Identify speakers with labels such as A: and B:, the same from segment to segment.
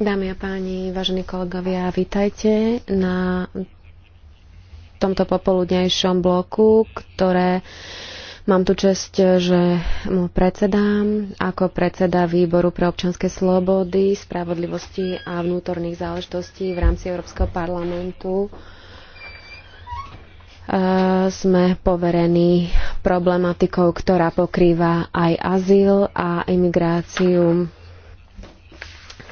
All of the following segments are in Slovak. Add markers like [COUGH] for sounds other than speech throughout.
A: Dámy a páni, vážení kolegovia, vítajte na tomto popoludnejšom bloku, ktoré mám tu čest, že mu predsedám ako predseda Výboru pre občanské slobody, spravodlivosti a vnútorných záležitostí v rámci Európskeho parlamentu. Eh, sme poverení problematikou, ktorá pokrýva aj azyl a imigráciu.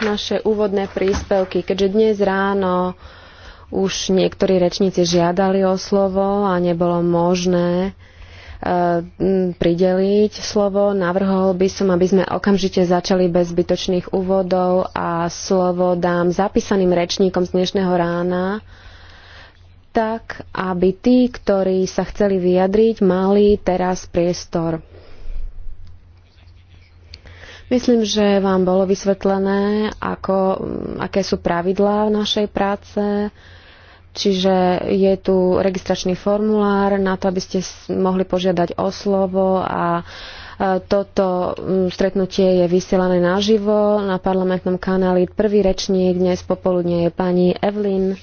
A: Naše úvodné príspevky, keďže dnes ráno už niektorí rečníci žiadali o slovo a nebolo možné eh, prideliť slovo. Navrhol by som, aby sme okamžite začali bez zbytočných úvodov a slovo dám zapísaným rečníkom z dnešného rána tak aby tí, ktorí sa chceli vyjadriť, mali teraz priestor. Myslím, že vám bolo vysvetlené, ako, aké sú pravidlá v našej práce. Čiže je tu registračný formulár na to, aby ste mohli požiadať o slovo a e, toto stretnutie je vysielané naživo na parlamentnom kanáli. Prvý rečník dnes popoludne je pani Evelyn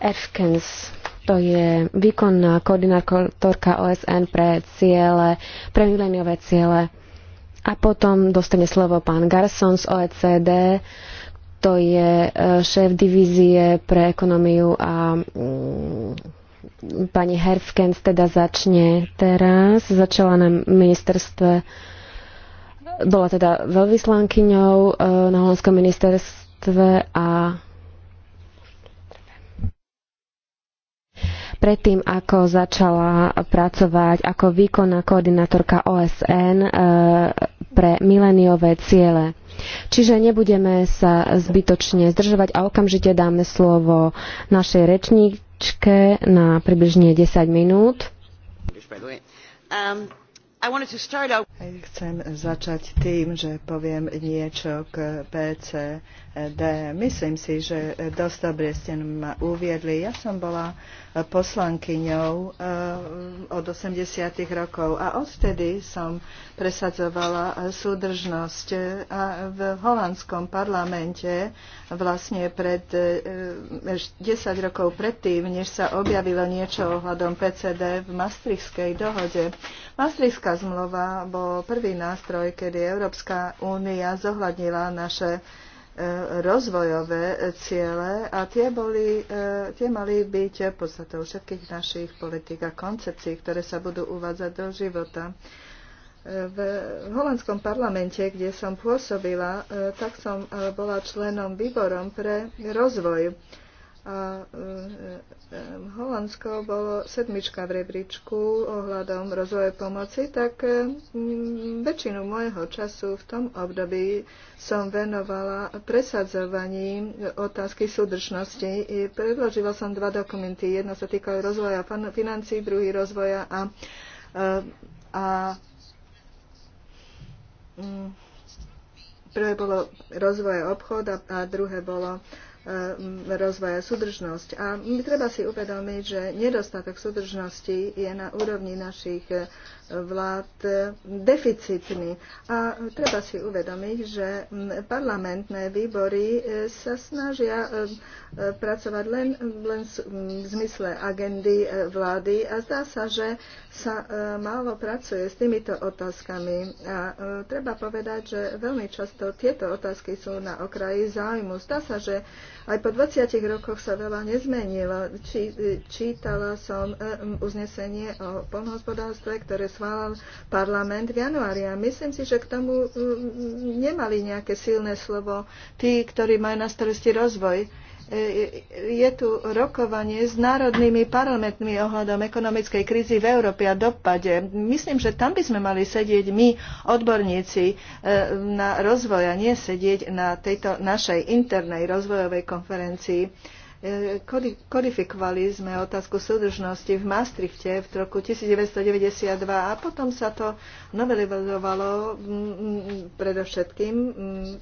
A: Erfkens to je výkonná koordinátorka OSN pre ciele, pre mileniové ciele. A potom dostane slovo pán Garson z OECD, to je eh, šéf divízie pre ekonomiu a mm, pani Herskens teda začne teraz. Začala na ministerstve, bola teda veľvyslankyňou eh, na holandskom ministerstve a Predtým, ako začala pracovať ako výkonná koordinátorka OSN e, pre mileniové ciele. Čiže nebudeme sa zbytočne zdržovať a okamžite dáme slovo našej rečníčke na približne 10 minút.
B: Um.
C: Chcem začať tým, že poviem niečo k PCD. Myslím si, že dosť dobre ste ma uviedli. Ja som bola poslankyňou eh, od 80. rokov a odtedy som presadzovala súdržnosť eh, a v holandskom parlamente vlastne pred 10 eh, rokov predtým, než sa objavilo niečo ohľadom PCD v Maastrichtskej dohode. Maastrichtská zmluva bol prvý nástroj, kedy Európska únia zohľadnila naše e, rozvojové ciele a tie, boli, e, tie mali byť podstatou všetkých našich politik a koncepcií, ktoré sa budú uvádzať do života. E, v holandskom parlamente, kde som pôsobila, tak som bola členom výborom pre rozvoj. A Ehm, Holandsko bolo sedmička v rebríčku ohľadom rozvoje pomoci, tak ehm, väčšinu môjho času v tom období som venovala presadzovaní otázky súdržnosti. Predložila som dva dokumenty. Jedno sa týkalo rozvoja financí, druhý rozvoja a, ehm, a, a prvé bolo rozvoje obchod a, a druhé bolo uh, E, rozvoja súdržnosť. A treba si uvedomiť, že nedostatok súdržnosti je na úrovni našich vlád deficitný. A treba si uvedomiť, že parlamentné výbory e, sa snažia e, e, pracovať len, len v zmysle agendy vlády a zdá sa, že sa málo pracuje s týmito otázkami. A treba povedať, že veľmi často tieto otázky sú na okraji záujmu. Zdá sa, že aj po 20 rokoch sa veľa nezmenilo. Či, čítala som uznesenie o polnohospodárstve, ktoré schválal parlament v januári. A myslím si, že k tomu mm, mm, nemali nejaké silné slovo tí, ktorí majú na starosti rozvoj e, je tu rokovanie s národnými parlamentmi ohľadom ekonomickej krízy v Európe a dopade. Myslím, že tam by sme mali sedieť my, odborníci e, na rozvoj a nie sedieť na tejto našej internej rozvojovej konferencii E, kodifikovali sme otázku súdržnosti v Maastrichte v roku 1992 a potom sa to novelizovalo mm, mm, predovšetkým, mm,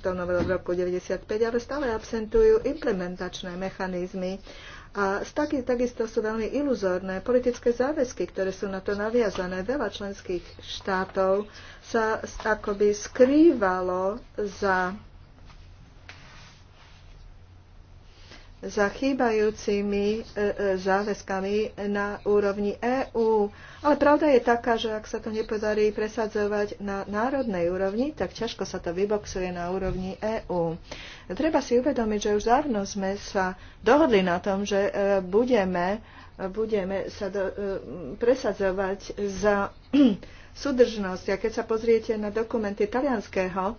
C: to novelo v roku 1995, ale stále absentujú implementačné mechanizmy a taky, takisto sú veľmi iluzórne politické záväzky, ktoré sú na to naviazané. Veľa členských štátov sa akoby skrývalo za za chýbajúcimi e, e, záväzkami na úrovni EÚ. Ale pravda je taká, že ak sa to nepodarí presadzovať na národnej úrovni, tak ťažko sa to vyboxuje na úrovni EÚ. Treba si uvedomiť, že už dávno sme sa dohodli na tom, že e, budeme, budeme sa do, presadzovať za [CLEARS THROAT] súdržnosť. A keď sa pozriete na dokumenty talianského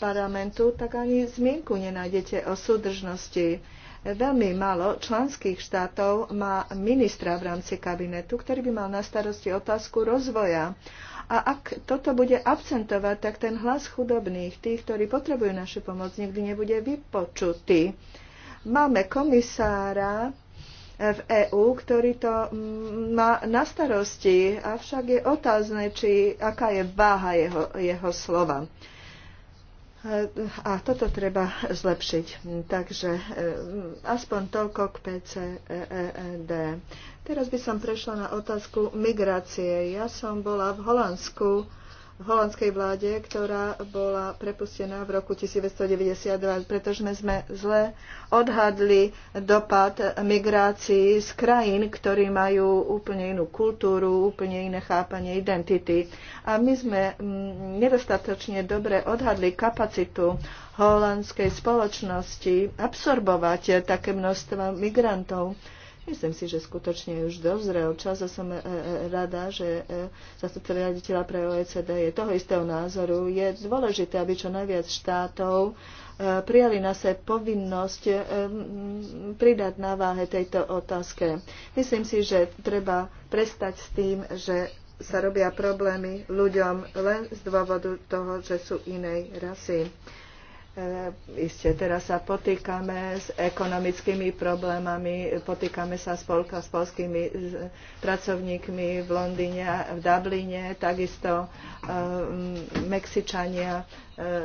C: parlamentu, tak ani zmienku nenájdete o súdržnosti. Veľmi málo členských štátov má ministra v rámci kabinetu, ktorý by mal na starosti otázku rozvoja. A ak toto bude absentovať, tak ten hlas chudobných, tých, ktorí potrebujú našu pomoc, nikdy nebude vypočutý. Máme komisára, v EÚ, ktorý to mm, má na starosti, avšak je otázne, či, aká je váha jeho, jeho slova. A toto treba zlepšiť. Takže eh, aspoň toľko k PCED. E Teraz by som prešla na otázku migrácie. Ja som bola v Holandsku holandskej vláde, ktorá bola prepustená v roku 1992, pretože sme zle odhadli dopad migrácií z krajín, ktorí majú úplne inú kultúru, úplne iné chápanie identity. A my sme mm, nedostatočne dobre odhadli kapacitu holandskej spoločnosti absorbovať také množstvo migrantov. Myslím si, že skutočne už dozrel čas a som e, e, rada, že e, zastupca riaditeľa pre OECD je toho istého názoru. Je dôležité, aby čo najviac štátov prijali na se povinnosť pridať na váhe tejto otázke. Myslím si, že treba prestať s tým, že sa robia problémy ľuďom len z dôvodu toho, že sú inej rasy E, Isté, teraz sa potýkame s ekonomickými problémami, potýkame sa spolka s polskými e, pracovníkmi v Londýne a v Dubline, takisto e, Mexičania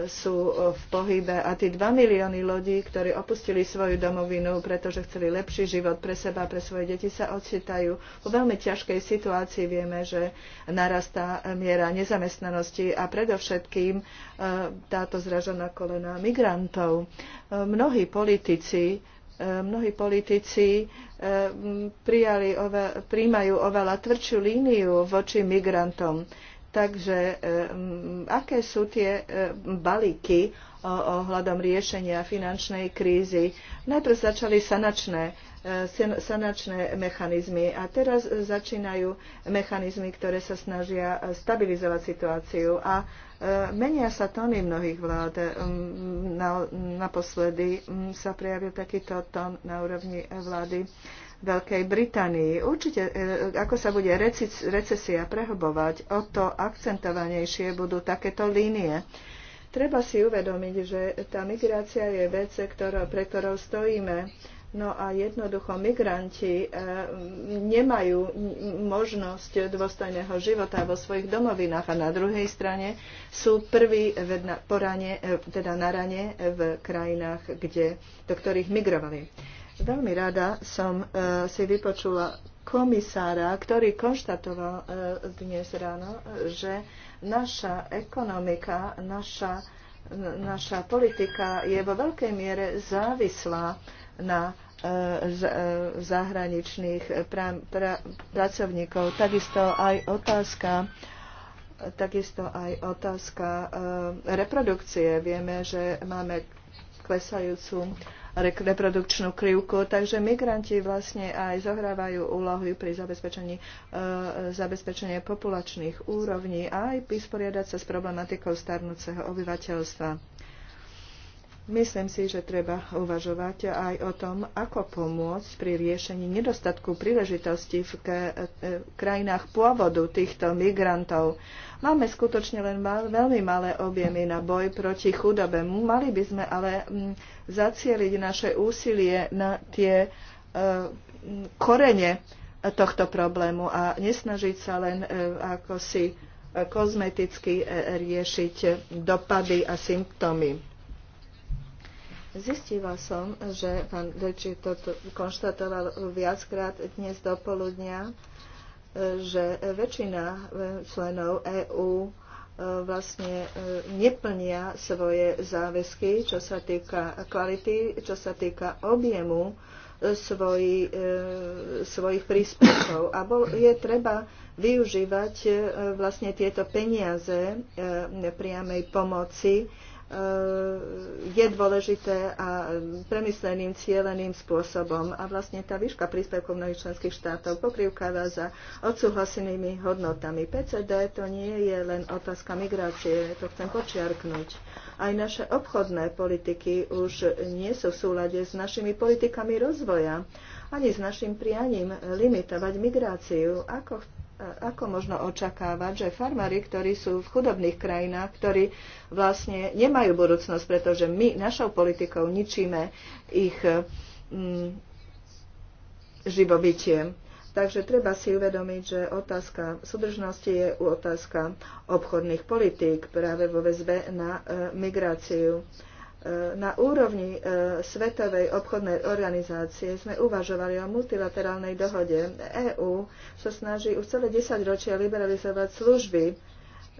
C: sú e, v pohybe a tí 2 milióny ľudí, ktorí opustili svoju domovinu, pretože chceli lepší život pre seba, pre svoje deti, sa ocitajú vo veľmi ťažkej situácii. Vieme, že narastá miera nezamestnanosti a predovšetkým e, táto zražená kolena migrantov. E, mnohí politici mnohí politici prijali príjmajú oveľa tvrdšiu líniu voči migrantom. Takže eh, aké sú tie eh, balíky ohľadom riešenia finančnej krízy? Najprv začali sanačné, eh, sanačné mechanizmy a teraz začínajú mechanizmy, ktoré sa snažia stabilizovať situáciu a menia sa tóny mnohých vlád. Naposledy hm, sa prejavil takýto tón na úrovni vlády Veľkej Británii. Určite, e, ako sa bude recesia prehobovať, o to akcentovanejšie budú takéto línie. Treba si uvedomiť, že tá migrácia je vec, ktorá, pre ktorou stojíme. No a jednoducho migranti e, nemajú možnosť dôstojného života vo svojich domovinách a na druhej strane sú prví na, porane, e, teda na rane v krajinách, kde, do ktorých migrovali. Veľmi rada som e, si vypočula komisára, ktorý konštatoval e, dnes ráno, e, že naša ekonomika, naša, naša politika je vo veľkej miere závislá na zahraničných pra, pra, pracovníkov. Takisto aj otázka takisto aj otázka reprodukcie. Vieme, že máme klesajúcu reprodukčnú krivku, takže migranti vlastne aj zohrávajú úlohy pri zabezpečení, eh, zabezpečení populačných úrovní a aj vysporiadať sa s problematikou starnúceho obyvateľstva. Myslím si, že treba uvažovať aj o tom, ako pomôcť pri riešení nedostatku príležitosti v e, krajinách pôvodu týchto migrantov. Máme skutočne len mal, veľmi malé objemy na boj proti chudobe. Mali by sme ale mm, zacieliť naše úsilie na tie e, mm, korene tohto problému a nesnažiť sa len e, ako si kozmeticky riešiť dopady a symptómy Zistila som, že pán Deči to konštatoval viackrát dnes do poludnia, e, že väčšina e, členov EÚ e, vlastne neplnia svoje záväzky, čo sa týka kvality, čo sa týka objemu svoj, svojich príspevkov. A bol, je treba využívať vlastne tieto peniaze priamej pomoci E, je dôležité a premysleným, cieleným spôsobom. A vlastne tá výška príspevkov mnohých členských štátov pokrývkáva za odsúhlasenými hodnotami. PCD to nie je len otázka migrácie, to chcem počiarknúť. Aj naše obchodné politiky už nie sú v súlade s našimi politikami rozvoja, ani s našim prianím limitovať migráciu. Ako ako možno očakávať, že farmári, ktorí sú v chudobných krajinách, ktorí vlastne nemajú budúcnosť, pretože my našou politikou ničíme ich mm, živobytie. Takže treba si uvedomiť, že otázka súdržnosti je otázka obchodných politík práve vo väzbe na e, migráciu. E, na úrovni e, Svetovej obchodnej organizácie sme uvažovali o multilaterálnej dohode. EÚ sa snaží už celé 10 ročia liberalizovať služby,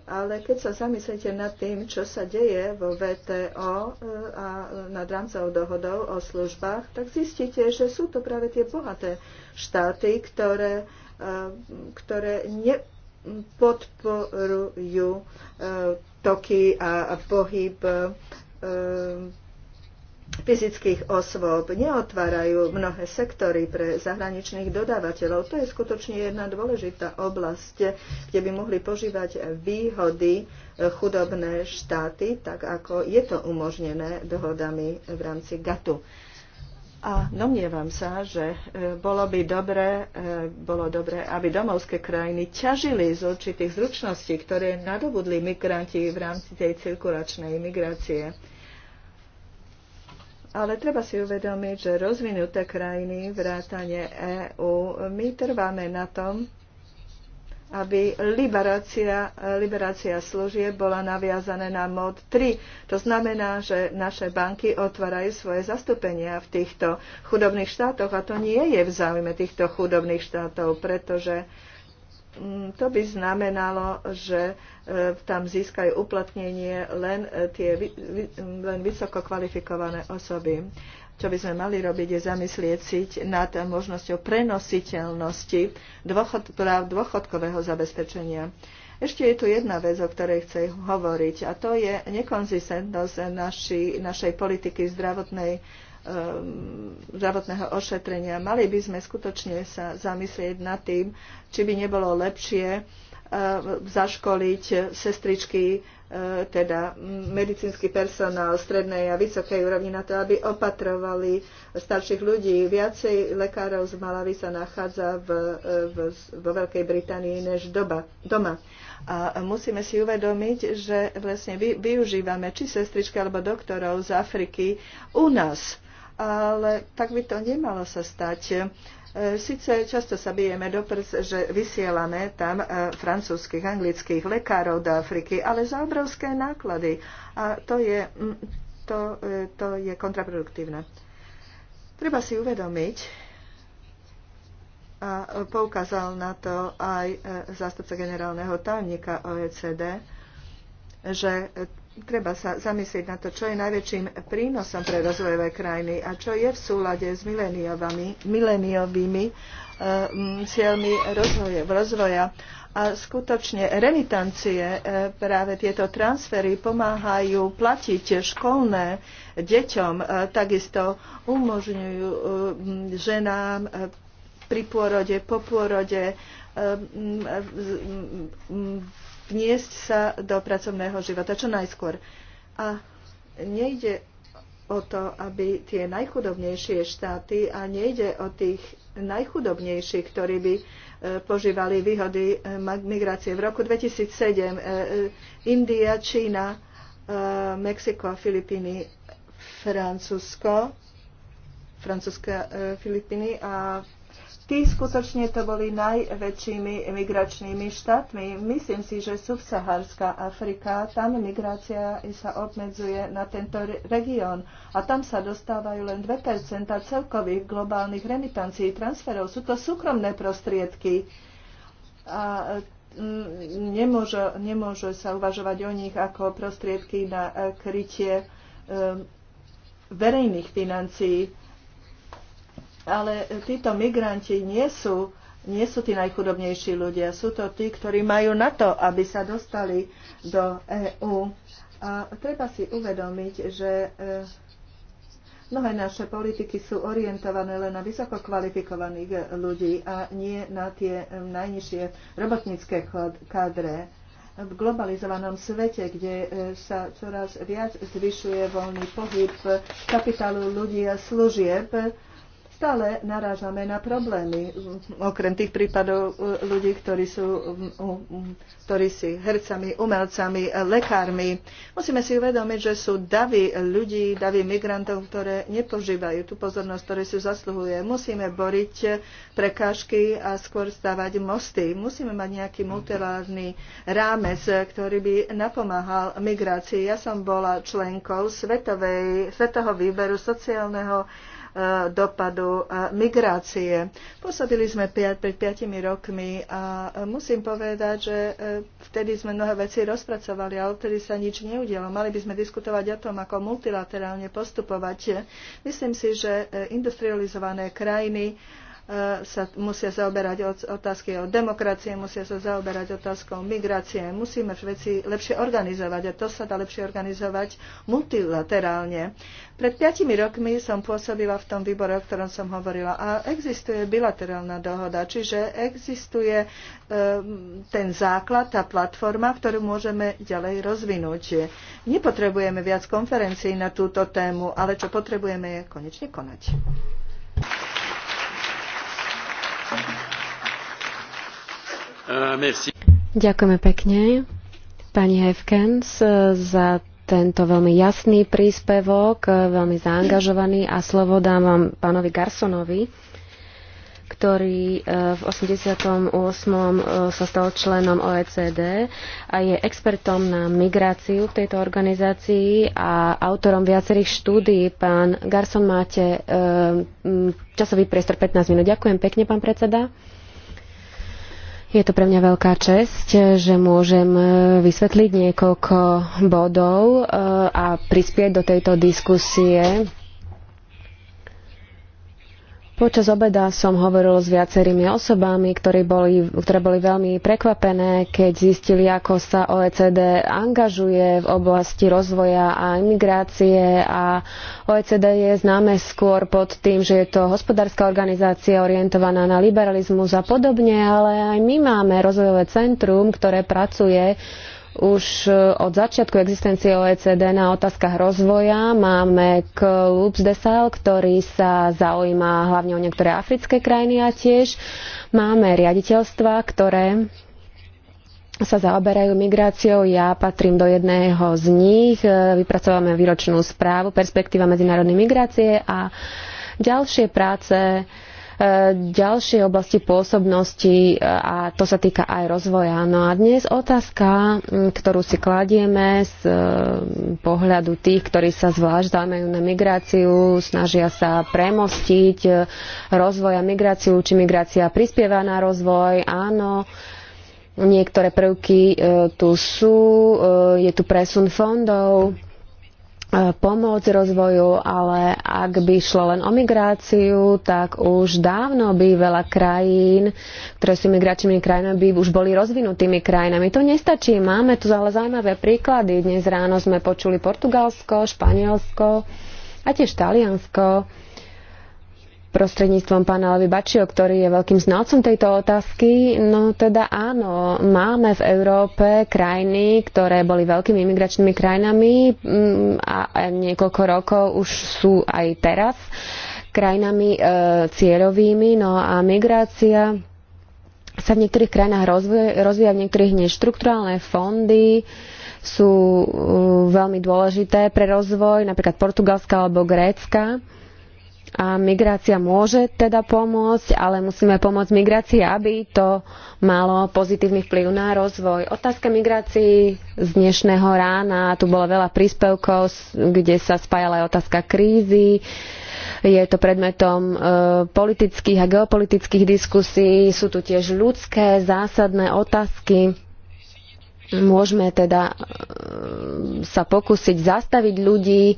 C: ale keď sa zamyslíte nad tým, čo sa deje vo VTO e, a nad rámcov dohodou o službách, tak zistíte, že sú to práve tie bohaté štáty, ktoré, ktoré nepodporujú toky a pohyb Ehm, fyzických osôb neotvárajú mnohé sektory pre zahraničných dodávateľov. To je skutočne jedna dôležitá oblasť, kde by mohli požívať výhody e, chudobné štáty, tak ako je to umožnené dohodami v rámci GATU. A domnievam sa, že e, bolo by dobre, e, bolo dobre, aby domovské krajiny ťažili z určitých zručností, ktoré nadobudli migranti v rámci tej cirkulačnej migrácie. Ale treba si uvedomiť, že rozvinuté krajiny, vrátane EÚ, my trváme na tom, aby liberácia, liberácia služieb bola naviazaná na mod 3. To znamená, že naše banky otvárajú svoje zastúpenia v týchto chudobných štátoch a to nie je v záujme týchto chudobných štátov, pretože uh, Mm, to by znamenalo, že e, tam získajú uplatnenie len e, tie len vysoko kvalifikované osoby. Čo by sme mali robiť, je zamyslieť si nad možnosťou prenositeľnosti dôchod, práv dôchodkového zabezpečenia. Ešte je tu jedna vec, o ktorej chcem hovoriť, a to je nekonzistentnosť naši, našej politiky zdravotnej Ehm, zdravotného ošetrenia. Mali by sme skutočne sa zamyslieť nad tým, či by nebolo lepšie ehm, zaškoliť sestričky, ehm, teda medicínsky personál strednej a vysokej úrovni na to, aby opatrovali starších ľudí. Viacej lekárov z Malavy sa nachádza v, v, vo Veľkej Británii než doba, doma. A musíme si uvedomiť, že vlastne vy, využívame či sestričky alebo doktorov z Afriky u nás ale tak by to nemalo sa stať. E, Sice často sa bijeme do prs, že vysielame tam e, francúzskych, anglických lekárov do Afriky, ale za obrovské náklady. A to je, mm, to, e, to je kontraproduktívne. Treba si uvedomiť, a poukázal na to aj zástupca generálneho tajomníka OECD, že treba sa zamyslieť na to, čo je najväčším prínosom pre rozvojové krajiny a čo je v súlade s mileniovými eh, cieľmi rozvoja. A skutočne remitancie, eh, práve tieto transfery pomáhajú platiť školné deťom, eh, takisto umožňujú ženám pri pôrode, po pôrode vniesť sa do pracovného života čo najskôr. A nejde o to, aby tie najchudobnejšie štáty a nejde o tých najchudobnejších, ktorí by e, požívali výhody e, migrácie. V roku 2007 e, India, Čína, Mexiko, Filipíny, Francúzsko, Francúzska, Filipíny a Tí skutočne to boli najväčšími migračnými štátmi. Myslím si, že subsahárska Afrika, tam migrácia sa obmedzuje na tento región a tam sa dostávajú len 2 celkových globálnych remitancií transferov. Sú to súkromné prostriedky. A mm, nemôže, nemôže sa uvažovať o nich ako prostriedky na e, krytie e, verejných financií ale e, títo migranti nie sú, nie sú tí najchudobnejší ľudia. Sú to tí, ktorí majú na to, aby sa dostali do EÚ. A treba si uvedomiť, že e, mnohé naše politiky sú orientované len na vysoko kvalifikovaných e, ľudí a nie na tie najnižšie robotnícke kadre v globalizovanom svete, kde sa čoraz viac zvyšuje voľný pohyb kapitálu ľudí a služieb, stále narážame na problémy. Okrem tých prípadov e, ľudí, ktorí sú ktorí si hercami, umelcami, e, lekármi. Musíme si uvedomiť, že sú davy ľudí, davy migrantov, ktoré nepožívajú tú pozornosť, ktoré si zasluhuje. Musíme boriť prekážky a skôr stavať mosty. Musíme mať nejaký multilárny rámec, ktorý by napomáhal migrácii. Ja som bola členkou Svetovej, Svetového výberu sociálneho E, dopadu e, migrácie. Pôsobili sme pred 5 rokmi a musím povedať, že e, vtedy sme mnohé veci rozpracovali, ale vtedy sa nič neudialo. Mali by sme diskutovať o tom, ako multilaterálne postupovať. Myslím si, že industrializované krajiny sa musia zaoberať otázky o demokracie, musia sa zaoberať otázkou migrácie. Musíme veci lepšie organizovať a to sa dá lepšie organizovať multilaterálne. Pred piatimi rokmi som pôsobila v tom výbore, o ktorom som hovorila a existuje bilaterálna dohoda, čiže existuje ehm, ten základ, tá platforma, ktorú môžeme ďalej rozvinúť. Nepotrebujeme viac konferencií na túto tému, ale čo potrebujeme je konečne konať.
B: Eh,
C: Ďakujeme pekne,
A: pani Hefkens, eh, za tento veľmi jasný príspevok, eh, veľmi zaangažovaný a slovo dám vám pánovi Garsonovi ktorý e, v 88. E, sa stal členom OECD a je expertom na migráciu v tejto organizácii a autorom viacerých štúdií. Pán Garson, máte e, časový priestor 15 minút. Ďakujem pekne, pán predseda. Je to pre mňa veľká česť, že môžem vysvetliť niekoľko bodov a prispieť do tejto diskusie Počas obeda som hovoril s viacerými osobami, ktorí boli, ktoré boli veľmi prekvapené, keď zistili, ako sa OECD angažuje v oblasti rozvoja a imigrácie. A OECD je známe skôr pod tým, že je to hospodárska organizácia orientovaná na liberalizmus a podobne, ale aj my máme rozvojové centrum, ktoré pracuje už e, od začiatku existencie OECD na otázkach rozvoja. Máme klub z Desal, ktorý sa zaujíma hlavne o niektoré africké krajiny a tiež máme riaditeľstva, ktoré sa zaoberajú migráciou. Ja patrím do jedného z nich. E, vypracovávame výročnú správu Perspektíva medzinárodnej migrácie a ďalšie práce ďalšie oblasti pôsobnosti a to sa týka aj rozvoja. No a dnes otázka, mm, ktorú si kladieme z e, pohľadu tých, ktorí sa zvlášť zaujímajú na migráciu, snažia sa premostiť e, rozvoj a migráciu, či migrácia prispieva na rozvoj. Áno, niektoré prvky e, tu sú, je tu presun fondov, pomôcť rozvoju, ale ak by šlo len o migráciu, tak už dávno by veľa krajín, ktoré sú migračnými krajinami, by už boli rozvinutými krajinami. To nestačí. Máme tu ale zaujímavé príklady. Dnes ráno sme počuli Portugalsko, Španielsko a tiež Taliansko prostredníctvom pána Levy Bačio, ktorý je veľkým znalcom tejto otázky. No teda áno, máme v Európe krajiny, ktoré boli veľkými imigračnými krajinami mm, a niekoľko rokov už sú aj teraz krajinami e, cieľovými. No a migrácia sa v niektorých krajinách rozvíja, rozvíja v niektorých nie. fondy sú e, veľmi dôležité pre rozvoj, napríklad Portugalska alebo Grécka. A migrácia môže teda pomôcť, ale musíme pomôcť migrácii, aby to malo pozitívny vplyv na rozvoj. Otázka migrácií z dnešného rána, tu bolo veľa príspevkov, kde sa spájala aj otázka krízy. Je to predmetom e, politických a geopolitických diskusí, sú tu tiež ľudské zásadné otázky Môžeme teda e, sa pokúsiť zastaviť ľudí,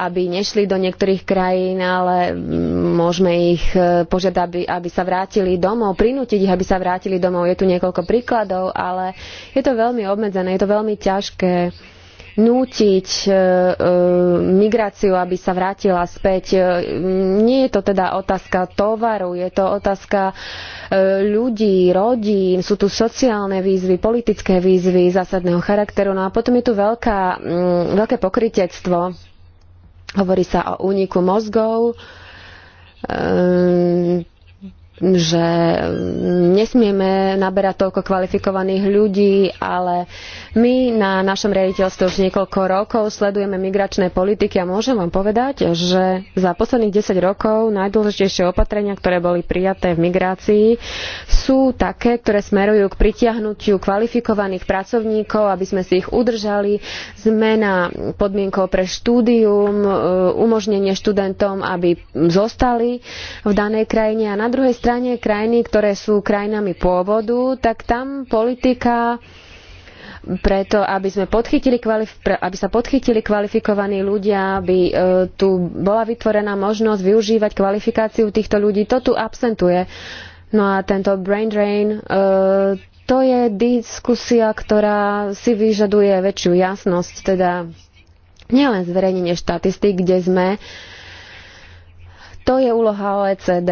A: aby nešli do niektorých krajín, ale mm, môžeme ich e, požiadať, aby, aby sa vrátili domov, prinútiť ich, aby sa vrátili domov. Je tu niekoľko príkladov, ale je to veľmi obmedzené, je to veľmi ťažké nútiť e, e, migráciu, aby sa vrátila späť. E, nie je to teda otázka tovaru, je to otázka ľudí, rodín, sú tu sociálne výzvy, politické výzvy zásadného charakteru. No a potom je tu veľká, mm, veľké pokritectvo. Hovorí sa o úniku mozgov, že mm, nesmieme naberať toľko kvalifikovaných ľudí, ale my na našom riaditeľstve už niekoľko rokov sledujeme migračné politiky a môžem vám povedať, že za posledných 10 rokov najdôležitejšie opatrenia, ktoré boli prijaté v migrácii, sú také, ktoré smerujú k pritiahnutiu kvalifikovaných pracovníkov, aby sme si ich udržali, zmena podmienkov pre štúdium, e, umožnenie študentom, aby zostali v danej krajine a na druhej strane strane krajiny, ktoré sú krajinami pôvodu, tak tam politika preto, aby, sme podchytili aby sa podchytili kvalifikovaní ľudia, aby e, tu bola vytvorená možnosť využívať kvalifikáciu týchto ľudí. To tu absentuje. No a tento brain drain, e, to je diskusia, ktorá si vyžaduje väčšiu jasnosť, teda nielen zverejnenie štatistík, kde sme, to je úloha OECD,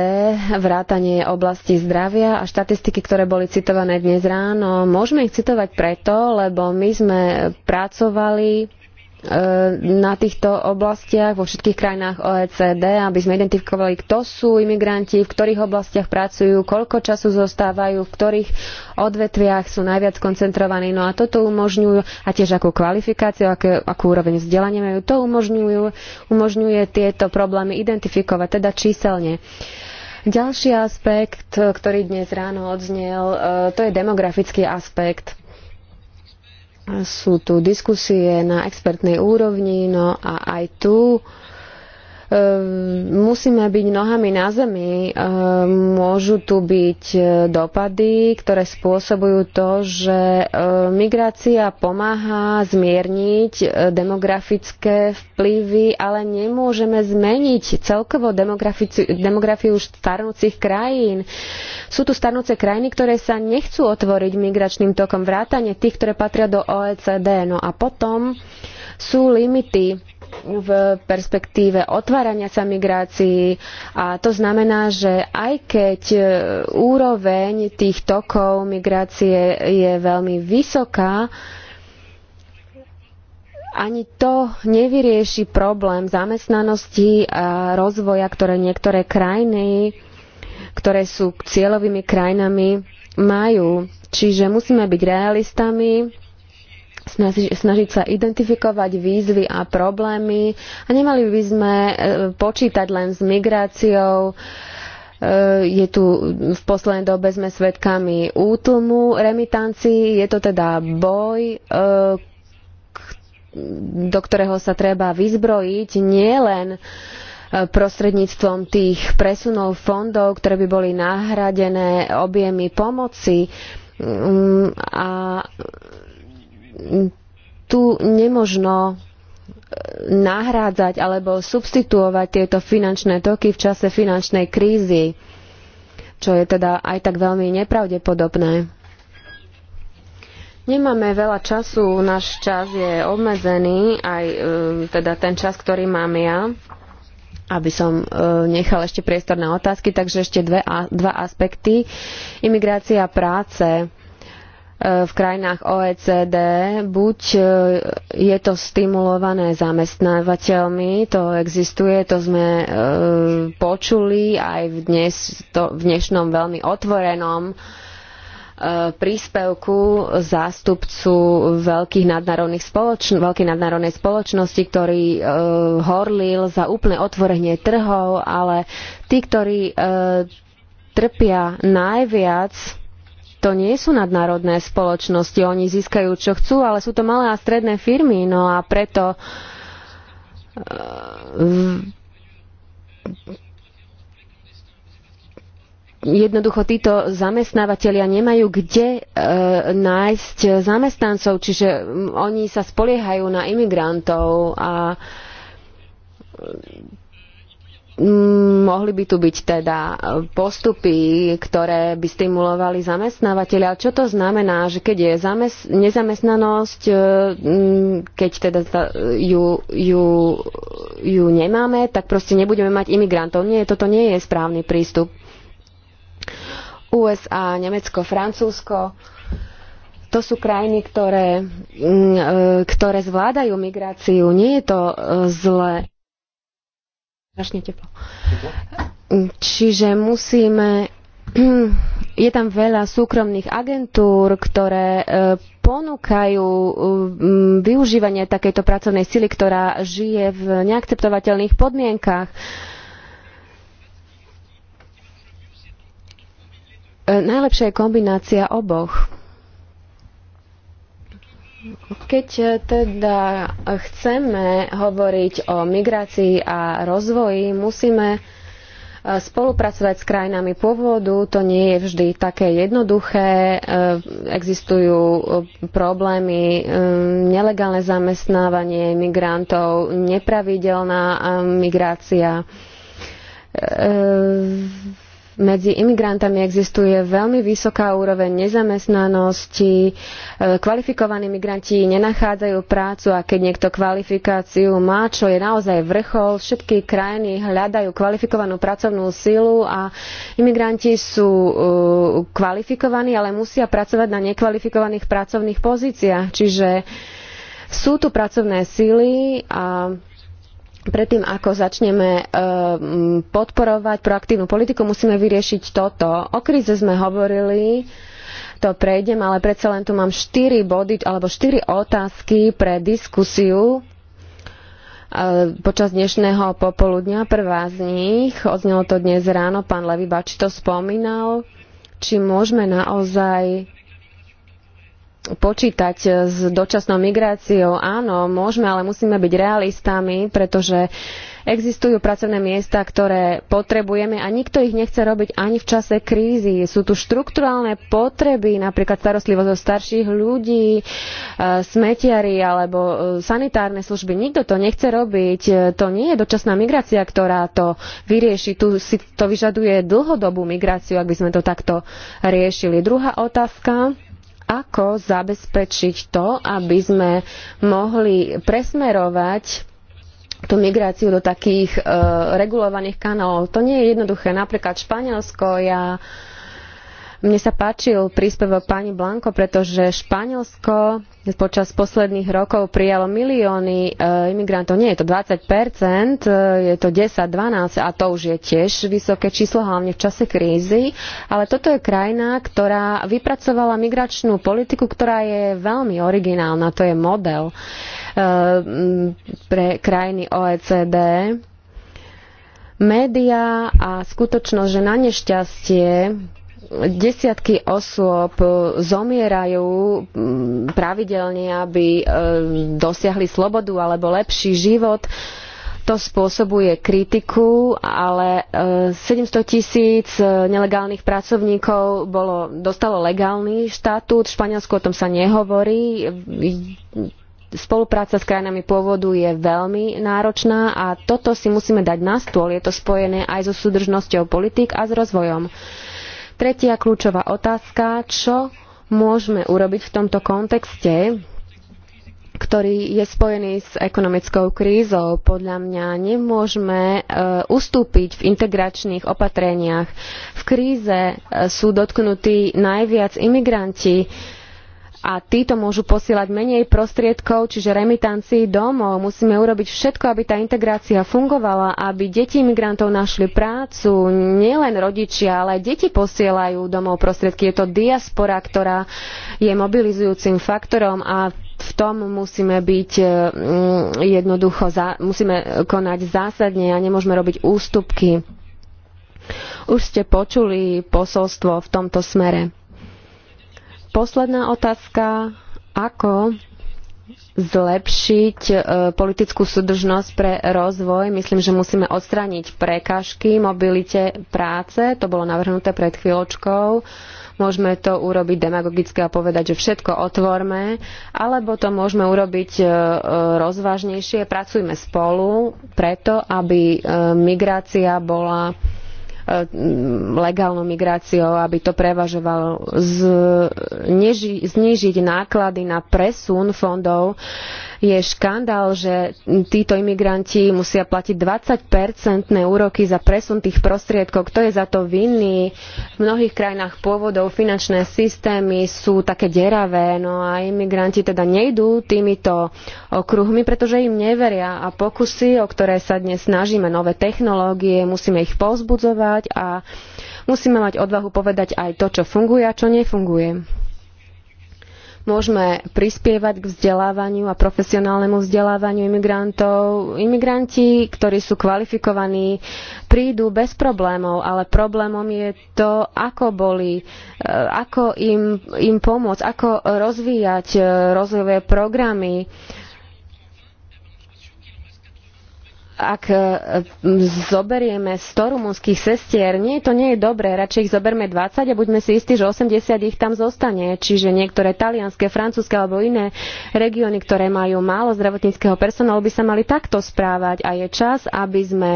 A: vrátanie oblasti zdravia a štatistiky, ktoré boli citované dnes ráno. Môžeme ich citovať preto, lebo my sme pracovali E, na týchto oblastiach vo všetkých krajinách OECD, aby sme identifikovali, kto sú imigranti, v ktorých oblastiach pracujú, koľko času zostávajú, v ktorých odvetviach sú najviac koncentrovaní. No a toto umožňujú, a tiež akú kvalifikáciu, aké, akú úroveň vzdelania majú, to umožňujú, umožňuje tieto problémy identifikovať, teda číselne. Ďalší aspekt, ktorý dnes ráno odznel, e, to je demografický aspekt sú tu diskusie na expertnej úrovni, no a aj tu uh, Ehm, musíme byť nohami na zemi. Ehm, môžu tu byť e, dopady, ktoré spôsobujú to, že e, migrácia pomáha zmierniť e, demografické vplyvy, ale nemôžeme zmeniť celkovo demografiu starnúcich krajín. Sú tu starnúce krajiny, ktoré sa nechcú otvoriť migračným tokom, vrátane tých, ktoré patria do OECD. No a potom sú limity v perspektíve otvárania sa migrácií a to znamená, že aj keď e, úroveň tých tokov migrácie je veľmi vysoká, ani to nevyrieši problém zamestnanosti a rozvoja, ktoré niektoré krajiny, ktoré sú cieľovými krajinami, majú. Čiže musíme byť realistami, snažiť, snažiť sa identifikovať výzvy a problémy a nemali by sme e, počítať len s migráciou. E, je tu v poslednej dobe sme svedkami útlmu remitancií, je to teda boj, e, do ktorého sa treba vyzbrojiť nielen prostredníctvom tých presunov fondov, ktoré by boli nahradené objemy pomoci mm, a tu nemožno e, nahrádzať alebo substituovať tieto finančné toky v čase finančnej krízy, čo je teda aj tak veľmi nepravdepodobné. Nemáme veľa času, náš čas je obmedzený, aj e, teda ten čas, ktorý mám ja, aby som e, nechal ešte priestor na otázky, takže ešte dve, dva aspekty. Imigrácia práce v krajinách OECD, buď e, je to stimulované zamestnávateľmi, to existuje, to sme e, počuli aj v, dnes, to, v dnešnom veľmi otvorenom e, príspevku zástupcu veľkých nadnárodných spoločno, veľkej nadnárodnej spoločnosti, ktorý e, horlil za úplné otvorenie trhov, ale tí, ktorí e, trpia najviac to nie sú nadnárodné spoločnosti, oni získajú, čo chcú, ale sú to malé a stredné firmy, no a preto e, jednoducho títo zamestnávateľia nemajú kde e, nájsť zamestnancov, čiže oni sa spoliehajú na imigrantov a Mm, mohli by tu byť teda e, postupy, ktoré by stimulovali ale Čo to znamená, že keď je zamest- nezamestnanosť, e, mm, keď teda ju, ju, ju nemáme, tak proste nebudeme mať imigrantov. Nie, toto nie je správny prístup. USA, Nemecko, Francúzsko to sú krajiny, ktoré, mm, e, ktoré zvládajú migráciu. Nie je to zle strašne teplo. Mm, čiže musíme [CLEARS THROAT] je tam veľa súkromných agentúr, ktoré e, ponúkajú e, využívanie takejto pracovnej sily, ktorá žije v neakceptovateľných podmienkach. E, najlepšia je kombinácia oboch. Keď e, teda chceme hovoriť o migrácii a rozvoji, musíme e, spolupracovať s krajinami pôvodu. To nie je vždy také jednoduché. E, existujú problémy nelegálne zamestnávanie migrantov, nepravidelná migrácia medzi imigrantami existuje veľmi vysoká úroveň nezamestnanosti, e, kvalifikovaní migranti nenachádzajú prácu a keď niekto kvalifikáciu má, čo je naozaj vrchol, všetky krajiny hľadajú kvalifikovanú pracovnú silu a imigranti sú e, kvalifikovaní, ale musia pracovať na nekvalifikovaných pracovných pozíciách. Čiže sú tu pracovné síly a Predtým, ako začneme eh, podporovať proaktívnu politiku, musíme vyriešiť toto. O kríze sme hovorili, to prejdem, ale predsa len tu mám 4 body alebo 4 otázky pre diskusiu eh, počas dnešného popoludňa. Prvá z nich, odznelo to dnes ráno, pán Levy Bači to spomínal, či môžeme naozaj počítať eh, s dočasnou migráciou. Áno, môžeme, ale musíme byť realistami, pretože existujú pracovné miesta, ktoré potrebujeme a nikto ich nechce robiť ani v čase krízy. Sú tu štrukturálne potreby, napríklad starostlivosť o starších ľudí, eh, smetiari alebo eh, sanitárne služby. Nikto to nechce robiť. To nie je dočasná migrácia, ktorá to vyrieši. Tu si to vyžaduje dlhodobú migráciu, ak by sme to takto riešili. Druhá otázka ako zabezpečiť to, aby sme mohli presmerovať tú migráciu do takých uh, regulovaných kanálov. To nie je jednoduché. Napríklad Španielsko, ja mne sa páčil príspevok pani Blanko, pretože Španielsko počas posledných rokov prijalo milióny eh, imigrantov. Nie je to 20%, eh, je to 10-12 a to už je tiež vysoké číslo, hlavne v čase krízy. Ale toto je krajina, ktorá vypracovala migračnú politiku, ktorá je veľmi originálna. To je model eh, pre krajiny OECD média a skutočnosť, že na nešťastie desiatky osôb zomierajú mm, pravidelne, aby e, dosiahli slobodu alebo lepší život. To spôsobuje kritiku, ale 700 e, tisíc e, nelegálnych pracovníkov bolo, dostalo legálny štatút. V Španielsku o tom sa nehovorí. Spolupráca s krajinami pôvodu je veľmi náročná a toto si musíme dať na stôl. Je to spojené aj so súdržnosťou politik a s rozvojom. Uh, Tretia kľúčová otázka, čo môžeme urobiť v tomto kontexte, ktorý je spojený s ekonomickou krízou. Podľa mňa nemôžeme e, ustúpiť v integračných opatreniach. V kríze e, sú dotknutí najviac imigranti a títo môžu posielať menej prostriedkov, čiže remitancií domov. Musíme urobiť všetko, aby tá integrácia fungovala, aby deti imigrantov našli prácu, nielen rodičia, ale aj deti posielajú domov prostriedky. Je to diaspora, ktorá je mobilizujúcim faktorom a v tom musíme byť e, mm, jednoducho, musíme konať zásadne a nemôžeme robiť ústupky. Už ste počuli posolstvo v tomto smere. Posledná otázka. Ako zlepšiť e, politickú súdržnosť pre rozvoj. Myslím, že musíme odstrániť prekážky mobilite práce. To bolo navrhnuté pred chvíľočkou. Môžeme to urobiť demagogicky a povedať, že všetko otvorme, alebo to môžeme urobiť e, e, rozvážnejšie. Pracujme spolu preto, aby migrácia bola Eh, legálnou migráciou, aby to prevažovalo znižiť náklady na presun fondov je škandál, že títo imigranti musia platiť 20-percentné úroky za presun tých prostriedkov. Kto je za to vinný? V mnohých krajinách pôvodov finančné systémy sú také deravé, no a imigranti teda nejdú týmito okruhmi, pretože im neveria a pokusy, o ktoré sa dnes snažíme, nové technológie, musíme ich povzbudzovať a musíme mať odvahu povedať aj to, čo funguje a čo nefunguje môžeme prispievať k vzdelávaniu a profesionálnemu vzdelávaniu imigrantov. Imigranti, ktorí sú kvalifikovaní, prídu bez problémov, ale problémom je to, ako boli, e, ako im, im pomôcť, ako rozvíjať e, rozvojové programy, ak e, zoberieme 100 rumunských sestier, nie, to nie je dobré, radšej ich zoberme 20 a buďme si istí, že 80 ich tam zostane. Čiže niektoré talianské, francúzske alebo iné regióny, ktoré majú málo zdravotníckého personálu, by sa mali takto správať a je čas, aby sme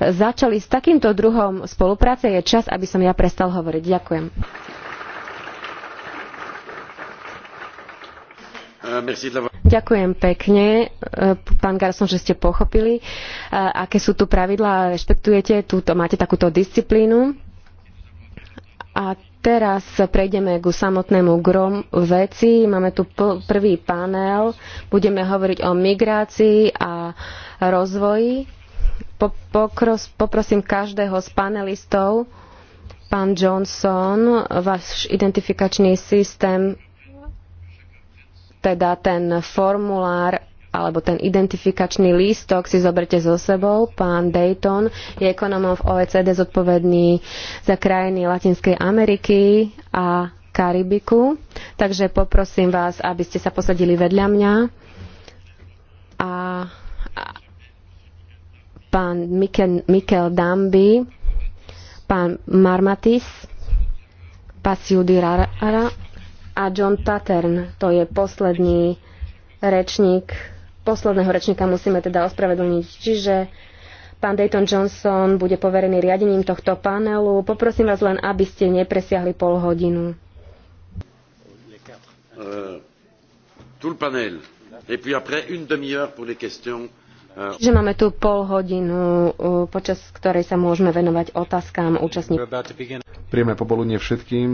A: začali s takýmto druhom spolupráce, je čas, aby som ja prestal hovoriť. Ďakujem.
B: Eh,
A: Ďakujem pekne, eh, pán Garson, že ste pochopili, eh, aké sú tu pravidlá, rešpektujete, túto, máte takúto disciplínu. A teraz prejdeme ku samotnému grom veci. Máme tu prvý panel. Budeme hovoriť o migrácii a rozvoji. poprosím každého z panelistov, pán Johnson, váš identifikačný systém teda ten formulár alebo ten identifikačný lístok si zoberte so sebou. Pán Dayton je ekonomom v OECD zodpovedný za krajiny Latinskej Ameriky a Karibiku. Takže poprosím vás, aby ste sa posadili vedľa mňa. A, a pán Mikel, Mikel Damby, pán Marmatis, Pasiudi Rara a John Pattern, to je posledný rečník, posledného rečníka musíme teda ospravedlniť. Čiže pán Dayton Johnson bude poverený riadením tohto panelu. Poprosím vás len, aby ste nepresiahli pol hodinu.
B: Uh, tout le panel. Et puis après, une demi-heure pour les questions Čiže
A: máme tu pol hodinu, počas ktorej sa môžeme venovať otázkám účastníkov.
D: Príjemné popoludne všetkým.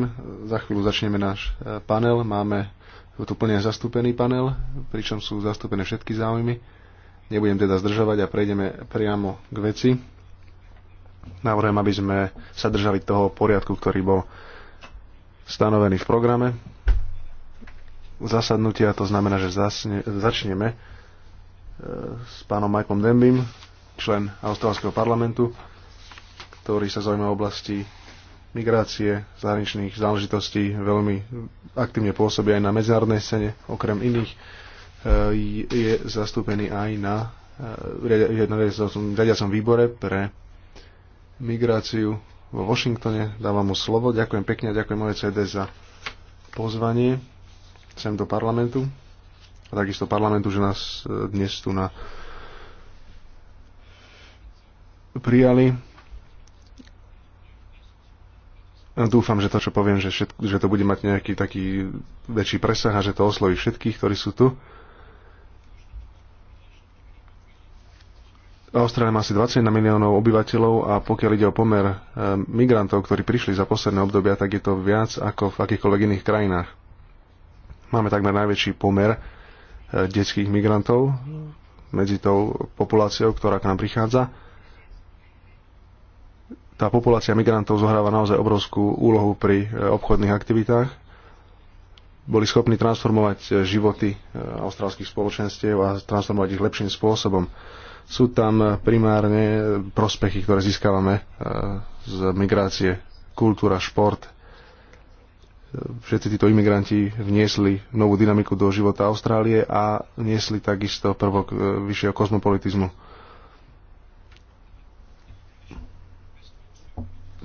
D: Za chvíľu začneme náš e, panel. Máme tu plne zastúpený panel, pričom sú zastúpené všetky záujmy. Nebudem teda zdržovať a prejdeme priamo k veci. Navrhujem, aby sme sa držali toho poriadku, ktorý bol stanovený v programe. Zasadnutia to znamená, že začneme s pánom Michaelom Dembym, člen austrálskeho parlamentu, ktorý sa zaujíma oblasti migrácie, zahraničných záležitostí, veľmi aktívne pôsobí aj na medzinárodnej scéne, okrem iných e, je zastúpený aj na, e, na riadiacom výbore pre migráciu vo Washingtone. Dávam mu slovo. Ďakujem pekne a ďakujem OECD za pozvanie sem do parlamentu a takisto parlamentu, že nás e, dnes tu na prijali. Dúfam, že to, čo poviem, že, všetk- že to bude mať nejaký taký väčší presah a že to osloví všetkých, ktorí sú tu. Austrália má asi 21 miliónov obyvateľov a pokiaľ ide o pomer e, migrantov, ktorí prišli za posledné obdobia, tak je to viac ako v akýchkoľvek iných krajinách. Máme takmer najväčší pomer detských migrantov medzi tou populáciou, ktorá k nám prichádza. Tá populácia migrantov zohráva naozaj obrovskú úlohu pri e, obchodných aktivitách. Boli schopní transformovať e, životy e, austrálskych spoločenstiev a transformovať ich lepším spôsobom. Sú tam primárne prospechy, ktoré získavame z migrácie, kultúra, šport, všetci títo imigranti vniesli novú dynamiku do života Austrálie a vniesli takisto prvok e, vyššieho kozmopolitizmu.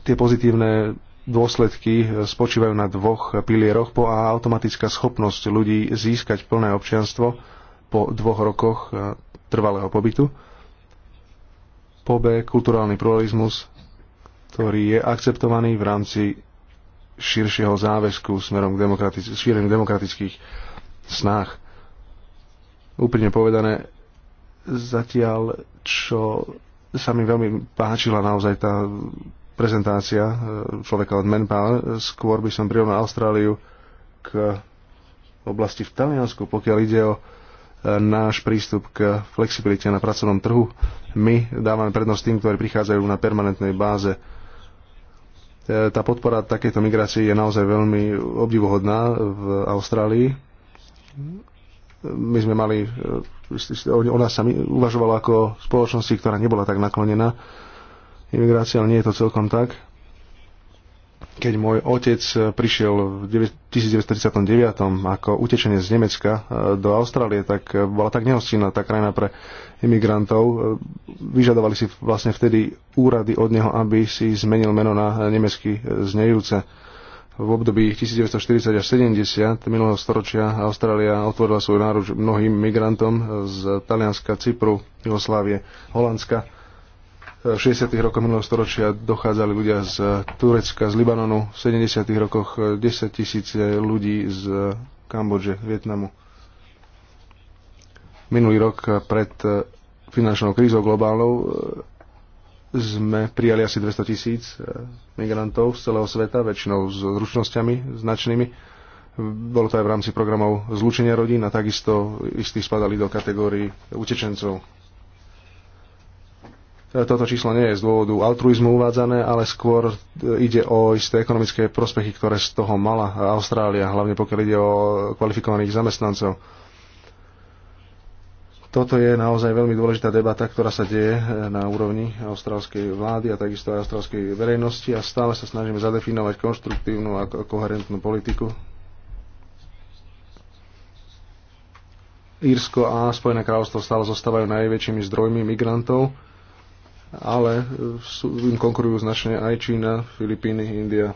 D: Tie pozitívne dôsledky e, spočívajú na dvoch pilieroch po a automatická schopnosť ľudí získať plné občianstvo po dvoch rokoch e, trvalého pobytu. Po B kulturálny pluralizmus, ktorý je akceptovaný v rámci širšieho záväzku smerom k demokratic- demokratických snách. Úprimne povedané, zatiaľ, čo sa mi veľmi páčila naozaj tá prezentácia e, človeka od Manpower, skôr by som prirovnal Austráliu k oblasti v Taliansku, pokiaľ ide o e, náš prístup k flexibilite na pracovnom trhu. My dávame prednosť tým, ktorí prichádzajú na permanentnej báze tá podpora takejto migrácie je naozaj veľmi obdivuhodná v Austrálii. My sme mali, eh, o nás sa uvažovalo ako spoločnosti, ktorá nebola tak naklonená imigrácia, ale nie je to celkom tak keď môj otec eh, prišiel v 1939 ako utečenie z Nemecka eh, do Austrálie, tak eh, bola tak nehostinná tá krajina pre imigrantov. Vyžadovali si vlastne vtedy úrady od neho, aby si zmenil meno na nemecky znejúce. V období 1940 až 70 minulého storočia Austrália otvorila svoju náruč mnohým migrantom z Talianska, Cypru, Jugoslávie, Holandska 60. rokoch minulého storočia dochádzali ľudia z Turecka, z Libanonu, v 70. rokoch 10 e, tisíc e, ľudí z e, Kambodže, Vietnamu. Minulý rok pred finančnou krízou globálnou sme prijali asi 200 tisíc migrantov z celého sveta, väčšinou s ručnosťami značnými. Bolo to aj v rámci programov zlučenia rodín a takisto istí spadali do kategórií utečencov teda toto číslo nie je z dôvodu altruizmu uvádzané, ale skôr e, ide o isté ekonomické prospechy, ktoré z toho mala Austrália, hlavne pokiaľ ide o kvalifikovaných zamestnancov. Toto je naozaj veľmi dôležitá debata, ktorá sa deje e, na úrovni austrálskej vlády a takisto aj austrálskej verejnosti a stále sa snažíme zadefinovať konštruktívnu a koherentnú politiku. Írsko a Spojené kráľovstvo stále zostávajú najväčšími zdrojmi migrantov ale e, sú, im konkurujú značne aj Čína, Filipíny, India.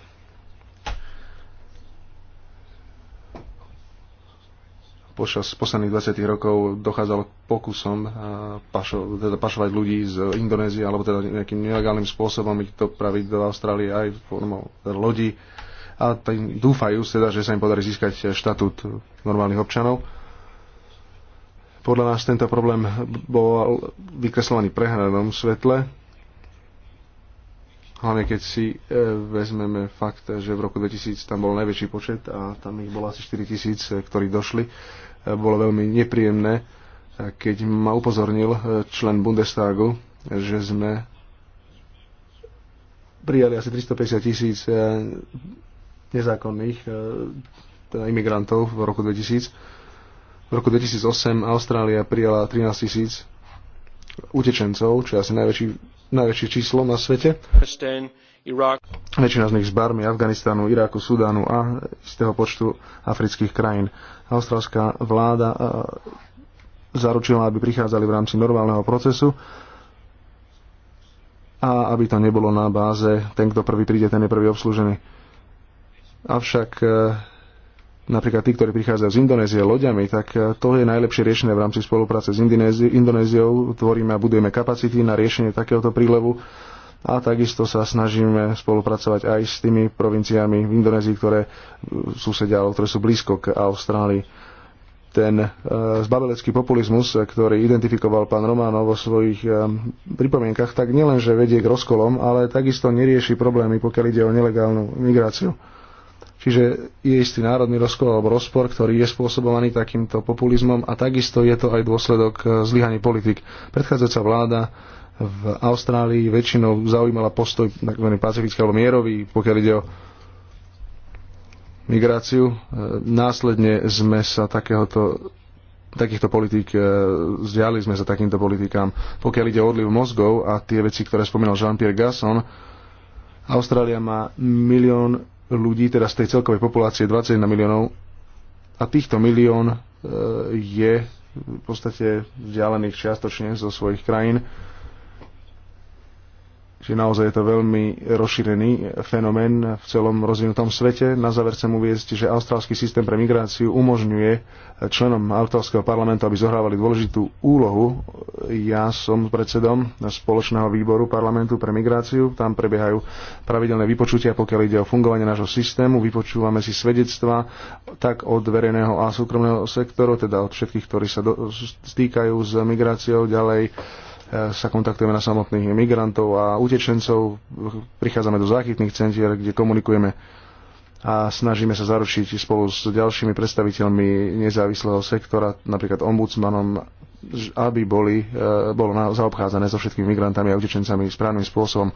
D: Počas posledných 20 rokov dochádzalo k pokusom e, pašo, teda pašovať ľudí z Indonézie alebo teda nejakým nelegálnym spôsobom ich to praviť do Austrálie aj formou teda lodí a tým dúfajú teda, že sa im podarí získať štatút normálnych občanov podľa nás tento problém bol vykreslovaný prehradom svetle, hlavne keď si e, vezmeme fakt, že v roku 2000 tam bol najväčší počet a tam ich bolo asi 4000, e, ktorí došli. E, bolo veľmi nepríjemné, keď ma upozornil člen Bundestagu, že sme prijali asi 350 tisíc nezákonných teda imigrantov v roku 2000 v roku 2008 Austrália prijala 13 tisíc utečencov, čo je asi najväčší, najväčšie číslo na svete. Väčšina z nich z Barmy, Afganistanu, Iráku, Sudánu a z toho počtu afrických krajín. Austrálska vláda e, zaručila, aby prichádzali v rámci normálneho procesu a aby to nebolo na báze ten, kto prvý príde, ten je prvý obslužený. Avšak e, napríklad tí, ktorí prichádzajú z Indonézie loďami, tak eh, to je najlepšie riešenie v rámci spolupráce s Indonéziou. Indonéziou tvoríme a budujeme kapacity na riešenie takéhoto prílevu a takisto sa snažíme spolupracovať aj s tými provinciami v Indonézii, ktoré eh, susedia, alebo ktoré sú blízko k Austrálii. Ten e, zbabelecký populizmus, ktorý identifikoval pán Románov vo svojich e, pripomienkach, tak nielenže vedie k rozkolom, ale takisto nerieši problémy, pokiaľ ide o nelegálnu migráciu Čiže je istý národný rozkol alebo rozpor, ktorý je spôsobovaný takýmto populizmom a takisto je to aj dôsledok e, zlyhaní politik. Predchádzajúca vláda v Austrálii väčšinou zaujímala postoj tzv. pacifický alebo mierový, pokiaľ ide o migráciu. E, následne sme sa takéhoto takýchto politík, e, vzdiali sme sa takýmto politikám. Pokiaľ ide o odliv mozgov a tie veci, ktoré spomínal Jean-Pierre Gasson, Austrália má milión ľudí, teda z tej celkovej populácie 21 miliónov a týchto milión e, je v podstate vzdialených čiastočne zo svojich krajín Čiže naozaj je to veľmi rozšírený fenomén v celom rozvinutom svete. Na záver chcem uviezť, že austrálsky systém pre migráciu umožňuje členom austrálskeho parlamentu, aby zohrávali dôležitú úlohu. Ja som predsedom spoločného výboru parlamentu pre migráciu. Tam prebiehajú pravidelné vypočutia, pokiaľ ide o fungovanie nášho systému. Vypočúvame si svedectva tak od verejného a súkromného sektoru, teda od všetkých, ktorí sa do, stýkajú s migráciou ďalej sa kontaktujeme na samotných migrantov a utečencov, prichádzame do záchytných centier, kde komunikujeme a snažíme sa zaručiť spolu s ďalšími predstaviteľmi nezávislého sektora, napríklad ombudsmanom, aby boli, e, bolo na, zaobchádzané so všetkými migrantami a utečencami správnym spôsobom.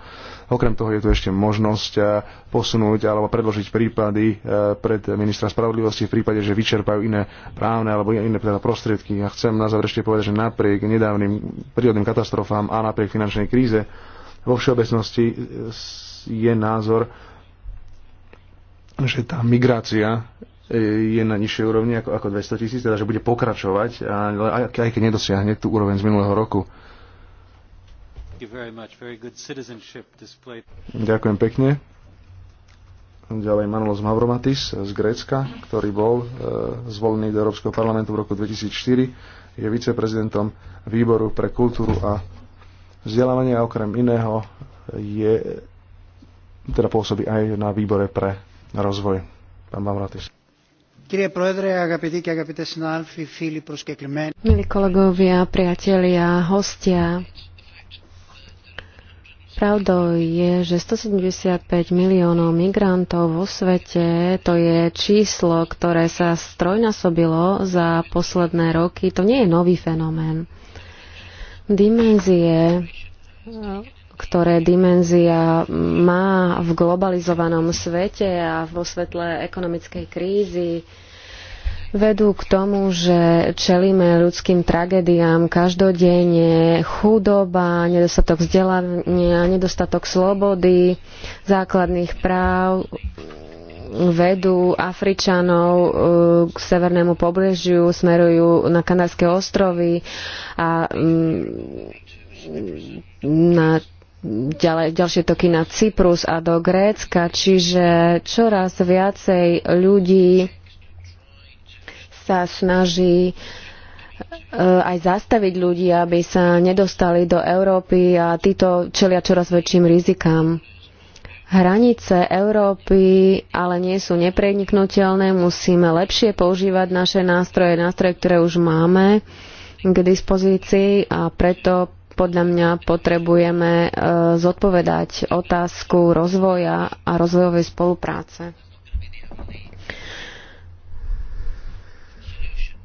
D: Okrem toho je tu ešte možnosť e, posunúť alebo predložiť prípady e, pred ministra spravodlivosti v prípade, že vyčerpajú iné právne alebo iné teda prostriedky. Ja chcem na záver ešte povedať, že napriek nedávnym prírodným katastrofám a napriek finančnej kríze vo všeobecnosti je názor, že tá migrácia je na nižšej úrovni ako, ako 200 tisíc, teda že bude pokračovať, ale aj, aj keď nedosiahne tú úroveň z minulého roku. Ďakujem pekne. Ďalej Manolos Mavromatis z Grécka, ktorý bol e, zvolený do Európskeho parlamentu v roku 2004. Je viceprezidentom výboru pre kultúru a vzdelávanie a okrem iného je, teda pôsobí aj na výbore pre rozvoj. Pán Mavromatis.
C: Milí
A: kolegovia, priatelia, hostia, pravdou je, že 175 miliónov migrantov vo svete, to je číslo, ktoré sa strojnásobilo za posledné roky. To nie je nový fenomén. Dimenzie ktoré dimenzia má v globalizovanom svete a vo svetle ekonomickej krízy, vedú k tomu, že čelíme ľudským tragédiám každodenne, chudoba, nedostatok vzdelania, nedostatok slobody, základných práv vedú Afričanov eh, k severnému pobrežiu, smerujú na Kanárske ostrovy a mm, na ďalej, ďalšie toky na Cyprus a do Grécka, čiže čoraz viacej ľudí sa snaží e, aj zastaviť ľudí, aby sa nedostali do Európy a títo čelia čoraz väčším rizikám. Hranice Európy ale nie sú nepreniknutelné, musíme lepšie používať naše nástroje, nástroje, ktoré už máme k dispozícii a preto podľa mňa potrebujeme e, zodpovedať otázku rozvoja a rozvojovej spolupráce.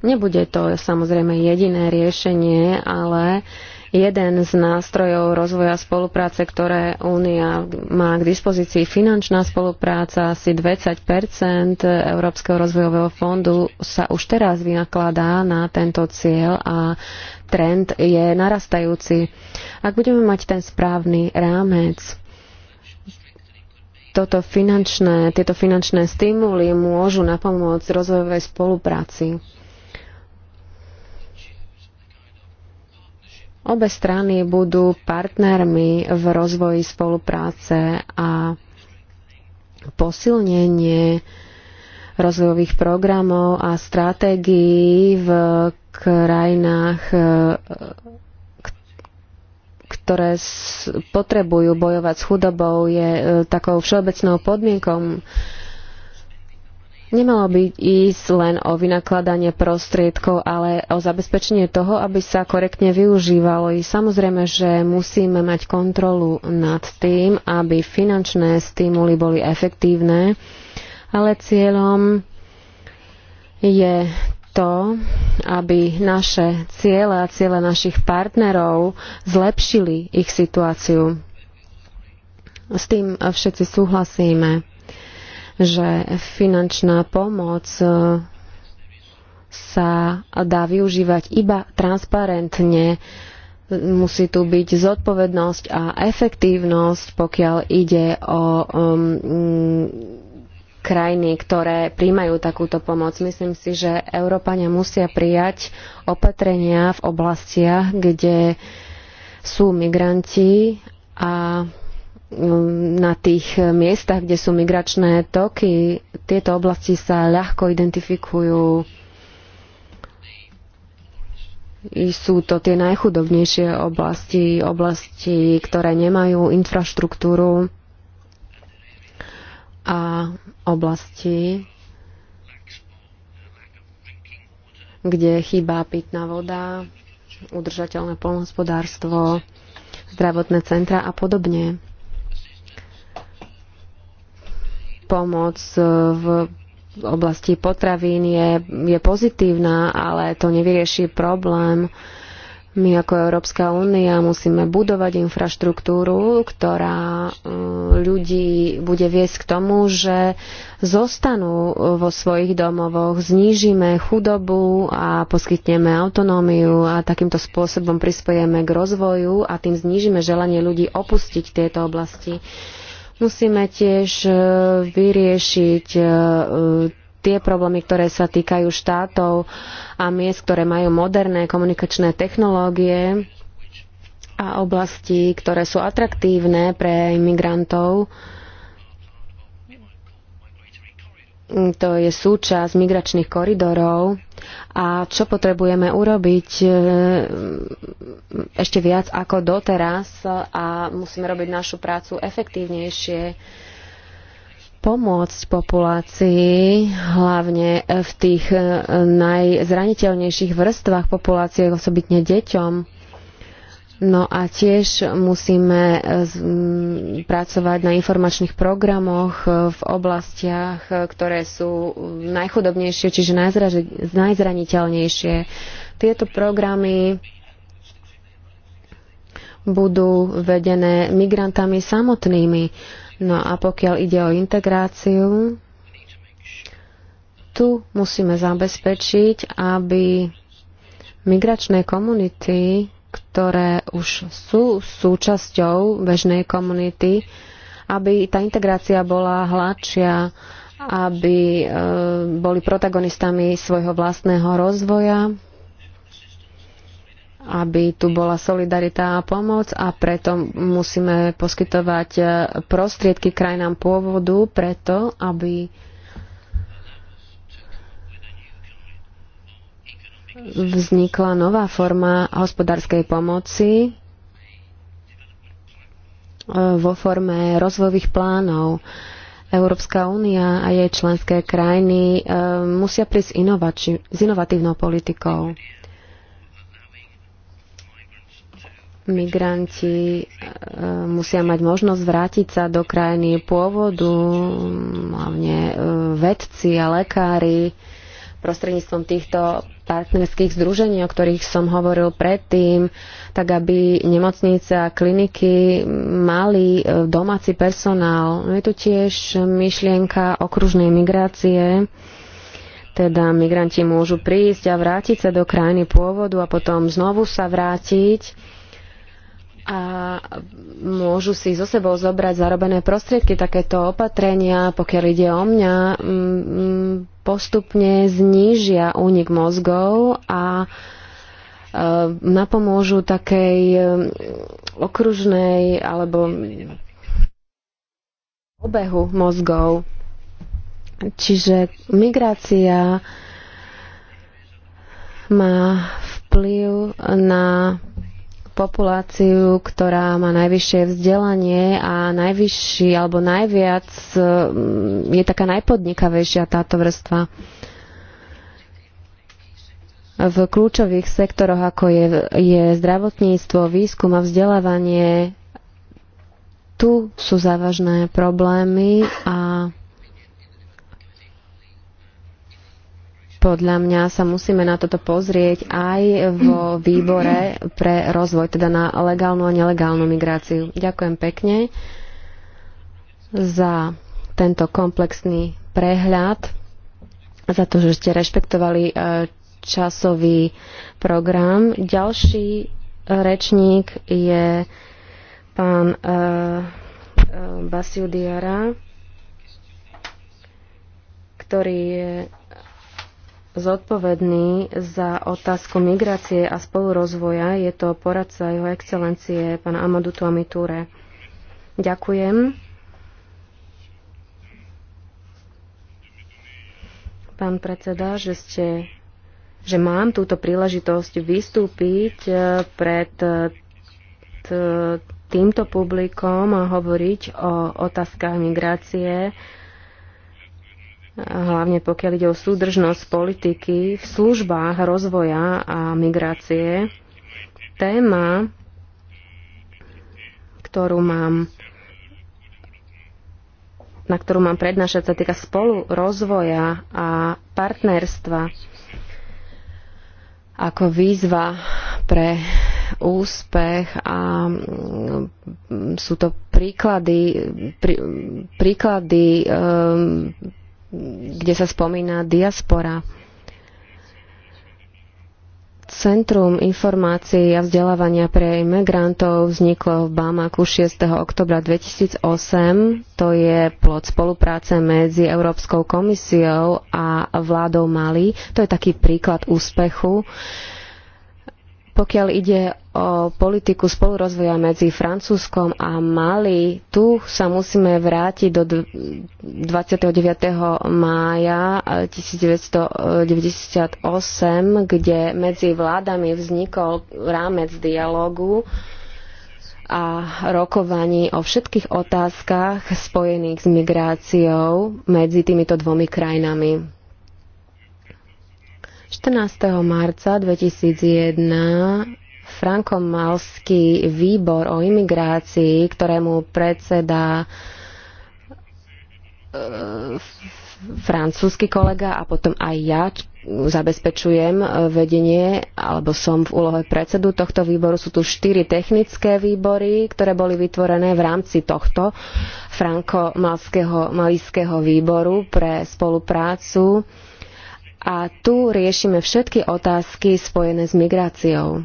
A: Nebude to samozrejme jediné riešenie, ale uh, jeden z nástrojov rozvoja spolupráce, ktoré Únia má k dispozícii. Finančná spolupráca, asi 20 Európskeho rozvojového fondu sa už teraz vynakladá na tento cieľ a trend je narastajúci. Ak budeme mať ten správny rámec, toto finančné, tieto finančné stimuly môžu napomôcť rozvojovej spolupráci Obe strany budú partnermi v rozvoji spolupráce a posilnenie rozvojových programov a stratégií v krajinách, e, ktoré potrebujú bojovať s chudobou, je e, takou všeobecnou podmienkou Nemalo by ísť len o vynakladanie prostriedkov, ale o zabezpečenie toho, aby sa korektne využívalo. I samozrejme, že musíme mať kontrolu nad tým, aby finančné stimuly boli efektívne, ale cieľom je to, aby naše ciele a ciele našich partnerov zlepšili ich situáciu. S tým všetci súhlasíme že finančná pomoc e, sa dá využívať iba transparentne. Musí tu byť zodpovednosť a efektívnosť, pokiaľ ide o um, krajiny, ktoré príjmajú takúto pomoc. Myslím si, že Európania musia prijať opatrenia v oblastiach, kde sú migranti a Mm, na tých eh, miestach, kde sú migračné toky, tieto oblasti sa ľahko identifikujú. I sú to tie najchudobnejšie oblasti, oblasti, ktoré nemajú infraštruktúru a oblasti, kde chýba pitná voda, udržateľné polnospodárstvo, zdravotné centra a podobne. pomoc e, v oblasti potravín je, je pozitívna, ale to nevyrieši problém. My ako Európska únia musíme budovať infraštruktúru, ktorá e, ľudí bude viesť k tomu, že zostanú e, vo svojich domovoch, znížime chudobu a poskytneme autonómiu a takýmto spôsobom prispojeme k rozvoju a tým znížime želanie ľudí opustiť tieto oblasti. Musíme tiež e, vyriešiť e, e, tie problémy, ktoré sa týkajú štátov a miest, ktoré majú moderné komunikačné technológie a oblasti, ktoré sú atraktívne pre imigrantov. Uh, Mm, to je súčasť migračných koridorov a čo potrebujeme urobiť e, mm, ešte viac ako doteraz a musíme robiť našu prácu efektívnejšie pomôcť populácii, hlavne v tých e, najzraniteľnejších vrstvách populácie, osobitne deťom, No a tiež musíme e, pracovať na informačných programoch e, v oblastiach, e, ktoré sú najchudobnejšie, čiže najzraniteľnejšie. Tieto programy budú vedené migrantami samotnými. No a pokiaľ ide o integráciu, tu musíme zabezpečiť, aby migračné komunity ktoré už sú súčasťou bežnej komunity, aby tá integrácia bola hladšia, aby e, boli protagonistami svojho vlastného rozvoja, aby tu bola solidarita a pomoc a preto musíme poskytovať e, prostriedky krajinám pôvodu preto, aby vznikla nová forma hospodárskej pomoci e, vo forme rozvojových plánov. Európska únia a jej členské krajiny e, musia prísť s inovatívnou politikou. migranti e, musia mať možnosť vrátiť sa do krajiny pôvodu, hlavne vedci a lekári prostredníctvom týchto partnerských združení, o ktorých som hovoril predtým, tak aby nemocnice a kliniky mali e, domáci personál. je tu tiež myšlienka okružnej migrácie, teda migranti môžu prísť a vrátiť sa do krajiny pôvodu a potom znovu sa vrátiť a môžu si so sebou zobrať zarobené prostriedky, takéto opatrenia, pokiaľ ide o mňa, mm, postupne znížia únik mozgov a e, napomôžu takej e, okružnej alebo obehu mozgov. Čiže migrácia má vplyv na populáciu, ktorá má najvyššie vzdelanie a najvyšší alebo najviac mm, je taká najpodnikavejšia táto vrstva v kľúčových sektoroch, ako je, je zdravotníctvo, výskum a vzdelávanie, tu sú závažné problémy a Podľa mňa sa musíme na toto pozrieť aj vo výbore pre rozvoj, teda na legálnu a nelegálnu migráciu. Ďakujem pekne za tento komplexný prehľad, za to, že ste rešpektovali e, časový program. Ďalší rečník je pán e, e, Basiu Diara, ktorý je zodpovedný za otázku migrácie a spolurozvoja. Je to poradca jeho excelencie, pána Amadu Tuamitúre. Ďakujem. Pán predseda, že ste že mám túto príležitosť vystúpiť eh, pred eh, týmto publikom a hovoriť o otázkach migrácie hlavne pokiaľ ide o súdržnosť politiky v službách rozvoja a migrácie. Téma, ktorú mám na ktorú mám prednášať, sa týka spolu rozvoja a partnerstva ako výzva pre úspech a mm, sú to príklady, prí, príklady um, kde sa spomína diaspora. Centrum informácií a vzdelávania pre imigrantov vzniklo v Bamaku 6. oktobra 2008. To je plod spolupráce medzi Európskou komisiou a vládou Mali. To je taký príklad úspechu. Uh, pokiaľ ide o politiku spolurozvoja medzi Francúzskom a Mali, tu sa musíme vrátiť do 29. mája 1998, e, kde medzi vládami vznikol rámec dialogu a rokovaní o všetkých otázkach spojených s migráciou medzi týmito dvomi krajinami. 14. marca 2001 Frankomalský výbor o imigrácii, ktorému predseda e, francúzsky kolega a potom aj ja zabezpečujem e, vedenie, alebo som v úlohe predsedu tohto výboru. Sú tu štyri technické výbory, ktoré boli vytvorené v rámci tohto franko-malského výboru pre spoluprácu a tu riešime všetky otázky spojené s migráciou.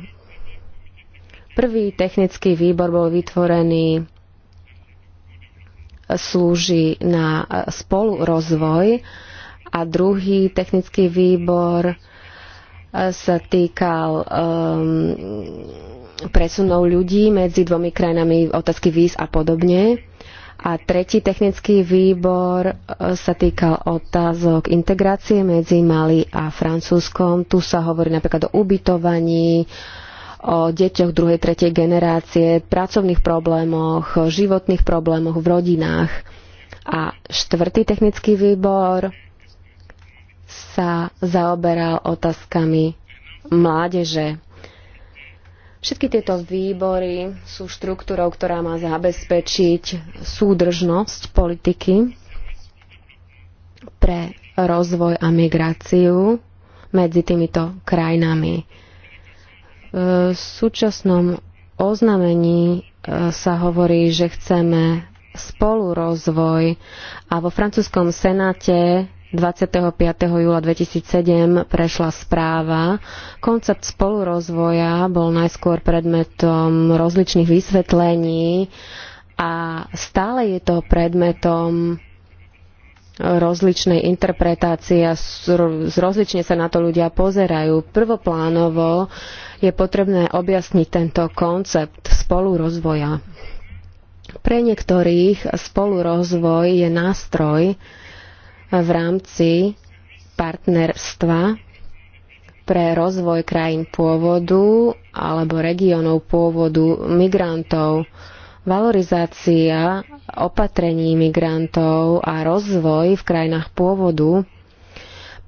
A: Prvý technický výbor bol vytvorený e, slúži na e, spolurozvoj a druhý technický výbor e, sa týkal um, presunov ľudí medzi dvomi krajinami, otázky víz a podobne. A tretí technický výbor e, sa týkal otázok integrácie medzi Mali a Francúzskom. Tu sa hovorí napríklad o ubytovaní, o deťoch druhej, tretej generácie, pracovných problémoch, životných problémoch v rodinách. A štvrtý technický výbor sa zaoberal otázkami mládeže Všetky tieto výbory sú štruktúrou, ktorá má zabezpečiť súdržnosť politiky pre rozvoj a migráciu medzi týmito krajinami. E, v súčasnom oznámení e, sa hovorí, že chceme spolurozvoj a vo francúzskom senáte 25. júla 2007 prešla správa. Koncept spolurozvoja bol najskôr predmetom rozličných vysvetlení a stále je to predmetom rozličnej interpretácie a rozlične sa na to ľudia pozerajú. Prvoplánovo je potrebné objasniť tento koncept spolurozvoja. Pre niektorých spolurozvoj je nástroj, v rámci partnerstva pre rozvoj krajín pôvodu alebo regiónov pôvodu migrantov. Valorizácia opatrení migrantov a rozvoj v krajinách pôvodu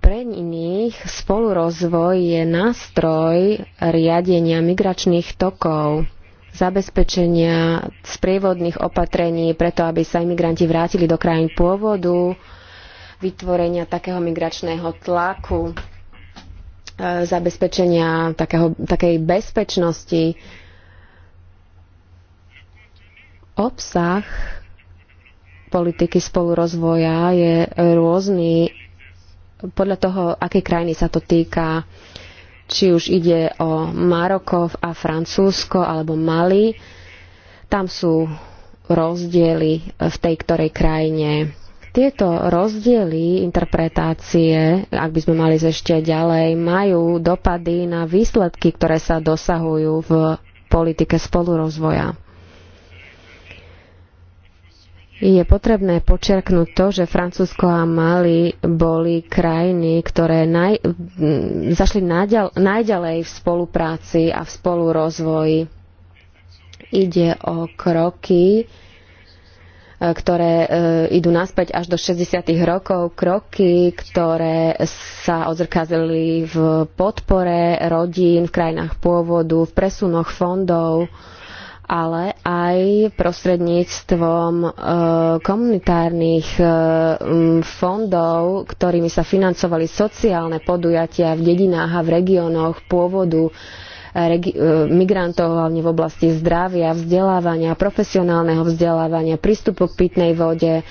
A: pre nich spolurozvoj je nástroj riadenia migračných tokov, zabezpečenia sprievodných opatrení preto, aby sa imigranti vrátili do krajín pôvodu, vytvorenia takého migračného tlaku, e, zabezpečenia takého, takej bezpečnosti. Obsah politiky spolurozvoja je rôzny podľa toho, aké krajiny sa to týka. Či už ide o Maroko a Francúzsko alebo Mali, tam sú rozdiely v tej ktorej krajine tieto rozdiely interpretácie, ak by sme mali ešte ďalej, majú dopady na výsledky, ktoré sa dosahujú v politike spolurozvoja. Je potrebné počerknúť to, že Francúzsko a Mali boli krajiny, ktoré naj, zašli najďal, najďalej v spolupráci a v spolurozvoji. Ide o kroky, ktoré e, idú naspäť až do 60. rokov, kroky, ktoré sa odzrkazili v podpore rodín v krajinách pôvodu, v presunoch fondov, ale aj prostredníctvom e, komunitárnych e, fondov, ktorými sa financovali sociálne podujatia v dedinách a v regiónoch pôvodu E, migrantov, hlavne v oblasti zdravia, vzdelávania, profesionálneho vzdelávania, prístupu k pitnej vode.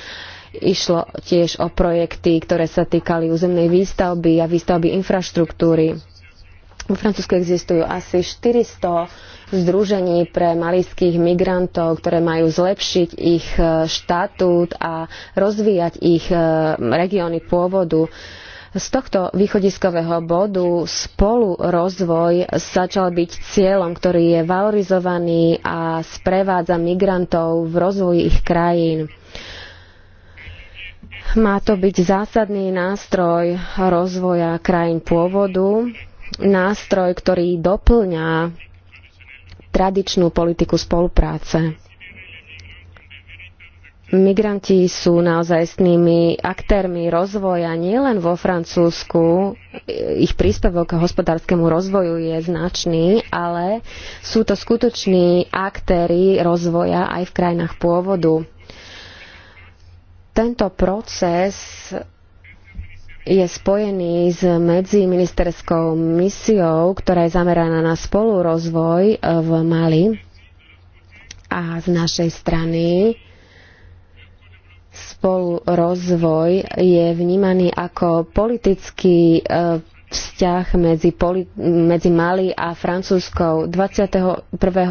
A: Išlo tiež o projekty, ktoré sa týkali územnej výstavby a výstavby infraštruktúry. Vo Francúzsku existujú asi 400 združení pre malických migrantov, ktoré majú zlepšiť ich e, štatút a rozvíjať ich e, regióny pôvodu z tohto východiskového bodu spolu rozvoj začal byť cieľom, ktorý je valorizovaný a sprevádza migrantov v rozvoji ich krajín. Má to byť zásadný nástroj rozvoja krajín pôvodu, nástroj, ktorý doplňa tradičnú politiku spolupráce migranti sú naozaj naozajstnými aktérmi rozvoja nielen vo Francúzsku. Ich príspevok k hospodárskému rozvoju je značný, ale sú to skutoční aktéry rozvoja aj v krajinách pôvodu. Tento proces je spojený s medziministerskou misiou, ktorá je zameraná na spolurozvoj v Mali. A z našej strany spolurozvoj je vnímaný ako politický eh, vzťah medzi, poli- medzi Mali a Francúzskou. 21.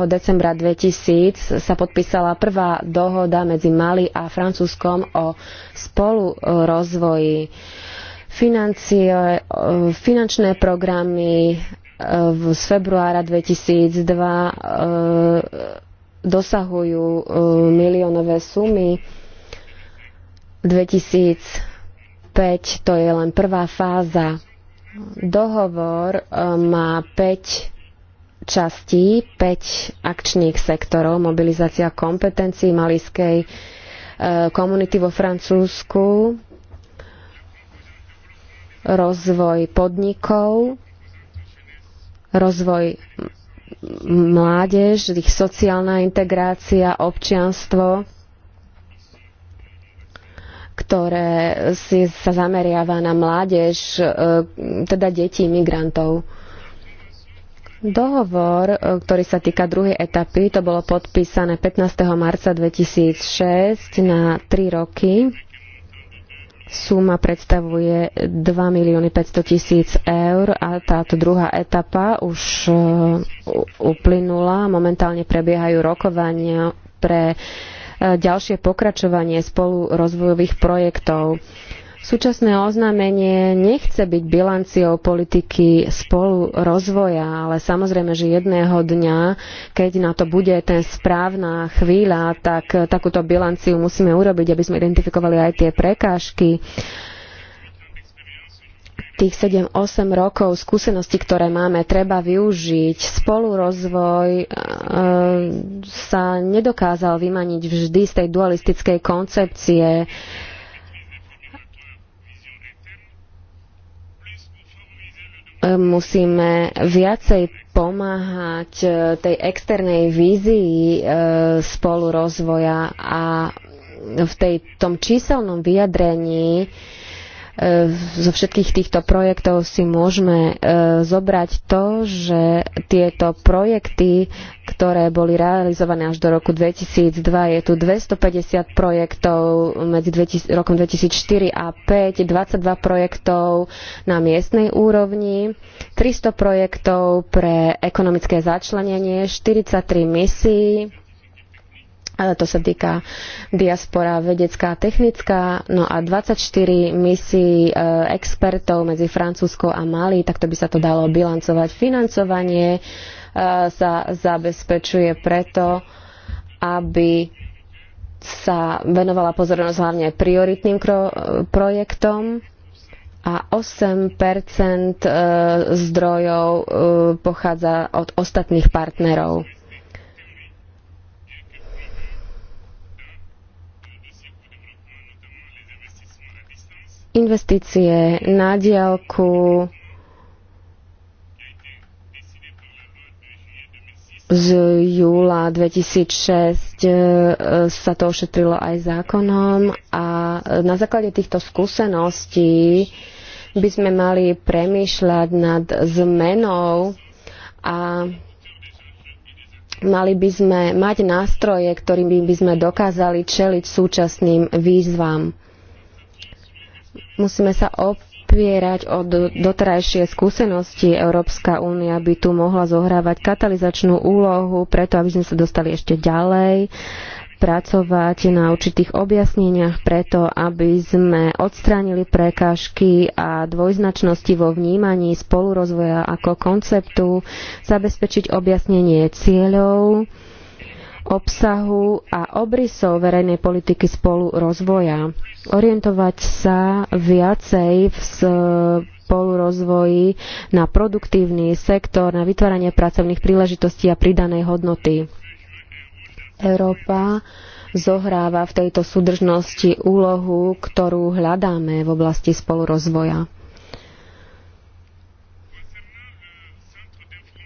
A: decembra 2000 sa podpísala prvá dohoda medzi Mali a Francúzskom o spolurozvoji. Financie, eh, finančné programy eh, z februára 2002 dosahujú miliónové sumy 2005 to je len prvá fáza. Dohovor e, má 5 častí, 5 akčných sektorov, mobilizácia kompetencií malískej e, komunity vo Francúzsku, rozvoj podnikov, rozvoj mládež, ich sociálna integrácia, občianstvo, ktoré si, sa zameriava na mládež, e, teda detí migrantov. Dohovor, e, ktorý sa týka druhej etapy, to bolo podpísané 15. marca 2006 na 3 roky. Suma predstavuje 2 milióny 500 tisíc eur a táto druhá etapa už e, uplynula. Momentálne prebiehajú rokovania pre uh, E, ďalšie pokračovanie spolu rozvojových projektov. Súčasné oznámenie nechce byť bilanciou politiky spolu rozvoja, ale samozrejme, že jedného dňa, keď na to bude ten správna chvíľa, tak e, takúto bilanciu musíme urobiť, aby sme identifikovali aj tie prekážky tých 7-8 rokov skúsenosti, ktoré máme, treba využiť. Spolurozvoj eh, sa nedokázal vymaniť vždy z tej dualistickej koncepcie. Eh, musíme viacej pomáhať eh, tej externej vízii spolurozvoja a v tej, tom číselnom vyjadrení zo všetkých týchto projektov si môžeme e, zobrať to, že tieto projekty, ktoré boli realizované až do roku 2002, je tu 250 projektov medzi 2000, rokom 2004 a 5, 22 projektov na miestnej úrovni, 300 projektov pre ekonomické začlenenie, 43 misií, to sa týka diaspora vedecká a technická, no a 24 misií e, expertov medzi Francúzskou a Mali, tak to by sa to dalo bilancovať. Financovanie e, sa zabezpečuje preto, aby sa venovala pozornosť hlavne prioritným projektom a 8 e, zdrojov pochádza od ostatných partnerov. investície na diálku z júla 2006 e, sa to ošetrilo aj zákonom a na základe týchto skúseností by sme mali premýšľať nad zmenou a mali by sme mať nástroje, ktorými by sme dokázali čeliť súčasným výzvam. Musíme sa opierať o doterajšie skúsenosti. Európska únia by tu mohla zohrávať katalizačnú úlohu, preto aby sme sa dostali ešte ďalej pracovať na určitých objasneniach preto, aby sme odstránili prekážky a dvojznačnosti vo vnímaní spolurozvoja ako konceptu, zabezpečiť objasnenie cieľov, obsahu a obrysov verejnej politiky spolu rozvoja. Orientovať sa viacej v spolurozvoji na produktívny sektor, na vytváranie pracovných príležitostí a pridanej hodnoty. Európa zohráva v tejto súdržnosti úlohu, ktorú hľadáme v oblasti spolurozvoja.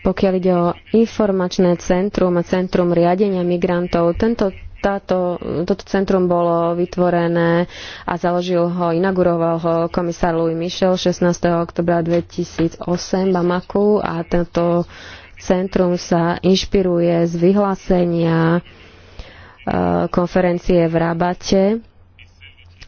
A: Pokiaľ ide o informačné centrum a centrum riadenia migrantov, tento táto, toto centrum bolo vytvorené a založil ho, inauguroval ho komisár Louis Michel 16. oktobra 2008 v Bamaku a tento centrum sa inšpiruje z vyhlásenia e, konferencie v Rabate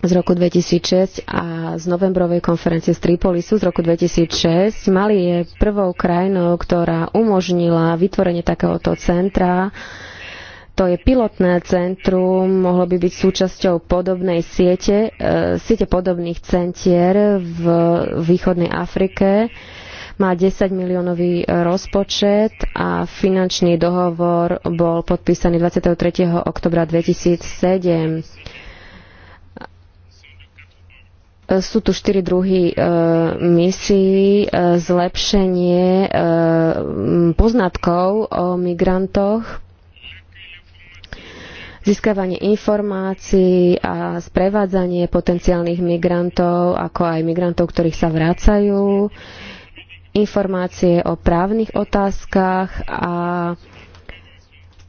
A: z roku 2006 a z novembrovej konferencie z Tripolisu z roku 2006. Mali je prvou krajinou, ktorá umožnila vytvorenie takéhoto centra. To je pilotné centrum, mohlo by byť súčasťou podobnej siete, e, siete podobných centier v východnej Afrike. Má 10 miliónový rozpočet a finančný dohovor bol podpísaný 23. oktobra 2007 Sú tu štyri druhy e, misií, e, zlepšenie e, poznatkov o migrantoch, získavanie informácií a sprevádzanie potenciálnych migrantov, ako aj migrantov, ktorých sa vracajú, informácie o právnych otázkach a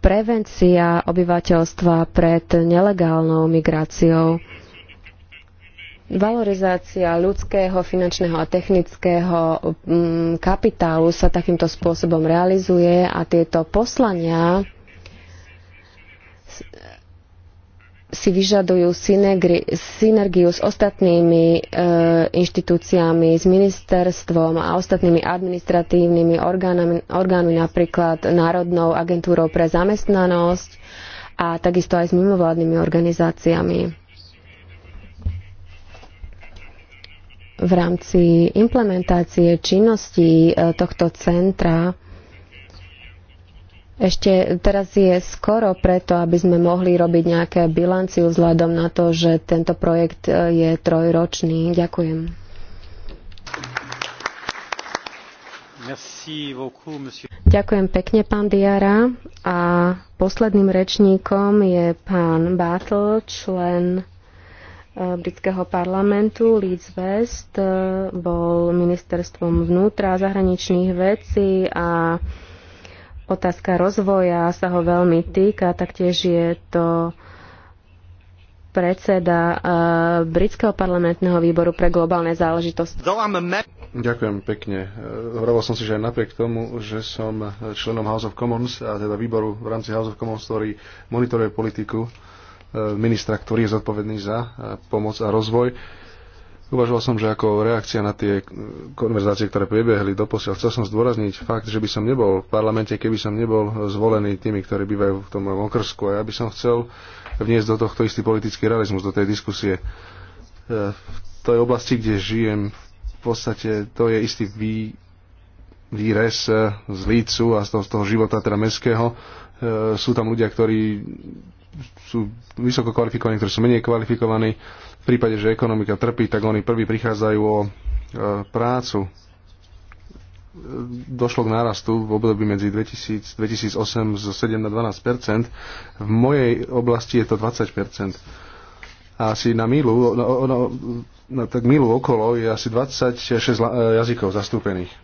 A: prevencia obyvateľstva pred nelegálnou migráciou. Valorizácia ľudského, finančného a technického mm, kapitálu sa takýmto spôsobom realizuje a tieto poslania si vyžadujú synergiu s ostatnými e, inštitúciami, s ministerstvom a ostatnými administratívnymi orgánami, orgánmi, napríklad Národnou agentúrou pre zamestnanosť a takisto aj s mimovládnymi organizáciami. v rámci implementácie činností e, tohto centra ešte teraz je skoro preto, aby sme mohli robiť nejaké bilanciu vzhľadom na to, že tento projekt e, je trojročný. Ďakujem.
B: Beaucoup, Ďakujem
A: pekne, pán Diara. A posledným rečníkom je pán Battle, člen britského parlamentu Leeds West e, bol ministerstvom vnútra zahraničných vecí a otázka rozvoja sa ho veľmi týka. Taktiež je to predseda e, britského parlamentného výboru pre globálne záležitosti.
D: Ďakujem pekne. E, hovoril som si, že aj napriek tomu, že som členom House of Commons, a teda výboru v rámci House of Commons, ktorý monitoruje politiku ministra, ktorý je zodpovedný za e, pomoc a rozvoj. Uvažoval som, že ako reakcia na tie e, konverzácie, ktoré priebehli doposiaľ, chcel som zdôrazniť fakt, že by som nebol v parlamente, keby som nebol zvolený tými, ktorí bývajú v tom mojom okrsku. A ja by som chcel vniesť do tohto istý politický realizmus, do tej diskusie. E, v tej oblasti, kde žijem, v podstate to je istý vý, výrez z lícu a z toho, z toho života teda mestského. Sú tam ľudia, ktorí sú vysoko kvalifikovaní, ktorí sú menej kvalifikovaní. V prípade, že ekonomika trpí, tak oni prví prichádzajú o e, prácu. E, došlo k nárastu v období medzi 2000, 2008 z 7 na 12 V mojej oblasti je to 20 a asi na milu no, no, no, tak milu okolo je asi 26 e, jazykov zastúpených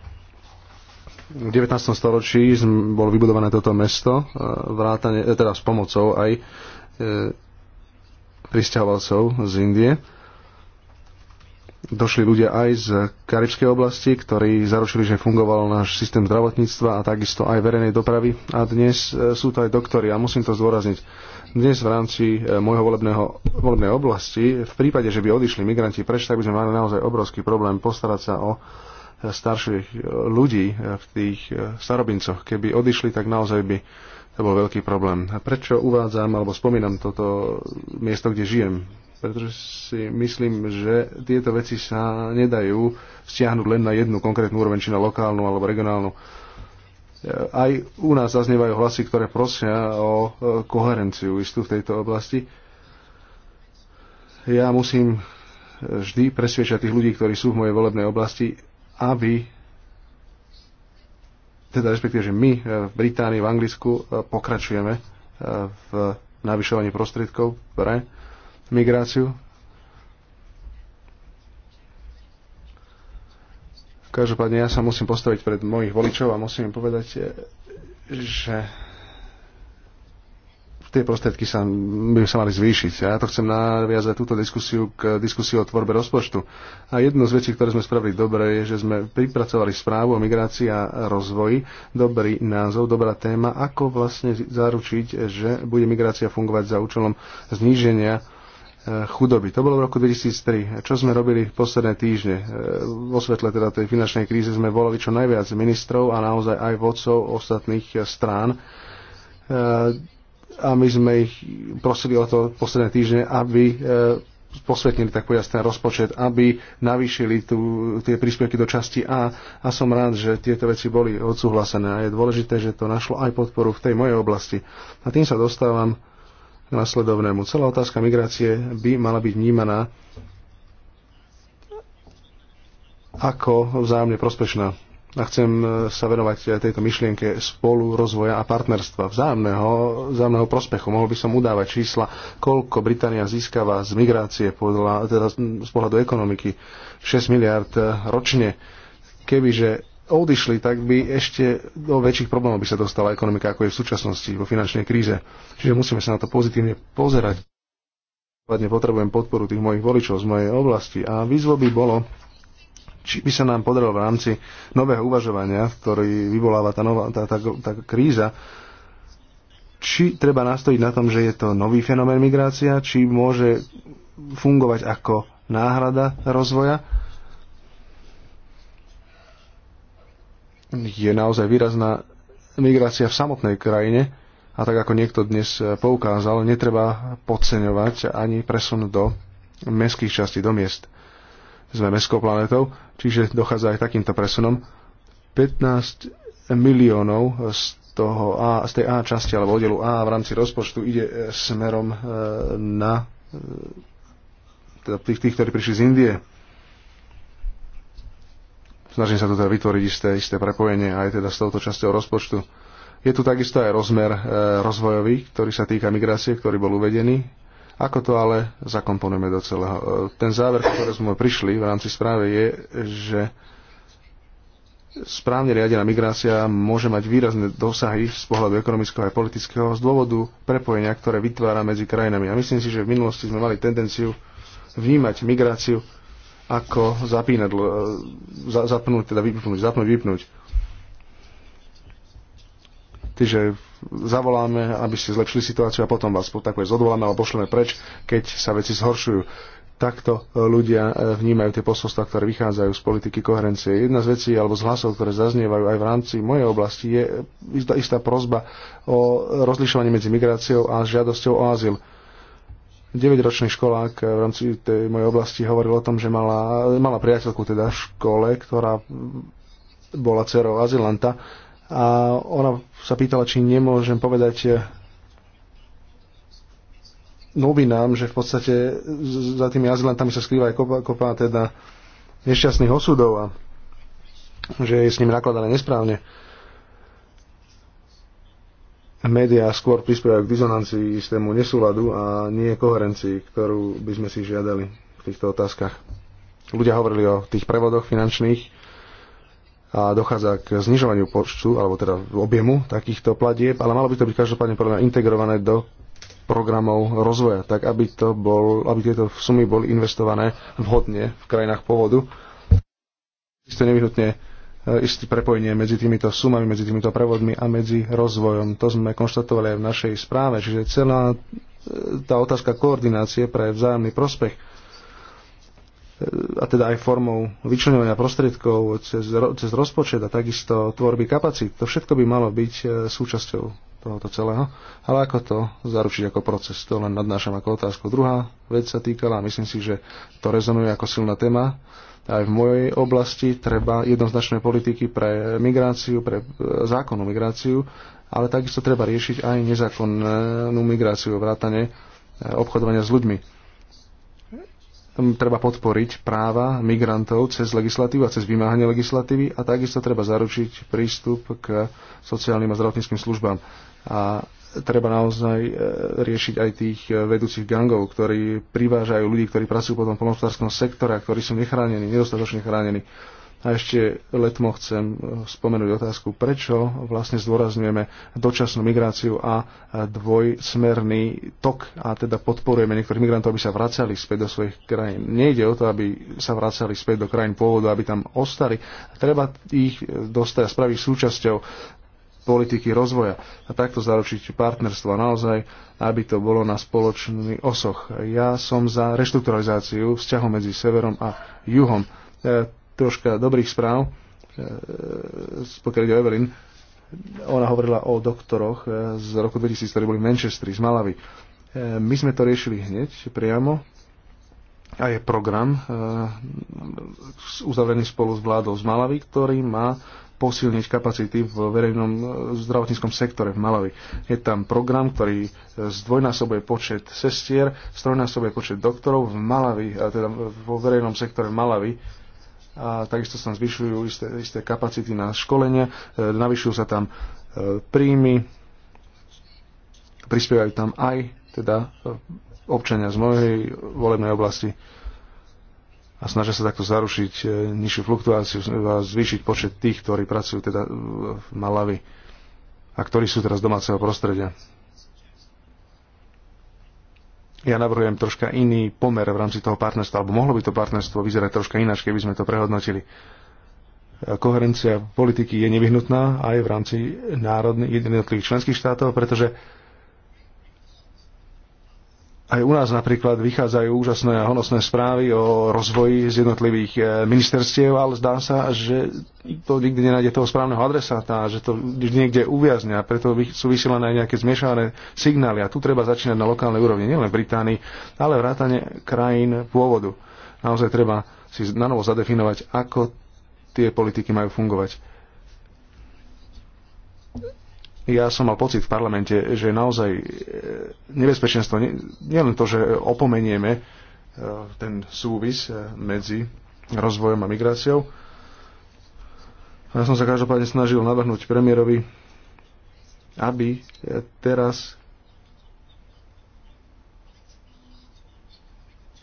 D: v 19. storočí bolo vybudované toto mesto, e, vrátane, e, teda s pomocou aj e, pristahovalcov z Indie. Došli ľudia aj z karibskej oblasti, ktorí zaručili, že fungoval náš systém zdravotníctva a takisto aj verejnej dopravy. A dnes e, sú to aj doktory a musím to zdôrazniť. Dnes v rámci môjho volebného, volebnej oblasti, v prípade, že by odišli migranti preč, tak by sme mali naozaj obrovský problém postarať sa o starších e, ľudí e, v tých e, starobincoch. Keby odišli, tak naozaj by to bol veľký problém. A prečo uvádzam alebo spomínam toto miesto, kde žijem? Pretože si myslím, že tieto veci sa nedajú stiahnuť len na jednu konkrétnu úroveň, či na lokálnu alebo regionálnu. Aj u nás zaznievajú hlasy, ktoré prosia o koherenciu istú v tejto oblasti. Ja musím vždy presviečať tých ľudí, ktorí sú v mojej volebnej oblasti, aby teda respektíve, že my e, v Británii, v Anglicku e, pokračujeme e, v navyšovaní prostriedkov pre migráciu. Každopádne ja sa musím postaviť pred mojich voličov a musím im povedať, že tie prostriedky sa, by sa mali zvýšiť. Ja to chcem naviazať túto diskusiu k diskusiu o tvorbe rozpočtu. A jednu z vecí, ktoré sme spravili dobre, je, že sme pripracovali správu o migrácii a rozvoji. Dobrý názov, dobrá téma, ako vlastne zaručiť, že bude migrácia fungovať za účelom zníženia e, chudoby. To bolo v roku 2003. Čo sme robili posledné týždne? E, vo svetle teda tej finančnej kríze sme volali čo najviac ministrov a naozaj aj vodcov ostatných strán e, a my sme ich prosili o to posledné týždne, aby e, posvetnili tak povedať ten rozpočet, aby navýšili tu, tie príspevky do časti A a som rád, že tieto veci boli odsúhlasené a je dôležité, že to našlo aj podporu v tej mojej oblasti. A tým sa dostávam k nasledovnému. Celá otázka migrácie by mala byť vnímaná ako vzájomne prospešná a chcem e, sa venovať e, tejto myšlienke spolu rozvoja a partnerstva, vzájomného, vzájomného prospechu. Mohol by som udávať čísla, koľko Británia získava z migrácie podľa, teda z pohľadu ekonomiky 6 miliard e, ročne. Kebyže odišli, tak by ešte do väčších problémov by sa dostala ekonomika, ako je v súčasnosti vo finančnej kríze. Čiže musíme sa na to pozitívne pozerať. Potrebujem podporu tých mojich voličov z mojej oblasti a výzvo by bolo či by sa nám podarilo v rámci nového uvažovania, ktorý vyvoláva tá, nová, tá, tá, tá kríza, či treba nastojiť na tom, že je to nový fenomén migrácia, či môže fungovať ako náhrada rozvoja. Je naozaj výrazná migrácia v samotnej krajine a tak ako niekto dnes poukázal, netreba podceňovať ani presun do mestských častí, do miest sme mestskou planetou, čiže dochádza aj takýmto presunom. 15 miliónov z, toho A, z tej A časti alebo oddelu A v rámci rozpočtu ide e, smerom e, na e, teda tých, tých, ktorí prišli z Indie. Snažím sa tu teda vytvoriť isté, isté prepojenie aj teda s touto časťou rozpočtu. Je tu takisto aj rozmer e, rozvojový, ktorý sa týka migrácie, ktorý bol uvedený ako to ale zakomponujeme do celého? E, ten záver, ktorý sme prišli v rámci správy, je, že správne riadená migrácia môže mať výrazné dosahy z pohľadu ekonomického a politického z dôvodu prepojenia, ktoré vytvára medzi krajinami. A myslím si, že v minulosti sme mali tendenciu vnímať migráciu ako zapínať, e, zapnúť, teda vypnúť, zapnúť, vypnúť. Čiže zavoláme, aby ste zlepšili situáciu a potom vás takové zodvoláme alebo pošleme preč, keď sa veci zhoršujú takto e, ľudia e, vnímajú tie posolstva, ktoré vychádzajú z politiky koherencie. Jedna z vecí alebo z hlasov, ktoré zaznievajú aj v rámci mojej oblasti, je istá, istá prozba o rozlišovanie medzi migráciou a žiadosťou o azyl. 9-ročný školák e, v rámci tej mojej oblasti hovoril o tom, že mala, mala priateľku teda v škole, ktorá bola dcerou azylanta a ona sa pýtala, či nemôžem povedať eh, novinám, že v podstate za tými azylantami sa skrýva aj kopa, kopa teda nešťastných osudov a že je s nimi nakladané nesprávne. Média skôr prispievajú k dizonancii istému nesúladu a nie koherencii, ktorú by sme si žiadali v týchto otázkach. Ľudia hovorili o tých prevodoch finančných, a dochádza k znižovaniu počtu, alebo teda objemu takýchto platieb, ale malo by to byť každopádne podľa mňa integrované do programov rozvoja, tak aby, to bol, aby tieto sumy boli investované vhodne v krajinách pôvodu. Isté nevyhnutne e, isté prepojenie medzi týmito sumami, medzi týmito prevodmi a medzi rozvojom. To sme konštatovali aj v našej správe, čiže celá e, tá otázka koordinácie pre vzájomný prospech a teda aj formou vyčlenovania prostriedkov cez, cez rozpočet a takisto tvorby kapacít. To všetko by malo byť e, súčasťou tohoto celého. Ale ako to zaručiť ako proces, to len nadnášam ako otázku. Druhá vec sa týkala, a myslím si, že to rezonuje ako silná téma, aj v mojej oblasti treba jednoznačné politiky pre migráciu, pre e, zákonnú migráciu, ale takisto treba riešiť aj nezákonnú migráciu, vrátane e, obchodovania s ľuďmi treba podporiť práva migrantov cez legislatívu a cez vymáhanie legislatívy a takisto treba zaručiť prístup k sociálnym a zdravotníckým službám. A treba naozaj e, riešiť aj tých e, vedúcich gangov, ktorí privážajú ľudí, ktorí pracujú potom v polnohospodárskom sektore, ktorí sú nechránení, nedostatočne chránení. A ešte letmo chcem eh, spomenúť otázku, prečo vlastne zdôrazňujeme dočasnú migráciu a eh, dvojsmerný tok a teda podporujeme niektorých migrantov, aby sa vracali späť do svojich krajín. Nejde o to, aby sa vracali späť do krajín pôvodu, aby tam ostali. Treba ich eh, dostať a spraviť súčasťou politiky rozvoja a takto zaručiť partnerstvo naozaj, aby to bolo na spoločný osoch. Ja som za reštrukturalizáciu vzťahu medzi severom a juhom troška dobrých správ, e, pokiaľ ide o Evelyn. Ona hovorila o doktoroch e, z roku 2000, ktorí boli v Manchestri, z Malavy. E, my sme to riešili hneď, priamo, a je program uzavrený spolu s vládou z Malavy, ktorý má posilniť kapacity v verejnom zdravotníckom sektore v Malavi. Je tam program, ktorý zdvojnásobuje počet sestier, strojnásobuje počet doktorov v Malavi, teda vo verejnom sektore v Malavi a takisto sa zvyšujú isté, isté kapacity na školenie, e, navyšujú sa tam e, príjmy, prispievajú tam aj teda e, občania z mojej volebnej oblasti a snažia sa takto zarušiť nižšiu fluktuáciu a zvýšiť počet tých, ktorí pracujú teda v Malavi a ktorí sú teraz domáceho prostredia ja navrhujem troška iný pomer v rámci toho partnerstva, alebo mohlo by to partnerstvo vyzerať troška ináč, keby sme to prehodnotili. Koherencia politiky je nevyhnutná aj v rámci národných jednotlivých členských štátov, pretože aj u nás napríklad vychádzajú úžasné a honosné správy o rozvoji z jednotlivých e, ministerstiev, ale zdá sa, že to nikdy nenájde toho správneho adresáta, že to niekde uviazne a preto sú vysielané aj nejaké zmiešané signály. A tu treba začínať na lokálnej úrovni, nielen v Británii, ale vrátane krajín pôvodu. Naozaj treba si nanovo zadefinovať, ako tie politiky majú fungovať ja som mal pocit v parlamente, že naozaj e, nebezpečenstvo, nielen to, že opomenieme e, ten súvis e, medzi rozvojom a migráciou. Ja som sa každopádne snažil navrhnúť premiérovi, aby teraz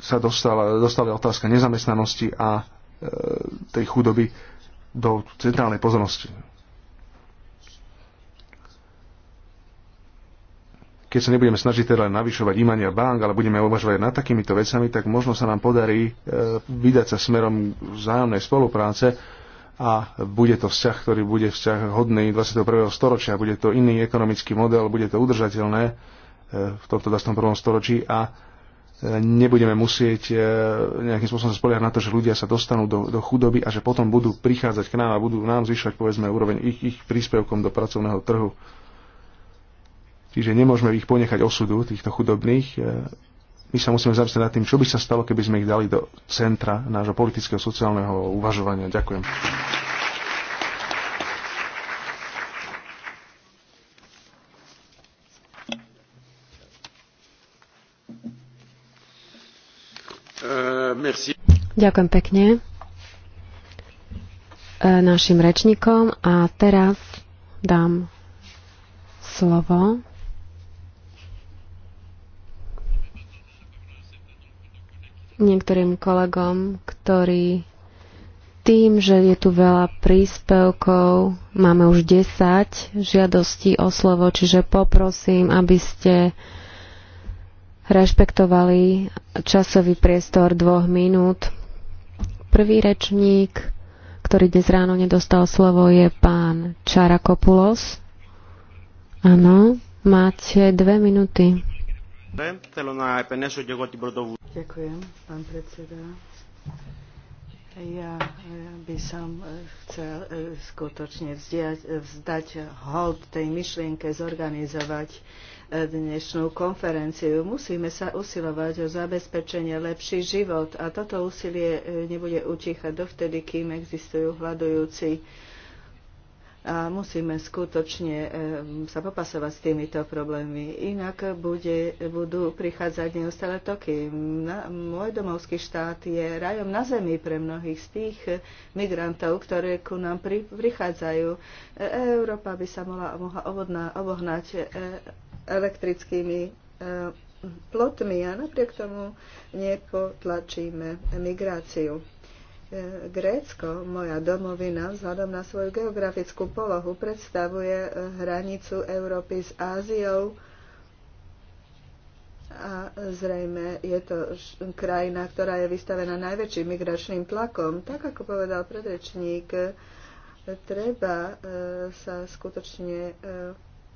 D: sa dostala, dostala otázka nezamestnanosti a tej chudoby do centrálnej pozornosti keď sa nebudeme snažiť teda len navyšovať imania bank, ale budeme uvažovať nad takýmito vecami, tak možno sa nám podarí e, vydať sa smerom vzájomnej spolupráce a bude to vzťah, ktorý bude vzťah hodný 21. storočia, bude to iný ekonomický model, bude to udržateľné e, v tomto 21. storočí a e, nebudeme musieť nejakým spôsobom spoliehať na to, že ľudia sa dostanú do, do chudoby a že potom budú prichádzať k nám a budú nám zvyšovať povedzme úroveň ich, ich príspevkom do pracovného trhu. Čiže nemôžeme ich ponechať osudu, týchto chudobných. E, my sa musíme zamyslieť nad tým, čo by sa stalo, keby sme ich dali do centra nášho politického sociálneho uvažovania. Ďakujem.
B: E,
A: Ďakujem pekne e, našim rečníkom a teraz dám slovo niektorým kolegom, ktorí tým, že je tu veľa príspevkov, máme už 10 žiadostí o slovo, čiže poprosím, aby ste rešpektovali časový priestor dvoch minút. Prvý rečník, ktorý dnes ráno nedostal slovo, je pán Čarakopulos. Áno, máte dve minúty.
B: Ďakujem,
C: pán predseda. Ja by som eh, chcel eh, skutočne vzdať, eh, vzdať hold tej myšlienke zorganizovať dnešnú konferenciu. Musíme sa usilovať o zabezpečenie lepší život a toto úsilie nebude utichať dovtedy, kým existujú hľadujúci a musíme skutočne e, sa popasovať s týmito problémy. Inak bude, budú prichádzať neustále toky. Na, môj domovský štát je rajom na zemi pre mnohých z tých migrantov, ktoré ku nám pri, prichádzajú. E, Európa by sa mohla, mohla ovodná, obohnať e, elektrickými plotmi a napriek tomu nepotlačíme migráciu. Grécko, moja domovina, vzhľadom na svoju geografickú polohu, predstavuje eh, hranicu Európy s Áziou a zrejme je to krajina, ktorá je vystavená najväčším migračným tlakom. Tak ako povedal predrečník, eh, treba eh, sa skutočne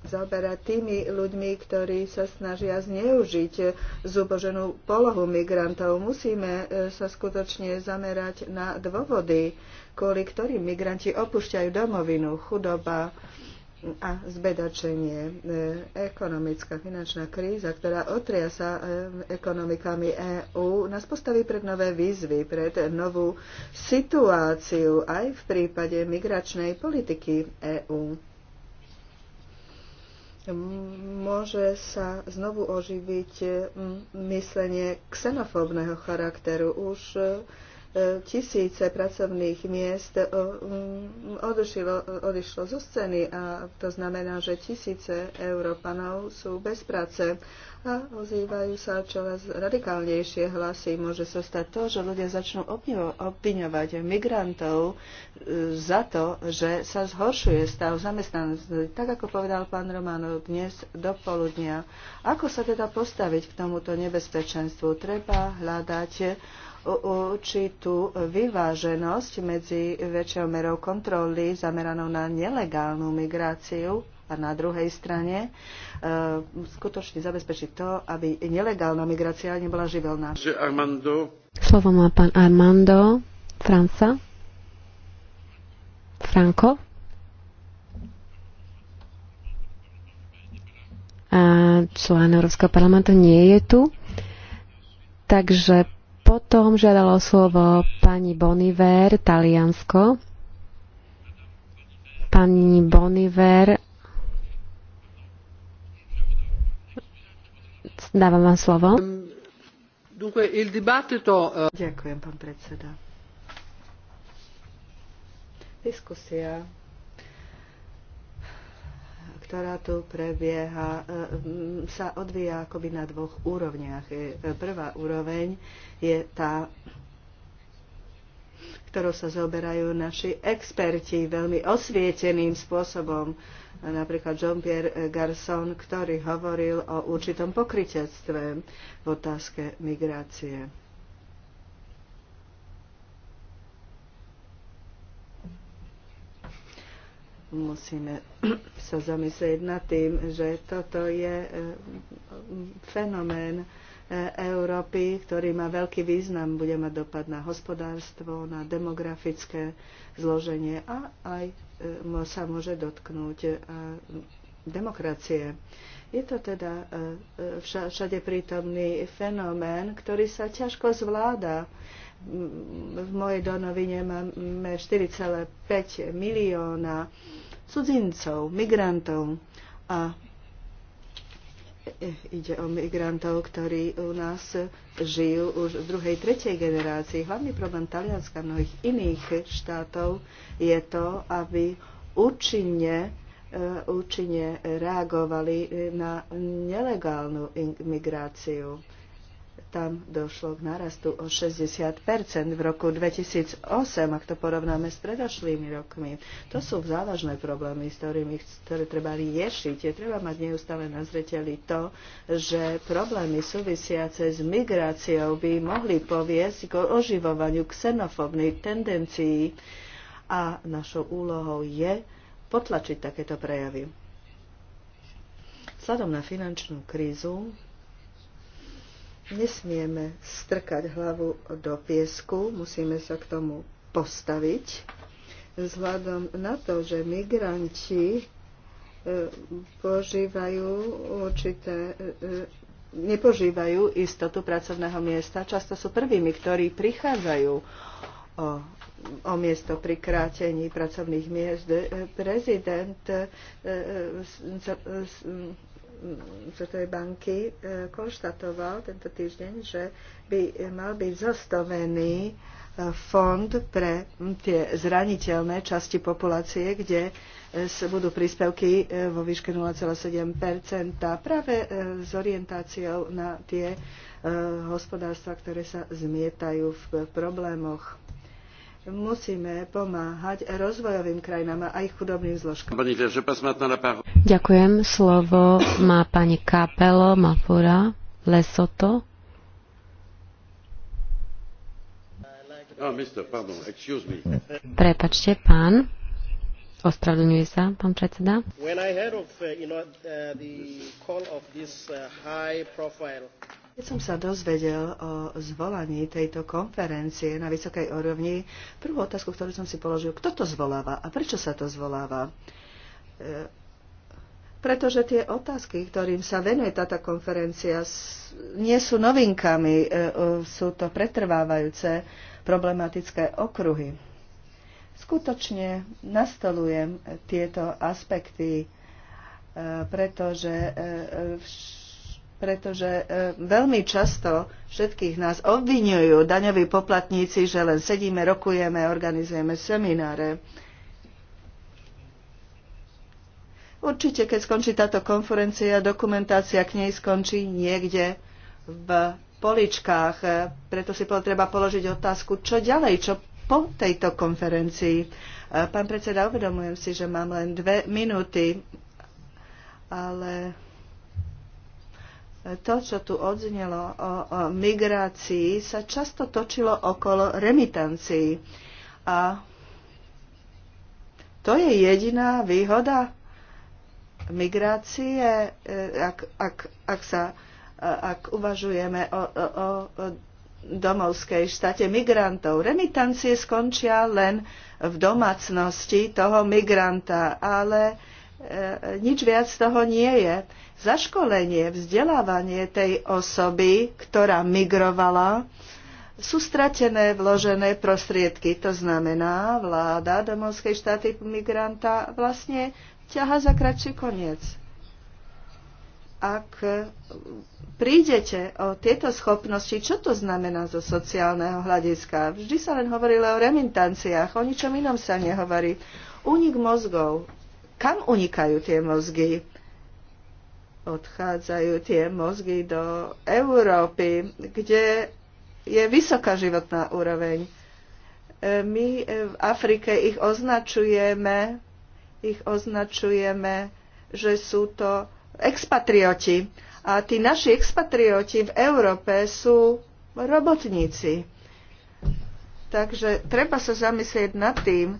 C: zaoberať tými ľuďmi, ktorí sa snažia zneužiť zuboženú polohu migrantov. Musíme e, sa skutočne zamerať na dôvody, kvôli ktorým migranti opúšťajú domovinu, chudoba a zbedačenie, e, ekonomická finančná kríza, ktorá otria sa e, ekonomikami EÚ, nás postaví pred nové výzvy, pred novú situáciu aj v prípade migračnej politiky EÚ môže sa znovu oživiť myslenie xenofóbneho charakteru. Už e, tisíce pracovných miest e, odišlo, odišlo zo scény a to znamená, že tisíce Európanov sú bez práce a ozývajú sa čoraz radikálnejšie hlasy. Môže sa stať to, že ľudia začnú obviňovať migrantov e, za to, že sa zhoršuje stav zamestnanosti. Tak ako povedal pán Románov dnes do poludnia. Ako sa teda postaviť k tomuto nebezpečenstvu? Treba hľadať určitú vyváženosť medzi väčšou merou kontroly zameranou na nelegálnu migráciu a na druhej strane e, skutočne zabezpečiť to, aby nelegálna migrácia nebola živelná.
A: Slovo má pán Armando Franca. Franco. A člen Európskeho parlamentu nie je tu. Takže potom žiadalo slovo pani Boniver, Taliansko. Pani Boniver Dávam vám slovo.
B: Eh,
C: Ďakujem, pán predseda. Diskusia ktorá tu prebieha, eh, sa odvíja akoby na dvoch úrovniach. Eh, prvá úroveň je tá, ktorou sa zoberajú naši experti veľmi osvieteným spôsobom napríklad Jean-Pierre Garçon, ktorý hovoril o určitom pokritectve v otázke migrácie. Musíme [CLEARS THROAT] sa zamyslieť nad tým, že toto je eh, fenomén eh, Európy, ktorý má veľký význam, bude mať dopad na hospodárstvo, na demografické zloženie a aj sa môže dotknúť e, demokracie. Je to teda e, e, všade prítomný fenomén, ktorý sa ťažko zvláda. V mojej donovine máme 4,5 milióna cudzincov, migrantov a ide o migrantov, ktorí u nás žijú už v druhej, tretej generácii. Hlavný problém Talianska a mnohých iných štátov je to, aby účinne, e, účinne reagovali na nelegálnu migráciu tam došlo k narastu o 60 v roku 2008, ak to porovnáme s predošlými rokmi. To sú závažné problémy, s ktorými, ktoré treba riešiť. Je treba mať neustále na zreteli to, že problémy súvisiace s migráciou by mohli poviesť k oživovaniu xenofobných tendencií a našou úlohou je potlačiť takéto prejavy. Vzhľadom na finančnú krízu Nesmieme strkať hlavu do piesku, musíme sa k tomu postaviť. Vzhľadom na to, že migranti e, požívajú určité e, e, nepožívajú istotu pracovného miesta. Často sú prvými, ktorí prichádzajú o, o miesto pri krátení pracovných miest. Prezident Mm, Svetovej banky e, konštatoval tento týždeň, že by mal byť zastavený e, fond pre tie zraniteľné časti populácie, kde e, budú príspevky vo výške 0,7 práve s orientáciou na tie hospodárstva, ktoré sa zmietajú v problémoch musíme pomáhať rozvojovým krajinám a ich chudobným zložkám.
A: Ďakujem. Slovo má pani Kapelo Mafura Lesoto.
B: No, Prepačte,
A: pán. Ospravedlňuje sa, pán predseda.
B: When I heard of, uh, you know, uh, the call of this uh, high profile
C: keď som sa dozvedel o zvolaní tejto konferencie na vysokej úrovni, prvú otázku, ktorú som si položil, kto to zvoláva a prečo sa to zvoláva? E, pretože tie otázky, ktorým sa venuje táto konferencia, nie sú novinkami, e, e, sú to pretrvávajúce problematické okruhy. Skutočne nastolujem tieto aspekty, pretože vš- pretože e, veľmi často všetkých nás obvinujú daňoví poplatníci, že len sedíme, rokujeme, organizujeme semináre. Určite, keď skončí táto konferencia, dokumentácia k nej skončí niekde v poličkách. Preto si potreba položiť otázku, čo ďalej, čo po tejto konferencii. E, pán predseda, uvedomujem si, že mám len dve minúty, ale to, čo tu odznelo o, o migrácii, sa často točilo okolo remitancií. A to je jediná výhoda migrácie, eh, ak, ak, ak, sa, eh, ak uvažujeme o, o, o domovskej štáte migrantov. Remitancie skončia len v domácnosti toho migranta, ale e, nič viac toho nie je. E, zaškolenie, vzdelávanie tej osoby, ktorá migrovala, sú stratené vložené prostriedky. To znamená, vláda domovskej štáty migranta vlastne ťaha za kratší koniec. Ak prídete o tieto schopnosti, čo to znamená zo sociálneho hľadiska? Vždy sa len hovorilo o remintanciách, o ničom inom sa nehovorí. Únik mozgov. Kam unikajú tie mozgy? odchádzajú tie mozgy do Európy, kde je vysoká životná úroveň. E, my v Afrike ich označujeme, ich označujeme, že sú to expatrioti. A tí naši expatrioti v Európe sú robotníci. Takže treba sa zamyslieť nad tým, e,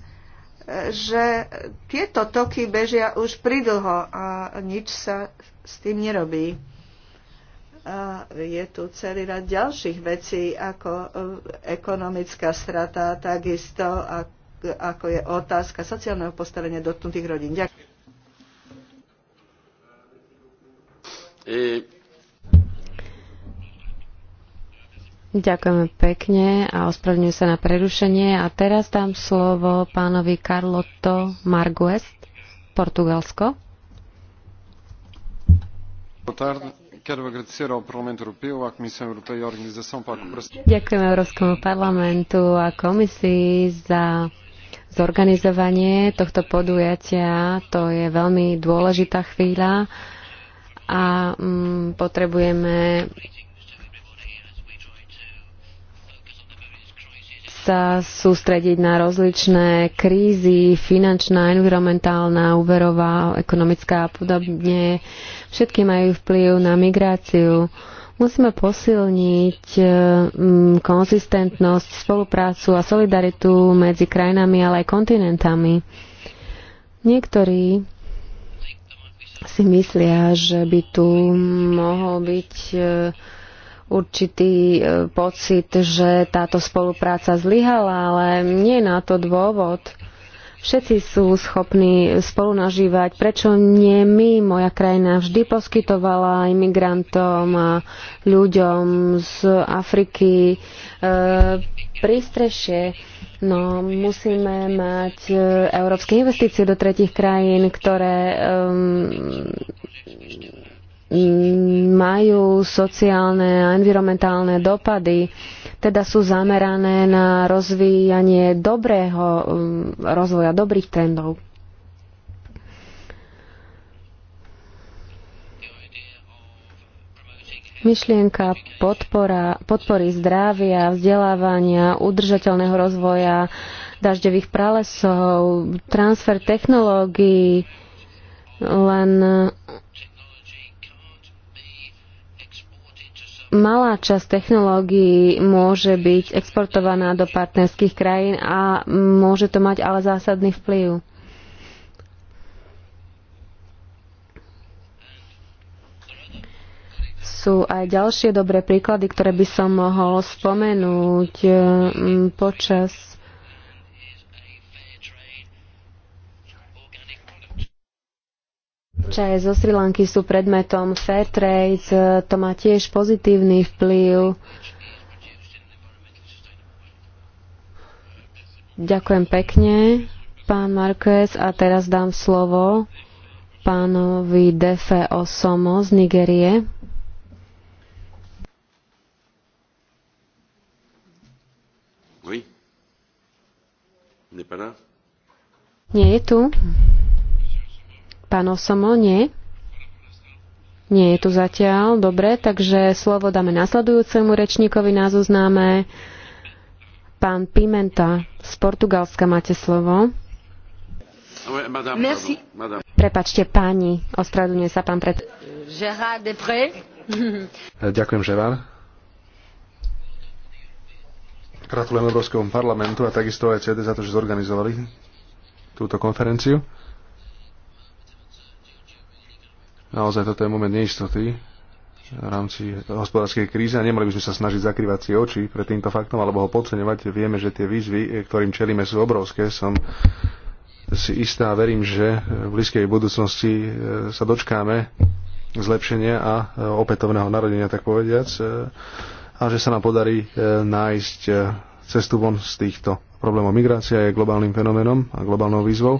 C: že tieto toky bežia už pridlho a nič sa s tým nerobí. A je tu celý rad ďalších vecí, ako e, ekonomická strata, takisto ako je otázka sociálneho postavenia dotknutých rodín. Ďakujem.
B: E.
A: Ďakujeme pekne a ospravedlňujem sa na prerušenie. A teraz dám slovo pánovi Carlotto Marguest, Portugalsko.
B: E Ďakujem
A: Európskemu parlamentu a komisii za zorganizovanie tohto podujatia. To je veľmi dôležitá chvíľa a mm, potrebujeme sa sústrediť na rozličné krízy, finančná, environmentálna, úverová, ekonomická a podobne. Všetky majú vplyv na migráciu. Musíme posilniť eh, konzistentnosť, spoluprácu a solidaritu medzi krajinami, ale aj kontinentami. Niektorí si myslia, že by tu mohol byť eh, určitý e, pocit, že táto spolupráca zlyhala, ale nie na to dôvod. Všetci sú schopní spolu nažívať. Prečo nie my? Moja krajina vždy poskytovala imigrantom a ľuďom z Afriky e, prístrešie. No, musíme mať e, európske investície do tretich krajín, ktoré majú sociálne a environmentálne dopady, teda sú zamerané na rozvíjanie dobrého mm, rozvoja, dobrých trendov. Myšlienka podpora, podpory zdravia, vzdelávania, udržateľného rozvoja, dažďových pralesov, transfer technológií, len malá časť technológií môže byť exportovaná do partnerských krajín a môže to mať ale zásadný vplyv. Sú aj ďalšie dobré príklady, ktoré by som mohol spomenúť mm, počas Čaje zo Sri Lanky sú predmetom fair trade, e, to má tiež pozitívny vplyv. Ďakujem pekne, pán Marquez, a teraz dám slovo pánovi Defe Osomo z Nigerie. Oui. Nie je tu. Pán Osomo, nie? Nie je tu zatiaľ. Dobre, takže slovo dáme nasledujúcemu rečníkovi na zoznáme. Pán Pimenta z Portugalska máte slovo. Merci. Prepačte, páni, ospravedlňuje sa pán pred... Gérard Depré. [LAUGHS]
D: Ďakujem, Gerard. Gratulujem Európskemu parlamentu a takisto aj CD za to, že zorganizovali túto konferenciu. Naozaj toto je moment neistoty v rámci hospodárskej krízy a nemali by sme sa snažiť zakrývať si oči pred týmto faktom alebo ho podceňovať. Vieme, že tie výzvy, ktorým čelíme, sú obrovské. Som si istá a verím, že v blízkej budúcnosti e, sa dočkáme zlepšenia a e, opätovného narodenia, tak povediac, e, a že sa nám podarí nájsť cestu von z týchto problémov. Migrácia je globálnym fenoménom a globálnou výzvou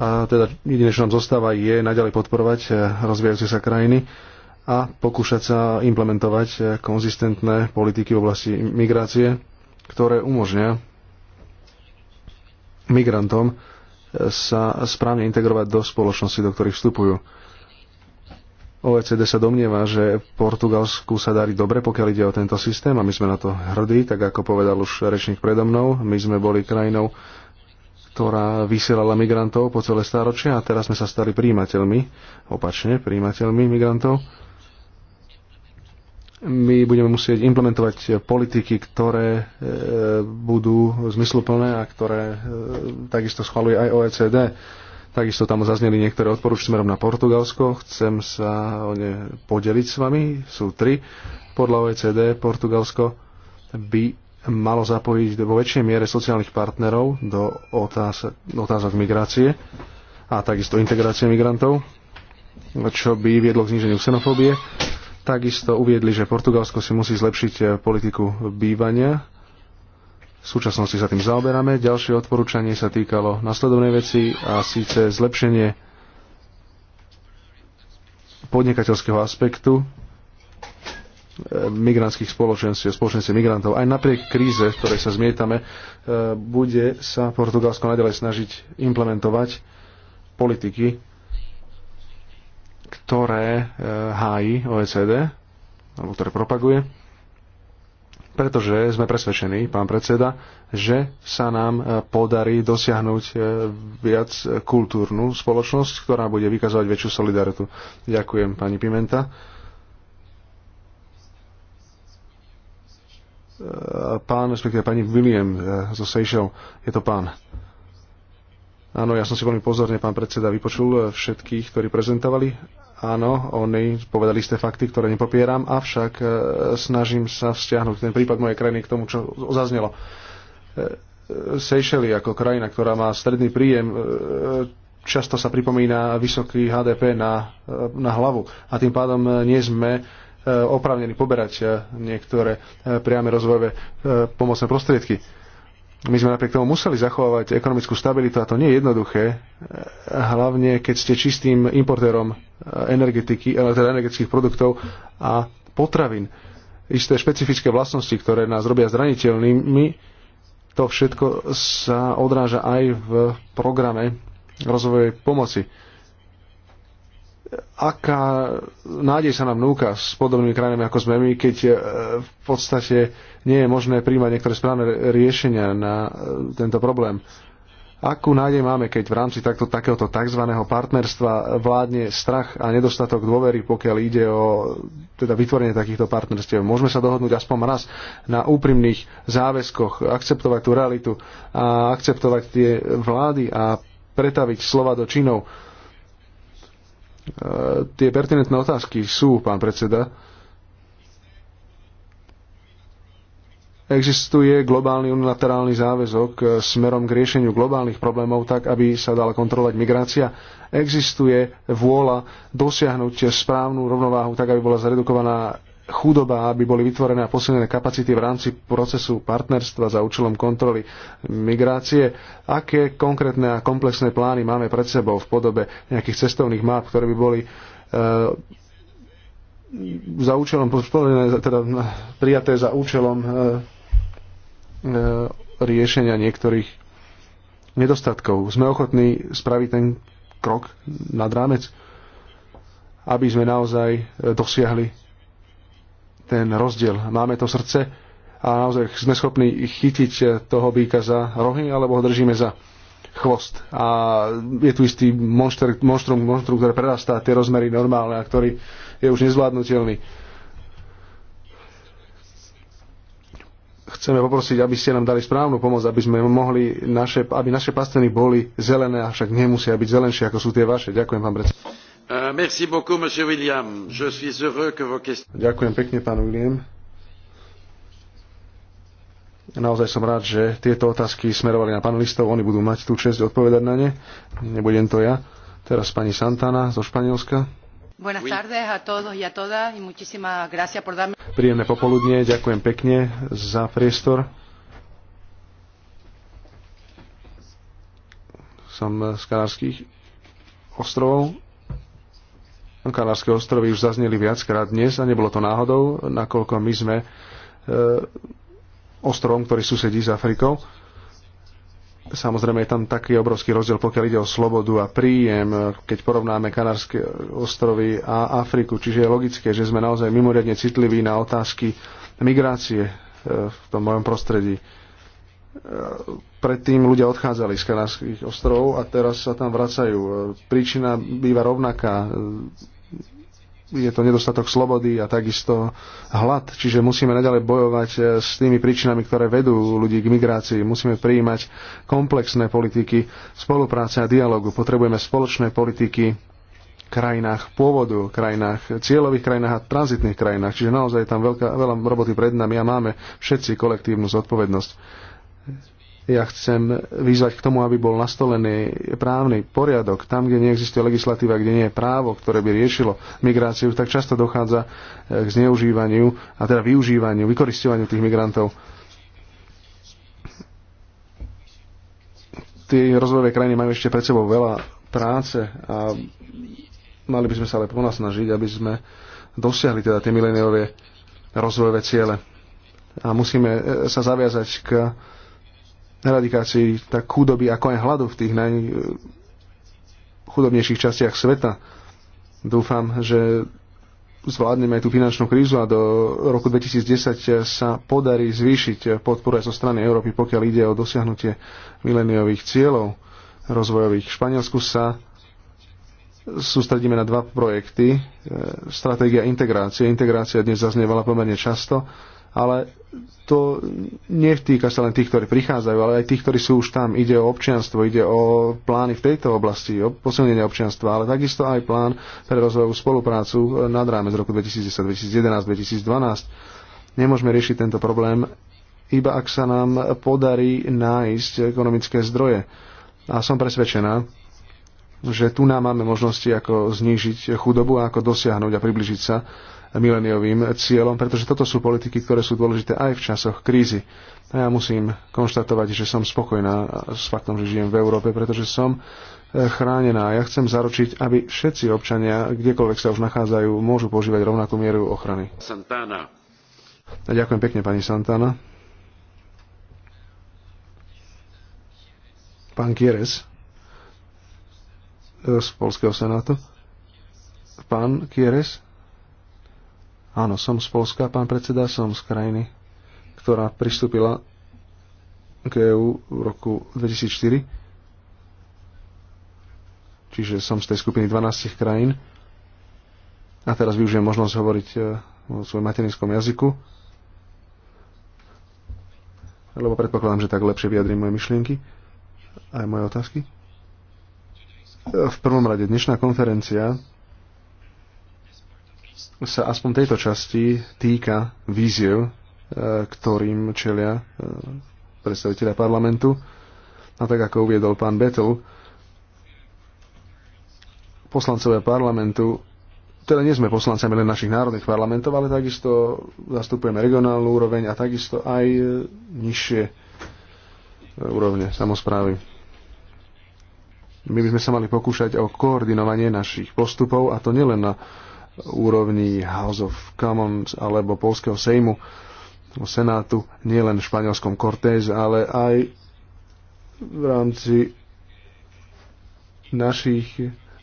D: a teda jediné, čo nám zostáva, je naďalej podporovať eh, rozvíjajúce sa krajiny a pokúšať sa implementovať eh, konzistentné politiky v oblasti migrácie, ktoré umožňa migrantom eh, sa správne integrovať do spoločnosti, do ktorých vstupujú. OECD sa domnieva, že Portugalsku sa darí dobre, pokiaľ ide o tento systém a my sme na to hrdí, tak ako povedal už rečník predo mnou, my sme boli krajinou ktorá vysielala migrantov po celé stáročia a teraz sme sa stali príjimateľmi, opačne, príjimateľmi migrantov. My budeme musieť implementovať politiky, ktoré e, budú zmysluplné a ktoré e, takisto schvaluje aj OECD. Takisto tam zazneli niektoré odporúčania smerom na Portugalsko. Chcem sa o ne podeliť s vami. Sú tri. Podľa OECD Portugalsko by malo zapojiť vo väčšej miere sociálnych partnerov do otázok, otázok migrácie a takisto integrácie migrantov, čo by viedlo k zníženiu xenofóbie. Takisto uviedli, že Portugalsko si musí zlepšiť eh, politiku bývania. V súčasnosti sa tým zaoberáme. Ďalšie odporúčanie sa týkalo nasledovnej veci a síce zlepšenie podnikateľského aspektu migrantských spoločenství, spoločenství migrantov. Aj napriek kríze, v ktorej sa zmietame, e, bude sa Portugalsko nadalej snažiť implementovať politiky, ktoré e, hájí OECD, alebo ktoré propaguje, pretože sme presvedčení, pán predseda, že sa nám e, podarí dosiahnuť viac kultúrnu spoločnosť, ktorá bude vykazovať väčšiu solidaritu. Ďakujem, pani Pimenta. pán, respektíve pani William eh, zo Seychelles. Je to pán. Áno, ja som si veľmi pozorne, pán predseda, vypočul eh, všetkých, ktorí prezentovali. Áno, oni povedali ste fakty, ktoré nepopieram, avšak eh, snažím sa vzťahnuť ten prípad mojej krajiny k tomu, čo zaznelo. Seychelles ako krajina, ktorá má stredný príjem, často sa pripomína vysoký HDP na, na hlavu a tým pádom nie sme Eh, oprávnení poberať eh, niektoré eh, priame rozvojové pomocné prostriedky. My sme napriek tomu museli zachovávať ekonomickú stabilitu a to nie je jednoduché, hlavne keď ste čistým importérom energetiky, teda energetických produktov a potravín. Isté špecifické vlastnosti, ktoré nás robia zraniteľnými, to všetko sa odráža aj v programe rozvojovej pomoci aká nádej sa nám núka s podobnými krajinami ako sme my, keď e, v podstate nie je možné príjmať niektoré správne riešenia na e, tento problém. Akú nádej máme, keď v rámci takto, takéhoto tzv. partnerstva vládne strach a nedostatok dôvery, pokiaľ ide o teda vytvorenie takýchto partnerstiev? Môžeme sa dohodnúť aspoň raz na úprimných záväzkoch, akceptovať tú realitu a akceptovať tie vlády a pretaviť slova do činov Eh, tie pertinentné otázky sú, pán predseda. Existuje globálny unilaterálny záväzok eh, smerom k riešeniu globálnych problémov tak, aby sa dala kontrolovať migrácia. Existuje vôľa dosiahnuť správnu rovnováhu tak, aby bola zredukovaná chudoba, aby boli vytvorené a posilnené kapacity v rámci procesu partnerstva za účelom kontroly migrácie. Aké konkrétne a komplexné plány máme pred sebou v podobe nejakých cestovných map, ktoré by boli e, za účelom, teda prijaté za účelom e, e, riešenia niektorých nedostatkov. Sme ochotní spraviť ten krok nad rámec, aby sme naozaj e, dosiahli ten rozdiel. Máme to srdce a naozaj sme schopní chytiť toho býka za rohy alebo ho držíme za chvost. A je tu istý monštr, monštrum, monštrum, ktoré prerastá tie rozmery normálne a ktorý je už nezvládnutelný. Chceme poprosiť, aby ste nám dali správnu pomoc, aby sme mohli naše, aby naše pastviny boli zelené, avšak nemusia byť zelenšie, ako sú tie vaše. Ďakujem, pán predseda. Euh, ďakujem pekne, pán William. Naozaj som rád, že tieto otázky smerovali na panelistov. Oni budú mať tú čest odpovedať na ne. Nebudem to ja. Teraz pani Santana zo Španielska. Príjemné popoludne, ďakujem pekne za priestor. Som z Kanárskych ostrovov Kanárske ostrovy už zazneli viackrát dnes a nebolo to náhodou, nakoľko my sme e, ostrovom, ktorý susedí s Afrikou. Samozrejme je tam taký obrovský rozdiel, pokiaľ ide o slobodu a príjem, keď porovnáme Kanárske ostrovy a Afriku. Čiže je logické, že sme naozaj mimoriadne citliví na otázky migrácie e, v tom mojom prostredí e, predtým ľudia odchádzali z Kanárskych ostrovov a teraz sa tam vracajú. E, príčina býva rovnaká, je to nedostatok slobody a takisto hlad. Čiže musíme naďalej bojovať eh, s tými príčinami, ktoré vedú ľudí k migrácii. Musíme prijímať komplexné politiky spolupráce a dialogu. Potrebujeme spoločné politiky krajinách pôvodu, krajinách, cieľových krajinách a tranzitných krajinách. Čiže naozaj je tam veľká, veľa roboty pred nami a máme všetci kolektívnu zodpovednosť ja chcem vyzvať k tomu, aby bol nastolený právny poriadok. Tam, kde neexistuje legislatíva, kde nie je právo, ktoré by riešilo migráciu, tak často dochádza e, k zneužívaniu a teda využívaniu, vykoristovaniu tých migrantov. Tie rozvojové krajiny majú ešte pred sebou veľa práce a mali by sme sa ale ponasnažiť, aby sme dosiahli teda tie mileniové rozvojové ciele. A musíme e, sa zaviazať k eradikácii tak chudoby, ako aj hladu v tých najchudobnejších častiach sveta. Dúfam, že zvládneme aj tú finančnú krízu a do roku 2010 sa podarí zvýšiť podporu aj zo strany Európy, pokiaľ ide o dosiahnutie mileniových cieľov rozvojových. V Španielsku sa sústredíme na dva projekty. Stratégia integrácie. Integrácia dnes zaznievala pomerne často ale to netýka sa len tých, ktorí prichádzajú, ale aj tých, ktorí sú už tam. Ide o občianstvo, ide o plány v tejto oblasti, o posilnenie občianstva, ale takisto aj plán pre rozvojovú spoluprácu nad rámec roku 2010, 2011, 2012. Nemôžeme riešiť tento problém iba ak sa nám podarí nájsť ekonomické zdroje. A som presvedčená, že tu nám máme možnosti, ako znížiť chudobu a ako dosiahnuť a približiť sa mileniovým cieľom, pretože toto sú politiky, ktoré sú dôležité aj v časoch krízy. A ja musím konštatovať, že som spokojná s faktom, že žijem v Európe, pretože som eh, chránená. Ja chcem zaručiť, aby všetci občania, kdekoľvek sa už nachádzajú, môžu požívať rovnakú mieru ochrany.
B: Santana.
D: A ďakujem pekne, pani Santana. Pán Kieres eh, z Polského senátu. Pán Kieres. Áno, som z Polska, pán predseda, som z krajiny, ktorá pristúpila k EU v roku 2004. Čiže som z tej skupiny 12 krajín. A teraz využijem možnosť hovoriť e, o svojom materinskom jazyku. Lebo predpokladám, že tak lepšie vyjadrím moje myšlienky aj moje otázky. E, v prvom rade dnešná konferencia sa aspoň tejto časti týka víziev, e, ktorým čelia e, predstaviteľa parlamentu. A tak ako uviedol pán Betel, poslancovia parlamentu, teda nie sme poslancami len našich národných parlamentov, ale takisto zastupujeme regionálnu úroveň a takisto aj e, nižšie úrovne samozprávy. My by sme sa mali pokúšať o koordinovanie našich postupov a to nielen na úrovni House of Commons alebo Polského Sejmu, Senátu, nielen v španielskom Cortés, ale aj v rámci našich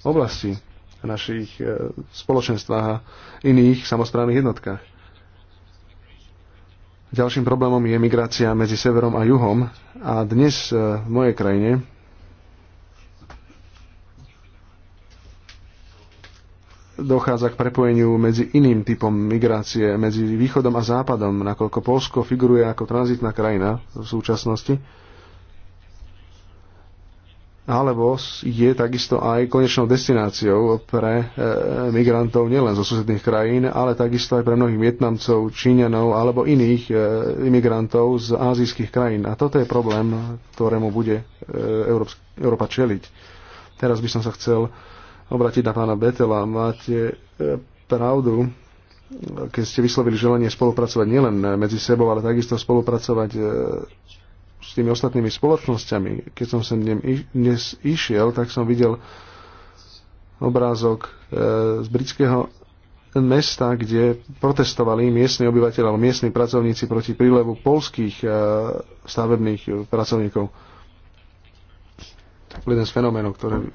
D: oblastí, našich e, spoločenstvách a iných samozprávnych jednotkách. Ďalším problémom je migrácia medzi severom a juhom a dnes e, v mojej krajine dochádza k prepojeniu medzi iným typom migrácie, medzi východom a západom, nakoľko Polsko figuruje ako tranzitná krajina v súčasnosti, alebo je takisto aj konečnou destináciou pre e, migrantov nielen zo susedných krajín, ale takisto aj pre mnohých Vietnamcov, Číňanov alebo iných e, imigrantov z azijských krajín. A toto je problém, ktorému bude e, Európa čeliť. Teraz by som sa chcel obrátiť na pána Betela. Máte e, pravdu, keď ste vyslovili želanie spolupracovať nielen medzi sebou, ale takisto spolupracovať e, s tými ostatnými spoločnosťami. Keď som sem dnes išiel, tak som videl obrázok e, z britského mesta, kde protestovali miestni obyvateľ alebo miestni pracovníci proti prílevu polských stavebných pracovníkov. To je jeden z fenoménov, ktoré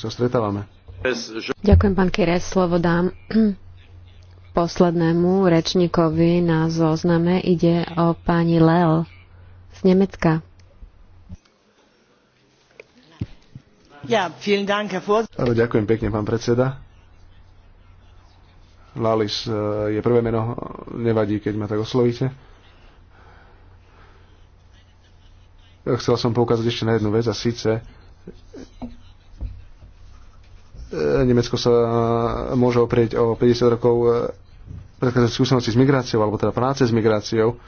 D: sa stretávame.
A: Ďakujem, pán Kire. Slovo dám [CLEARS THROAT] poslednému rečníkovi na zozname. Ide o pani Lel z Nemecka.
C: Ja, Dank,
D: Ďakujem pekne, pán predseda. Lalis eh, je prvé meno, nevadí, keď ma tak oslovíte. Chcel som poukázať ešte na jednu vec a síce Nemecko sa môže oprieť o 50 rokov e, predchádzajúcich skúseností s migráciou, alebo teda práce s migráciou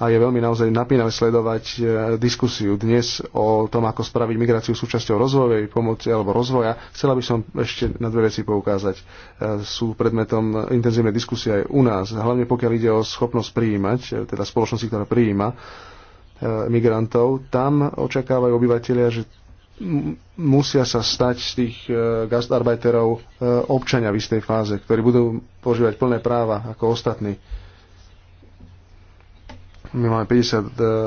D: a je veľmi naozaj napínavé sledovať e, diskusiu dnes o tom, ako spraviť migráciu súčasťou rozvojovej pomoci alebo rozvoja. Chcela by som ešte na dve veci poukázať. E, sú predmetom intenzívnej diskusie aj u nás, hlavne pokiaľ ide o schopnosť prijímať, teda spoločnosti, ktorá prijíma migrantov. Tam očakávajú obyvateľia, že musia sa stať z tých e, gastarbajterov e, občania v istej fáze, ktorí budú požívať plné práva ako ostatní. My máme 50 e,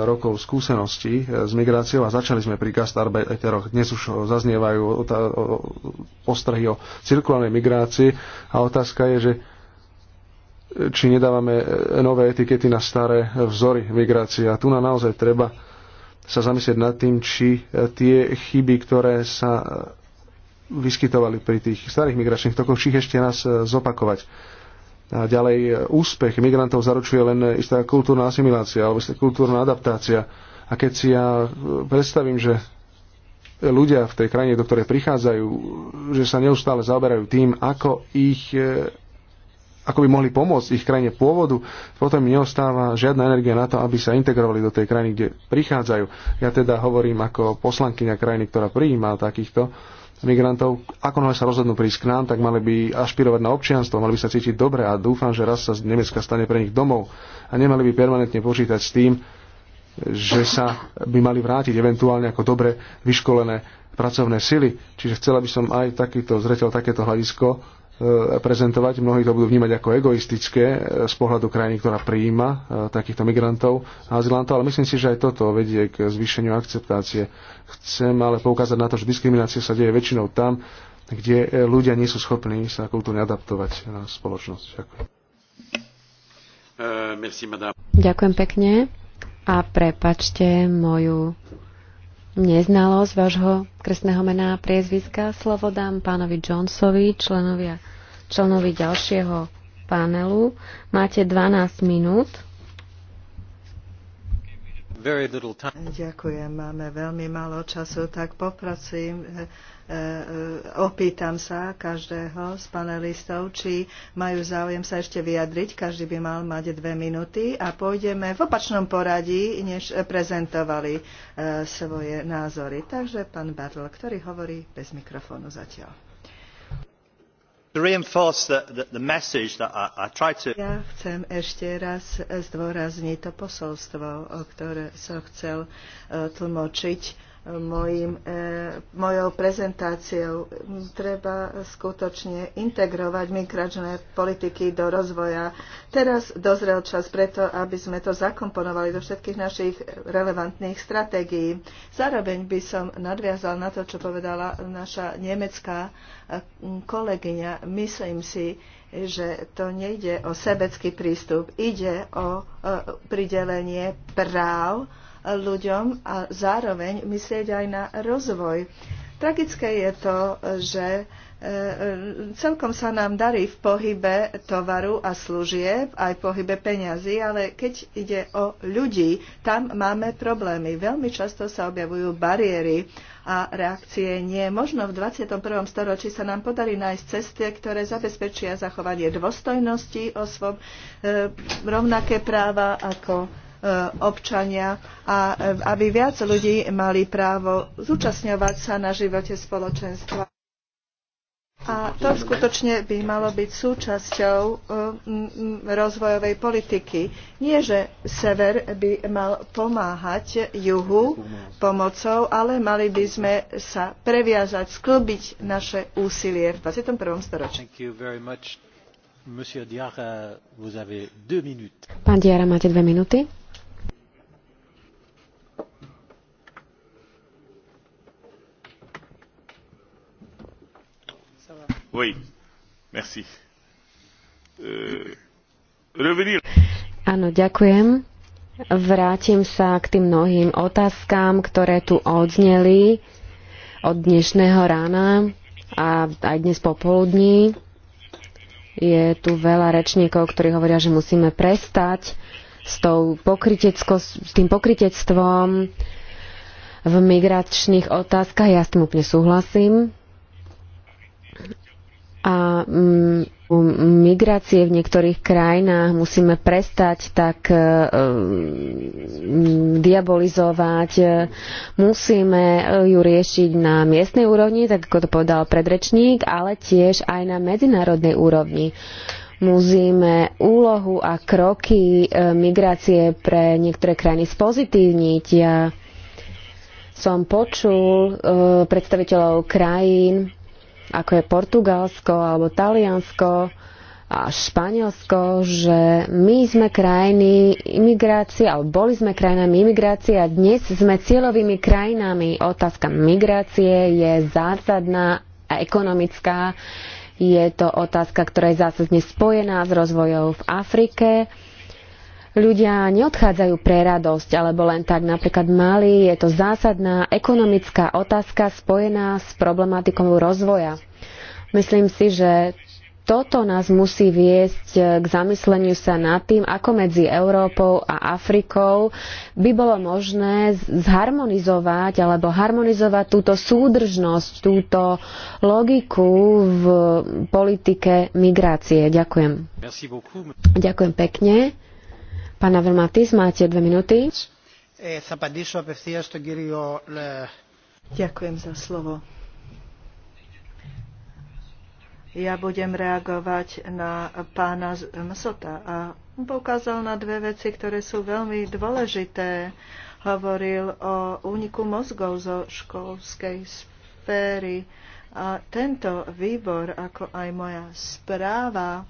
D: rokov skúseností s migráciou a začali sme pri gastarbeiteroch. Dnes už zaznievajú postrhy o cirkulárnej migrácii a otázka je, že či nedávame nové etikety na staré vzory migrácie. A tu nám naozaj treba sa zamyslieť nad tým, či e, tie chyby, ktoré sa e, vyskytovali pri tých starých migračných tokoch, či ich ešte nás e, zopakovať. A ďalej, úspech migrantov zaručuje len istá kultúrna asimilácia alebo istá kultúrna adaptácia. A keď si ja predstavím, že ľudia v tej krajine, do ktorej prichádzajú, že sa neustále zaoberajú tým, ako ich ako by mohli pomôcť ich krajine pôvodu, potom im neostáva žiadna energia na to, aby sa integrovali do tej krajiny, kde prichádzajú. Ja teda hovorím ako poslankyňa krajiny, ktorá prijíma takýchto migrantov. Ako sa rozhodnú prísť k nám, tak mali by ašpirovať na občianstvo, mali by sa cítiť dobre a dúfam, že raz sa z Nemecka stane pre nich domov a nemali by permanentne počítať s tým, že sa by mali vrátiť eventuálne ako dobre vyškolené pracovné sily. Čiže chcela by som aj takýto zretel, takéto hľadisko E, prezentovať. Mnohí to budú vnímať ako egoistické e, z pohľadu krajiny, ktorá prijíma e, takýchto migrantov a azylantov, ale myslím si, že aj toto vedie k zvýšeniu akceptácie. Chcem ale poukázať na to, že diskriminácia sa deje väčšinou tam, kde ľudia nie sú schopní sa kultúrne adaptovať na spoločnosť. Ďakujem.
B: Uh, merci, Ďakujem pekne a
A: prepačte moju neznalosť vášho kresného mená a priezviska. Slovo dám pánovi Johnsovi, členovia, členovi ďalšieho panelu. Máte 12 minút.
B: Ďakujem,
C: máme veľmi málo času, tak poprosím, e, e, opýtam sa každého z panelistov, či majú záujem sa ešte vyjadriť. Každý by mal mať dve minúty a pôjdeme v opačnom poradí, než prezentovali e, svoje názory. Takže pán Bartl, ktorý hovorí bez mikrofónu zatiaľ. Ja chcem ešte raz zdôrazniť to posolstvo, ktoré som chcel eh, tlmočiť mojim, e, mojou prezentáciou. Treba skutočne integrovať migračné politiky do rozvoja. Teraz dozrel čas preto, aby sme to zakomponovali do všetkých našich relevantných stratégií. Zároveň by som nadviazal na to, čo povedala naša nemecká e, kolegyňa. Myslím si, že to nejde o sebecký prístup. Ide o e, pridelenie práv ľuďom a zároveň myslieť aj na rozvoj. Tragické je to, že e, celkom sa nám darí v pohybe tovaru a služieb, aj v pohybe peňazí, ale keď ide o ľudí, tam máme problémy. Veľmi často sa objavujú bariéry a reakcie nie. Možno v 21. storočí sa nám podarí nájsť cesty, ktoré zabezpečia zachovanie dôstojnosti osôb, e, rovnaké práva ako Eh, občania a eh, aby viac ľudí mali právo zúčastňovať sa na živote spoločenstva. A to skutočne by malo byť súčasťou eh, rozvojovej politiky. Nie, že sever by mal pomáhať juhu pomocou, ale mali by sme sa previazať, sklbiť naše úsilie v 21. storočí.
A: Pán Diara, máte dve minúty.
B: Euh,
A: Áno, ďakujem. Vrátim sa k tým mnohým otázkám, ktoré tu odzneli od dnešného rána a aj dnes popoludní. Je tu veľa rečníkov, ktorí hovoria, že musíme prestať s, tou s tým pokritectvom v migračných otázkach. Ja s tým úplne súhlasím a mm, migrácie v niektorých krajinách musíme prestať tak e, mm, diabolizovať. Musíme ju riešiť na miestnej úrovni, tak ako to povedal predrečník, ale tiež aj na medzinárodnej úrovni. Musíme úlohu a kroky e, migrácie pre niektoré krajiny spozitívniť. Ja som počul e, predstaviteľov krajín, ako je Portugalsko alebo Taliansko a Španielsko, že my sme krajiny imigrácie, alebo boli sme krajinami imigrácie a dnes sme cieľovými krajinami. Otázka migrácie je zásadná a ekonomická. Je to otázka, ktorá je zásadne spojená s rozvojou v Afrike ľudia neodchádzajú pre radosť, alebo len tak napríklad Mali. Je to zásadná ekonomická otázka spojená s problematikou rozvoja. Myslím si, že toto nás musí viesť e, k zamysleniu sa nad tým, ako medzi Európou a Afrikou by bolo možné zharmonizovať alebo harmonizovať túto súdržnosť, túto logiku v politike migrácie. Ďakujem. Ďakujem pekne. Pana Vermatis, máte dve minúty.
C: Ďakujem za slovo. Ja budem reagovať na pána Msota a poukázal na dve veci, ktoré sú veľmi dôležité. Hovoril o úniku mozgov zo školskej sféry. A tento výbor, ako aj moja správa,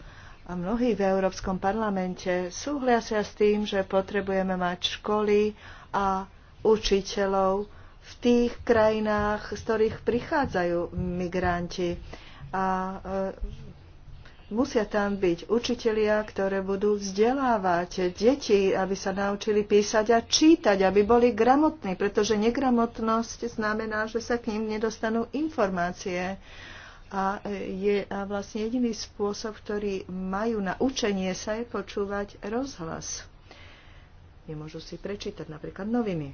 C: a mnohí v Európskom parlamente súhlasia s tým, že potrebujeme mať školy a učiteľov v tých krajinách, z ktorých prichádzajú migranti. A e, musia tam byť učitelia, ktoré budú vzdelávať deti, aby sa naučili písať a čítať, aby boli gramotní, pretože negramotnosť znamená, že sa k ním nedostanú informácie. E, a e, je a vlastne jediný spôsob, ktorý majú na učenie sa je počúvať rozhlas. Nemôžu si prečítať napríklad noviny.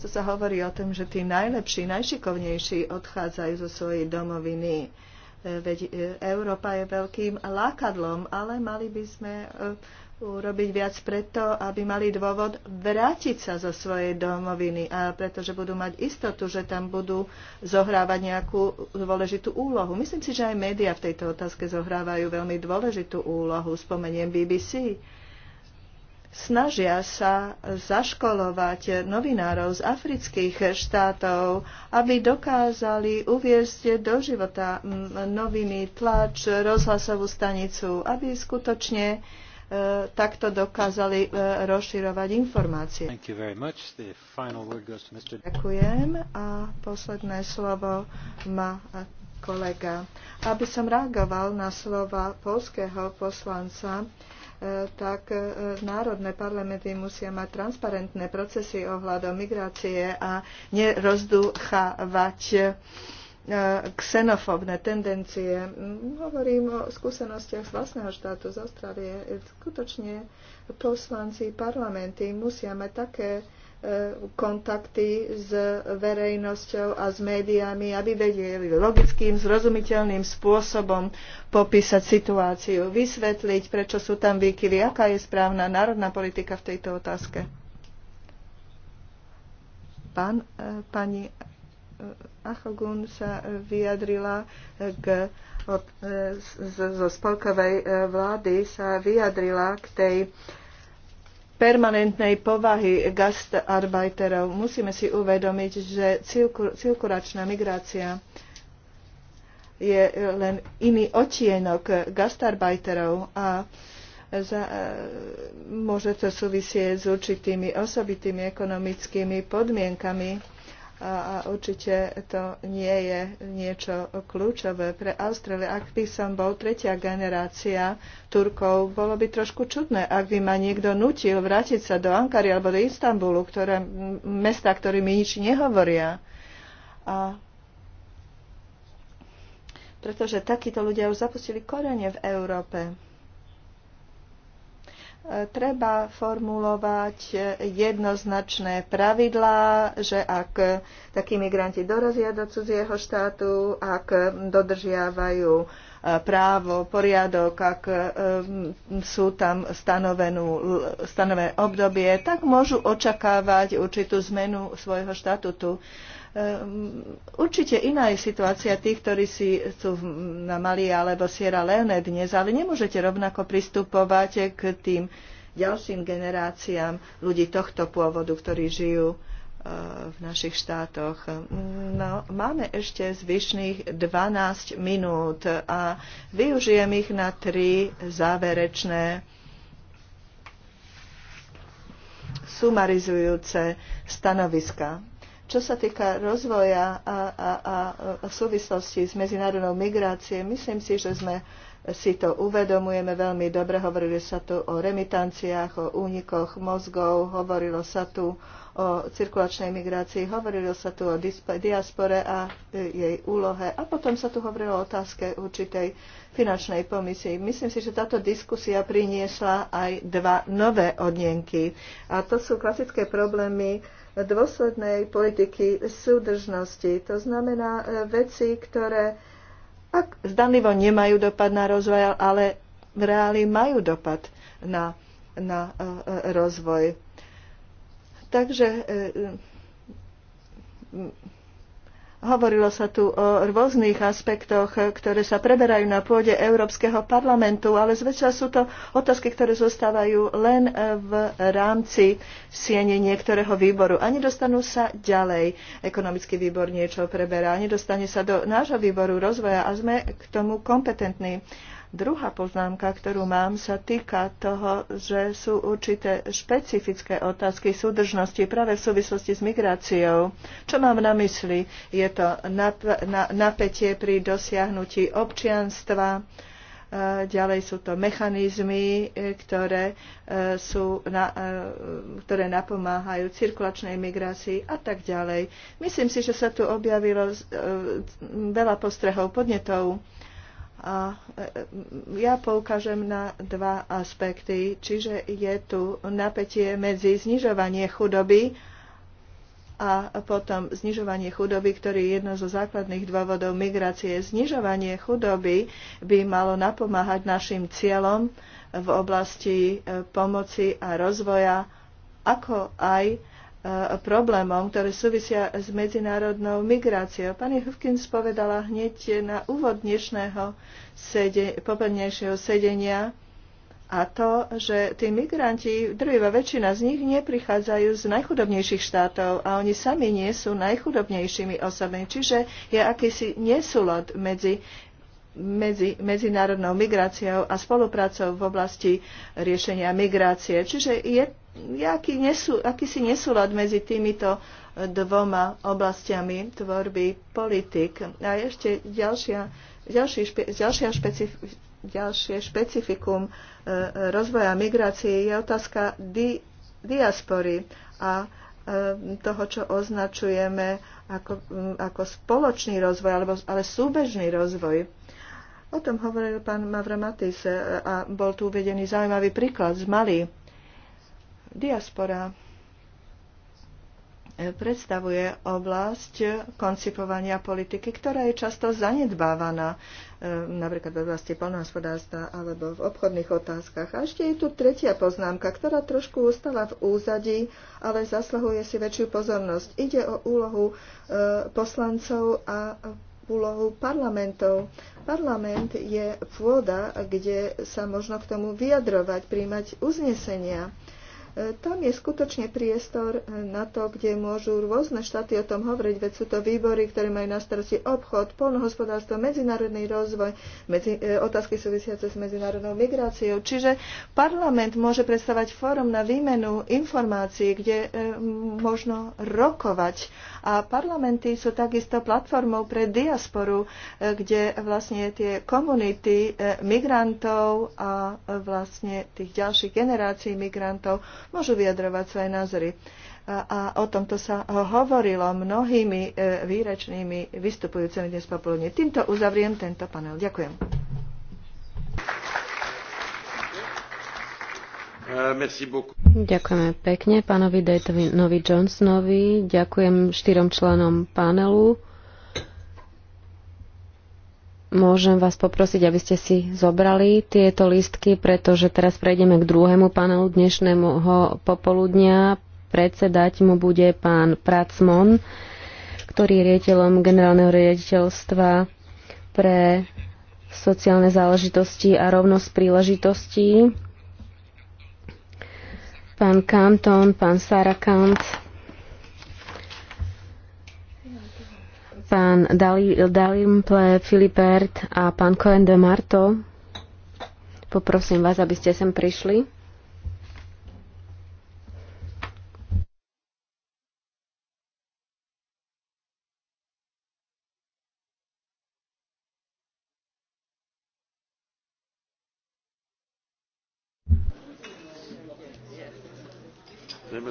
C: To sa hovorí o tom, že tí najlepší, najšikovnejší odchádzajú zo svojej domoviny. E, veď e, Európa je veľkým lákadlom, ale mali by sme urobiť viac preto, aby mali dôvod vrátiť sa zo svojej domoviny, a pretože budú mať istotu, že tam budú zohrávať nejakú dôležitú úlohu. Myslím si, že aj médiá v tejto otázke zohrávajú veľmi dôležitú úlohu. Spomeniem BBC. Snažia sa zaškolovať novinárov z afrických štátov, aby dokázali uviezť do života noviny, tlač, rozhlasovú stanicu, aby skutočne E, takto dokázali e, rozširovať informácie. Ďakujem a posledné slovo má kolega. Aby som reagoval na slova polského poslanca, e, tak národné parlamenty musia mať transparentné procesy ohľadom migrácie a nerozdúchávať xenofóbne tendencie. Mm, hovorím o skúsenostiach z vlastného štátu, z Austrálie. E, skutočne poslanci parlamenty musia mať také e, kontakty s verejnosťou a s médiami, aby vedeli logickým, zrozumiteľným spôsobom popísať situáciu, vysvetliť, prečo sú tam výkyvy, aká je správna národná politika v tejto otázke. Pán, e, pani Achogun sa vyjadrila k, od, e, z, zo spolkovej e, vlády sa vyjadrila k tej permanentnej povahy gastarbeiterov. Musíme si uvedomiť, že cirkulačná migrácia je len iný otienok gastarbeiterov a za, e, môže to súvisieť s určitými osobitými ekonomickými podmienkami a, a určite to nie je niečo kľúčové pre Austráliu. Ak by som bol tretia generácia Turkov, bolo by trošku čudné, ak by ma niekto nutil vrátiť sa do Ankary alebo do Istanbulu, ktoré, mesta, ktoré mi nič nehovoria. A pretože takíto ľudia už zapustili korene v Európe treba formulovať jednoznačné pravidlá, že ak takí migranti dorazia do cudzieho štátu, ak dodržiavajú e, právo, poriadok, ak e, sú tam stanovenú, stanovené obdobie, tak môžu očakávať určitú zmenu svojho štatutu. Ehm, určite iná je situácia tých, ktorí si sú na Mali alebo Sierra Leone dnes, ale nemôžete rovnako pristupovať k tým ďalším generáciám ľudí tohto pôvodu, ktorí žijú ehm, v našich štátoch. No, máme ešte zvyšných 12 minút a využijem ich na tri záverečné sumarizujúce stanoviska. Čo sa týka rozvoja a, a, a súvislosti s medzinárodnou migráciou, myslím si, že sme si to uvedomujeme veľmi dobre. Hovorili sa tu o remitanciách, o únikoch mozgov, hovorilo sa tu o cirkulačnej migrácii, hovorilo sa tu o diaspore a e, jej úlohe a potom sa tu hovorilo o otázke určitej finančnej pomisii. Myslím si, že táto diskusia priniesla aj dva nové odnenky a to sú klasické problémy, dôslednej politiky súdržnosti. To znamená e, veci, ktoré ak zdanlivo nemajú dopad na rozvoj, ale v reáli majú dopad na, na e, e, rozvoj. Takže Hovorilo sa tu o rôznych aspektoch, ktoré sa preberajú na pôde Európskeho parlamentu, ale zväčša sú to otázky, ktoré zostávajú len v rámci siene niektorého výboru a nedostanú sa ďalej. Ekonomický výbor niečo preberá, nedostane sa do nášho výboru rozvoja a sme k tomu kompetentní. Druhá poznámka, ktorú mám, sa týka toho, že sú určité špecifické otázky súdržnosti práve v súvislosti s migráciou. Čo mám na mysli? Je to napätie pri dosiahnutí občianstva, e, ďalej sú to mechanizmy, e, ktoré, e, sú na, ktoré napomáhajú cirkulačnej migrácii a tak ďalej. Myslím si, že sa tu objavilo veľa postrehov podnetov a e, e, ja poukážem na dva aspekty. Čiže je tu napätie medzi znižovanie chudoby a potom znižovanie chudoby, ktorý je jedno zo základných dôvodov migrácie. Znižovanie chudoby by malo napomáhať našim cieľom v oblasti e, pomoci a rozvoja, ako aj problémom, ktoré súvisia s medzinárodnou migráciou. Pani Hufkins povedala hneď na úvod dnešného sede, popolnejšieho sedenia, a to, že tí migranti, drvivá väčšina z nich neprichádzajú z najchudobnejších štátov a oni sami nie sú najchudobnejšími osobami. Čiže je akýsi nesúlod medzi medzi medzinárodnou migráciou a spoluprácou v oblasti riešenia migrácie. Čiže je jaký nesú, akýsi nesúlad medzi týmito dvoma oblastiami tvorby politik. A ešte ďalšia, ďalšia, špe, ďalšia špecif, ďalšie špecifikum e, rozvoja migrácie je otázka di, diaspory a e, toho, čo označujeme ako, ako spoločný rozvoj, alebo, ale súbežný rozvoj. O tom hovoril pán Mavramatis e, a bol tu uvedený zaujímavý príklad z Mali Diaspora predstavuje oblasť koncipovania politiky, ktorá je často zanedbávaná, e, napríklad v oblasti polnohospodárstva alebo v obchodných otázkach. A ešte je tu tretia poznámka, ktorá trošku ustala v úzadí, ale zasluhuje si väčšiu pozornosť. Ide o úlohu e, poslancov a úlohu parlamentov. Parlament je pôda, kde sa možno k tomu vyjadrovať, príjmať uznesenia. E, tam je skutočne priestor e, na to, kde môžu rôzne štáty o tom hovoriť, veď sú to výbory, ktoré majú na starosti obchod, polnohospodárstvo, medzinárodný rozvoj, medzi, e, otázky súvisiace s medzinárodnou migráciou. Čiže parlament môže predstavať fórum na výmenu informácií, kde e, možno rokovať a parlamenty sú takisto platformou pre diasporu, e, kde vlastne tie komunity e, migrantov a vlastne tých ďalších generácií migrantov môžu vyjadrovať svoje názory a o tomto sa hovorilo mnohými e, výračnými vystupujúcimi dnes popoludne. Týmto uzavriem tento panel. Ďakujem.
B: Eh,
A: Ďakujeme pekne pánovi Daytonovi Johnsonovi. Ďakujem štyrom členom panelu. Môžem vás poprosiť, aby ste si zobrali tieto listky, pretože teraz prejdeme k druhému panelu dnešného popoludnia. Predsedať mu bude pán Pracmon, ktorý je riaditeľom generálneho riaditeľstva pre sociálne záležitosti a rovnosť príležitostí pán Kanton, pán Sarakant, pán Dalimple, Filipert a pán Cohen de Marto. Poprosím vás, aby ste sem prišli.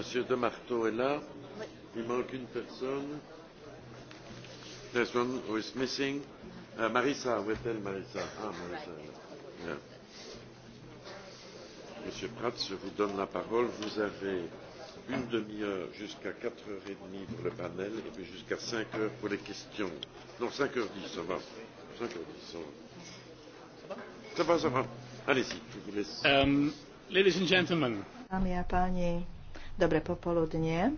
B: Monsieur de Marteau est là. Il manque une personne. There's one who is missing. Uh, Marissa, où est-elle, Marissa? Ah, Marissa. Yeah. Monsieur Prats, je vous donne la parole. Vous avez une demi-heure jusqu'à 4h30 pour le panel et puis jusqu'à 5h pour les questions. Non, 5h10, ça va. 5h10, ça va. Ça va, ça va. Allez-y, je vous laisse. Um, ladies and gentlemen.
C: Dámy a páni, Dobre popoludnie.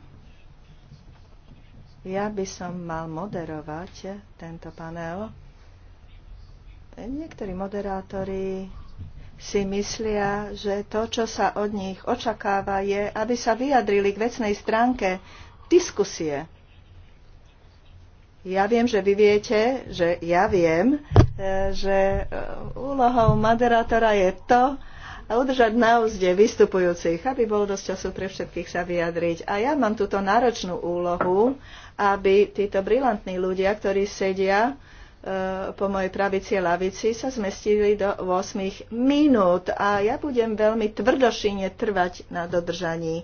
C: Ja by som mal moderovať tento panel. Niektorí moderátori si myslia, že to, čo sa od nich očakáva, je, aby sa vyjadrili k vecnej stránke diskusie. Ja viem, že vy viete, že ja viem, e, že e, úlohou moderátora je to, a udržať na úzde vystupujúcich, aby bolo dosť času pre všetkých sa vyjadriť. A ja mám túto náročnú úlohu, aby títo brilantní ľudia, ktorí sedia e, po mojej pravici a lavici sa zmestili do 8 minút a ja budem veľmi tvrdošine trvať na dodržaní e,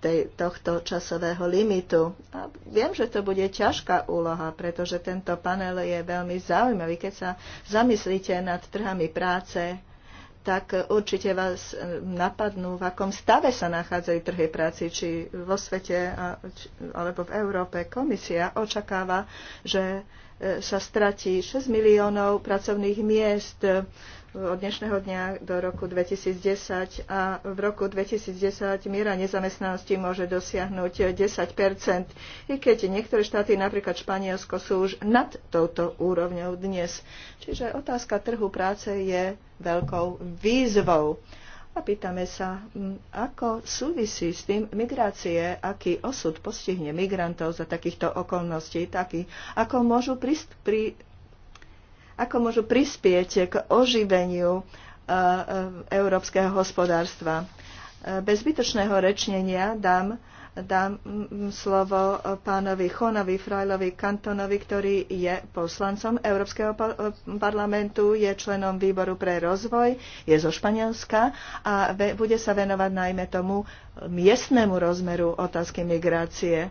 C: tej, tohto časového limitu. A viem, že to bude ťažká úloha, pretože tento panel je veľmi zaujímavý, keď sa zamyslíte nad trhami práce, tak určite vás e, napadnú, v akom stave sa nachádzajú trhy práci, či vo svete alebo v Európe. Komisia očakáva, že sa stratí 6 miliónov pracovných miest e, od dnešného dňa do roku 2010 a v roku 2010 miera nezamestnanosti môže dosiahnuť 10 i keď niektoré štáty, napríklad Španielsko, sú už nad touto úrovňou dnes. Čiže otázka trhu práce je veľkou výzvou a pýtame sa, ako súvisí s tým migrácie, aký osud postihne migrantov za takýchto okolností, taký, ako môžu, prist, pri, ako môžu prispieť k oživeniu e, e, európskeho hospodárstva. E, bez zbytočného rečnenia dám dám mm, slovo e, pánovi Chonovi Frajlovi Kantonovi, ktorý je poslancom Európskeho e, parlamentu, je členom výboru pre rozvoj, je zo Španielska a bude sa venovať najmä tomu miestnemu rozmeru otázky migrácie.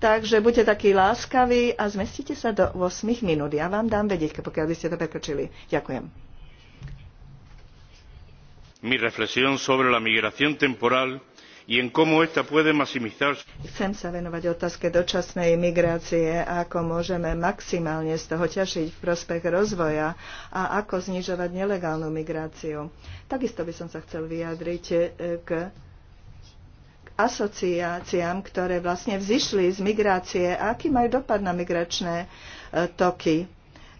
C: Takže buďte takí láskaví a zmestite sa do 8 minút. Ja vám dám vedieť, pokiaľ by ste to prekočili Ďakujem.
B: Mi reflexión sobre la migración temporal Chcem
C: sa venovať otázke dočasnej migrácie, ako môžeme maximálne z toho ťažiť v prospech rozvoja a ako znižovať nelegálnu migráciu. Takisto by som sa chcel vyjadriť e, k asociáciám, ktoré vlastne vzýšli z migrácie a aký majú dopad na migračné e, toky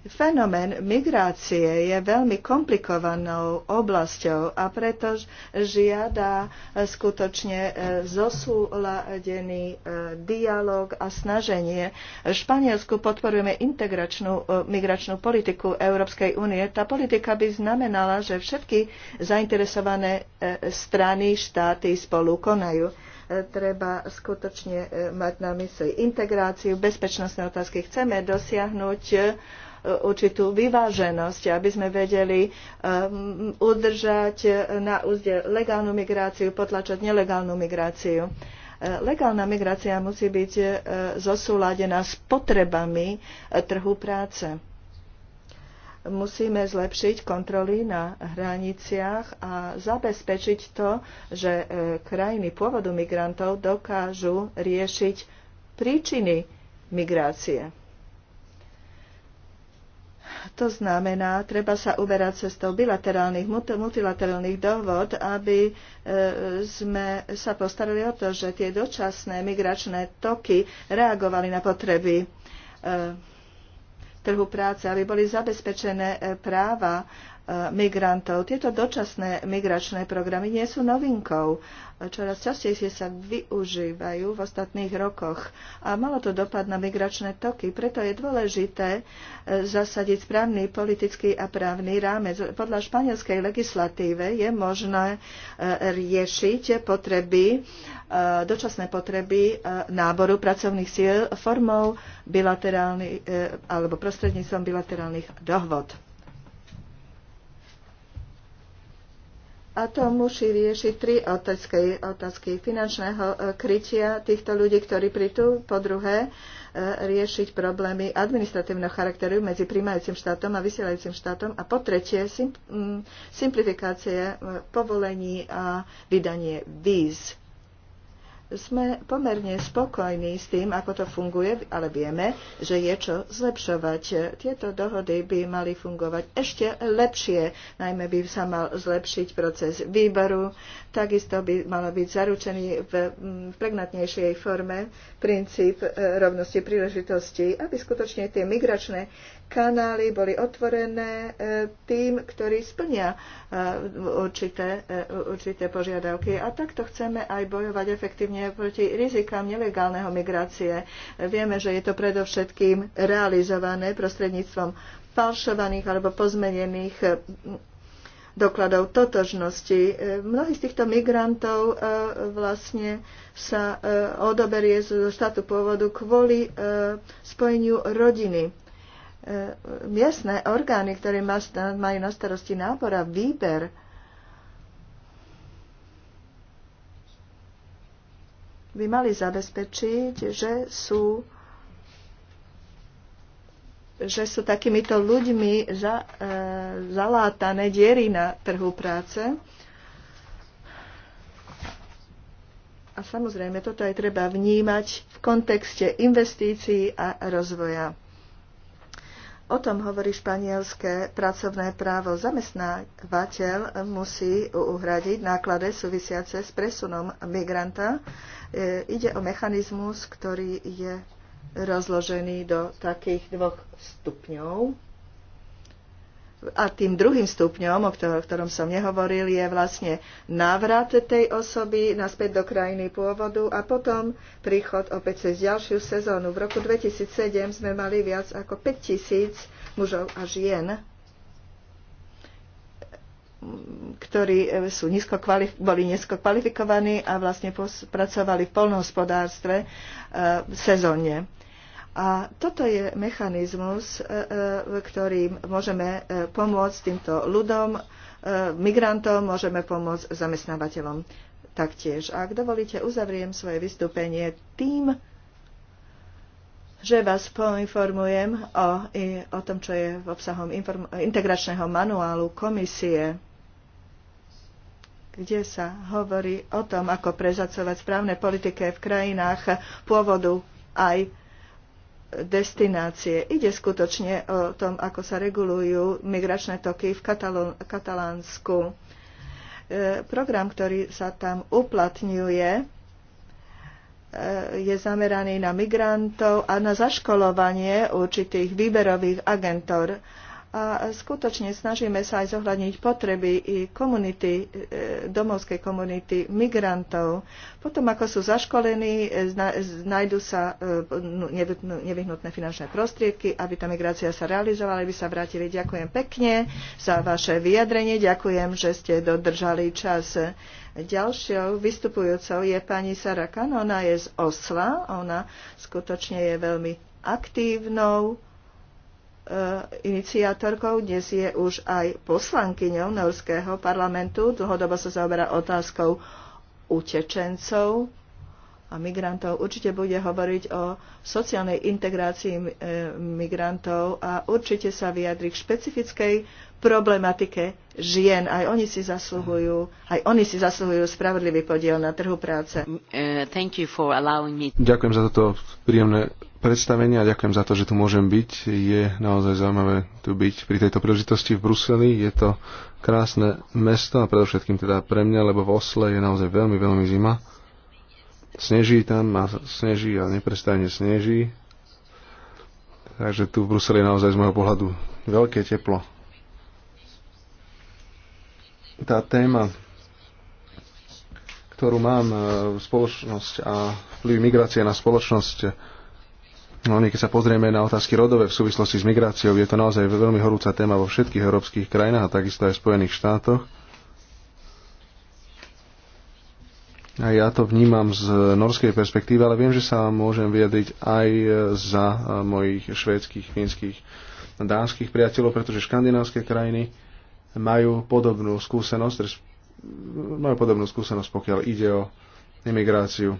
C: Fenomén migrácie je veľmi komplikovanou oblasťou a preto žiada skutočne e, zosúladený e, dialog a snaženie. V Španielsku podporujeme integračnú e, migračnú politiku Európskej únie. Tá politika by znamenala, že všetky zainteresované strany, štáty spolu konajú treba skutočne mať na mysli integráciu, bezpečnostné otázky. Chceme dosiahnuť určitú vyváženosť, aby sme vedeli um, udržať na úzde legálnu migráciu, potlačať nelegálnu migráciu. Uh, legálna migrácia musí byť uh, zosúladená s potrebami uh, trhu práce. Musíme zlepšiť kontroly na hraniciach a zabezpečiť to, že krajiny pôvodu migrantov dokážu riešiť príčiny migrácie to znamená, treba sa uberať cestou bilaterálnych, multilaterálnych dohod, aby e, sme sa postarali o to, že tie dočasné migračné toky reagovali na potreby e, trhu práce, aby boli zabezpečené e, práva Eh, migrantov. Tieto dočasné migračné programy nie sú novinkou. Čoraz častejšie sa využívajú v ostatných rokoch a malo to dopad na migračné toky. Preto je dôležité eh, zasadiť správny politický a právny rámec. Podľa španielskej legislatíve je možné eh, riešiť potreby, dočasné potreby náboru pracovných síl formou bilaterálnych alebo prostredníctvom bilaterálnych dohod A to musí riešiť tri otázky. Otázky finančného e, krytia týchto ľudí, ktorí prídu. Po druhé, e, riešiť problémy administratívneho charakteru medzi príjmajúcim štátom a vysielajúcim štátom. A po tretie, mm, simplifikácie e, povolení a vydanie víz sme pomerne spokojní s tým, ako to funguje, ale vieme, že je čo zlepšovať. Tieto dohody by mali fungovať ešte lepšie, najmä by sa mal zlepšiť proces výberu, takisto by malo byť zaručený v mm, pregnatnejšej forme princíp e, rovnosti príležitostí, aby skutočne tie migračné kanály boli otvorené e, tým, ktorí splnia e, určité, e, určité požiadavky. A takto chceme aj bojovať efektívne proti rizikám nelegálneho migrácie. Vieme, že je to predovšetkým realizované prostredníctvom falšovaných alebo pozmenených dokladov totožnosti. Mnohí z týchto migrantov vlastne sa odoberie zo štátu pôvodu kvôli spojeniu rodiny E, miestne orgány, ktoré majú na starosti nábor a výber by mali zabezpečiť, že sú, že sú takýmito ľuďmi za, e, zalátané diery na trhu práce. A samozrejme, toto aj treba vnímať v kontexte investícií a rozvoja. O tom hovorí španielské pracovné právo. Zamestnávateľ musí uhradiť náklady súvisiace s presunom migranta. E, ide o mechanizmus, ktorý je rozložený do takých dvoch stupňov. A tým druhým stupňom, o ktorom som nehovoril, je vlastne návrat tej osoby naspäť do krajiny pôvodu a potom príchod opäť cez ďalšiu sezónu. V roku 2007 sme mali viac ako 5000 mužov a žien, ktorí e, sú nízko kvalif- boli nízko kvalifikovaní a vlastne pracovali v polnohospodárstve e, sezónne a toto je mechanizmus, e, e, ktorým môžeme e, pomôcť týmto ľudom, migrantom, môžeme pomôcť zamestnávateľom taktiež. A ak dovolíte, uzavriem svoje vystúpenie tým, že vás poinformujem o, o tom, čo je v obsahom integračného manuálu komisie kde sa hovorí o tom, ako prezacovať správne politike v krajinách pôvodu aj destinácie. Ide skutočne o tom, ako sa regulujú migračné toky v Katalánsku. E, program, ktorý sa tam uplatňuje, e, je zameraný na migrantov a na zaškolovanie určitých výberových agentov a skutočne snažíme sa aj zohľadniť potreby i komunity, e, domovskej komunity migrantov. Potom, ako sú zaškolení, e, nájdú e, sa nevyhnutné finančné prostriedky, aby tá migrácia sa realizovala, aby sa vrátili. Ďakujem pekne za vaše vyjadrenie, ďakujem, že ste dodržali čas. Ďalšou vystupujúcou je pani Sara Kanona, je z Osla. Ona skutočne je veľmi aktívnou E, iniciátorkou, dnes je už aj poslankyňou Norského parlamentu. Dlhodobo sa zaoberá otázkou utečencov a migrantov. Určite bude hovoriť o sociálnej integrácii e, migrantov a určite sa vyjadri k špecifickej problematike žien. Aj oni si zasluhujú, aj oni si zasluhujú spravodlivý podiel na trhu práce. Mm, e, Ďakujem za
D: toto príjemné Predstavenie a ďakujem za to, že tu môžem byť. Je naozaj zaujímavé tu byť pri tejto príležitosti v Bruseli. Je to krásne mesto a predovšetkým teda pre mňa, lebo v Osle je naozaj veľmi, veľmi zima. Sneží tam a sneží a neprestajne sneží. Takže tu v Bruseli je naozaj z môjho pohľadu veľké teplo. Tá téma, ktorú mám, e, spoločnosť a vplyv migrácie na spoločnosť, No, keď sa pozrieme na otázky rodové v súvislosti s migráciou, je to naozaj veľmi horúca téma vo všetkých európskych krajinách a takisto aj v Spojených štátoch. A ja to vnímam z norskej perspektívy, ale viem, že sa môžem vyjadriť aj za mojich švédskych, fínskych, dánskych priateľov, pretože škandinávské krajiny majú podobnú skúsenosť, majú podobnú skúsenosť, pokiaľ ide o imigráciu.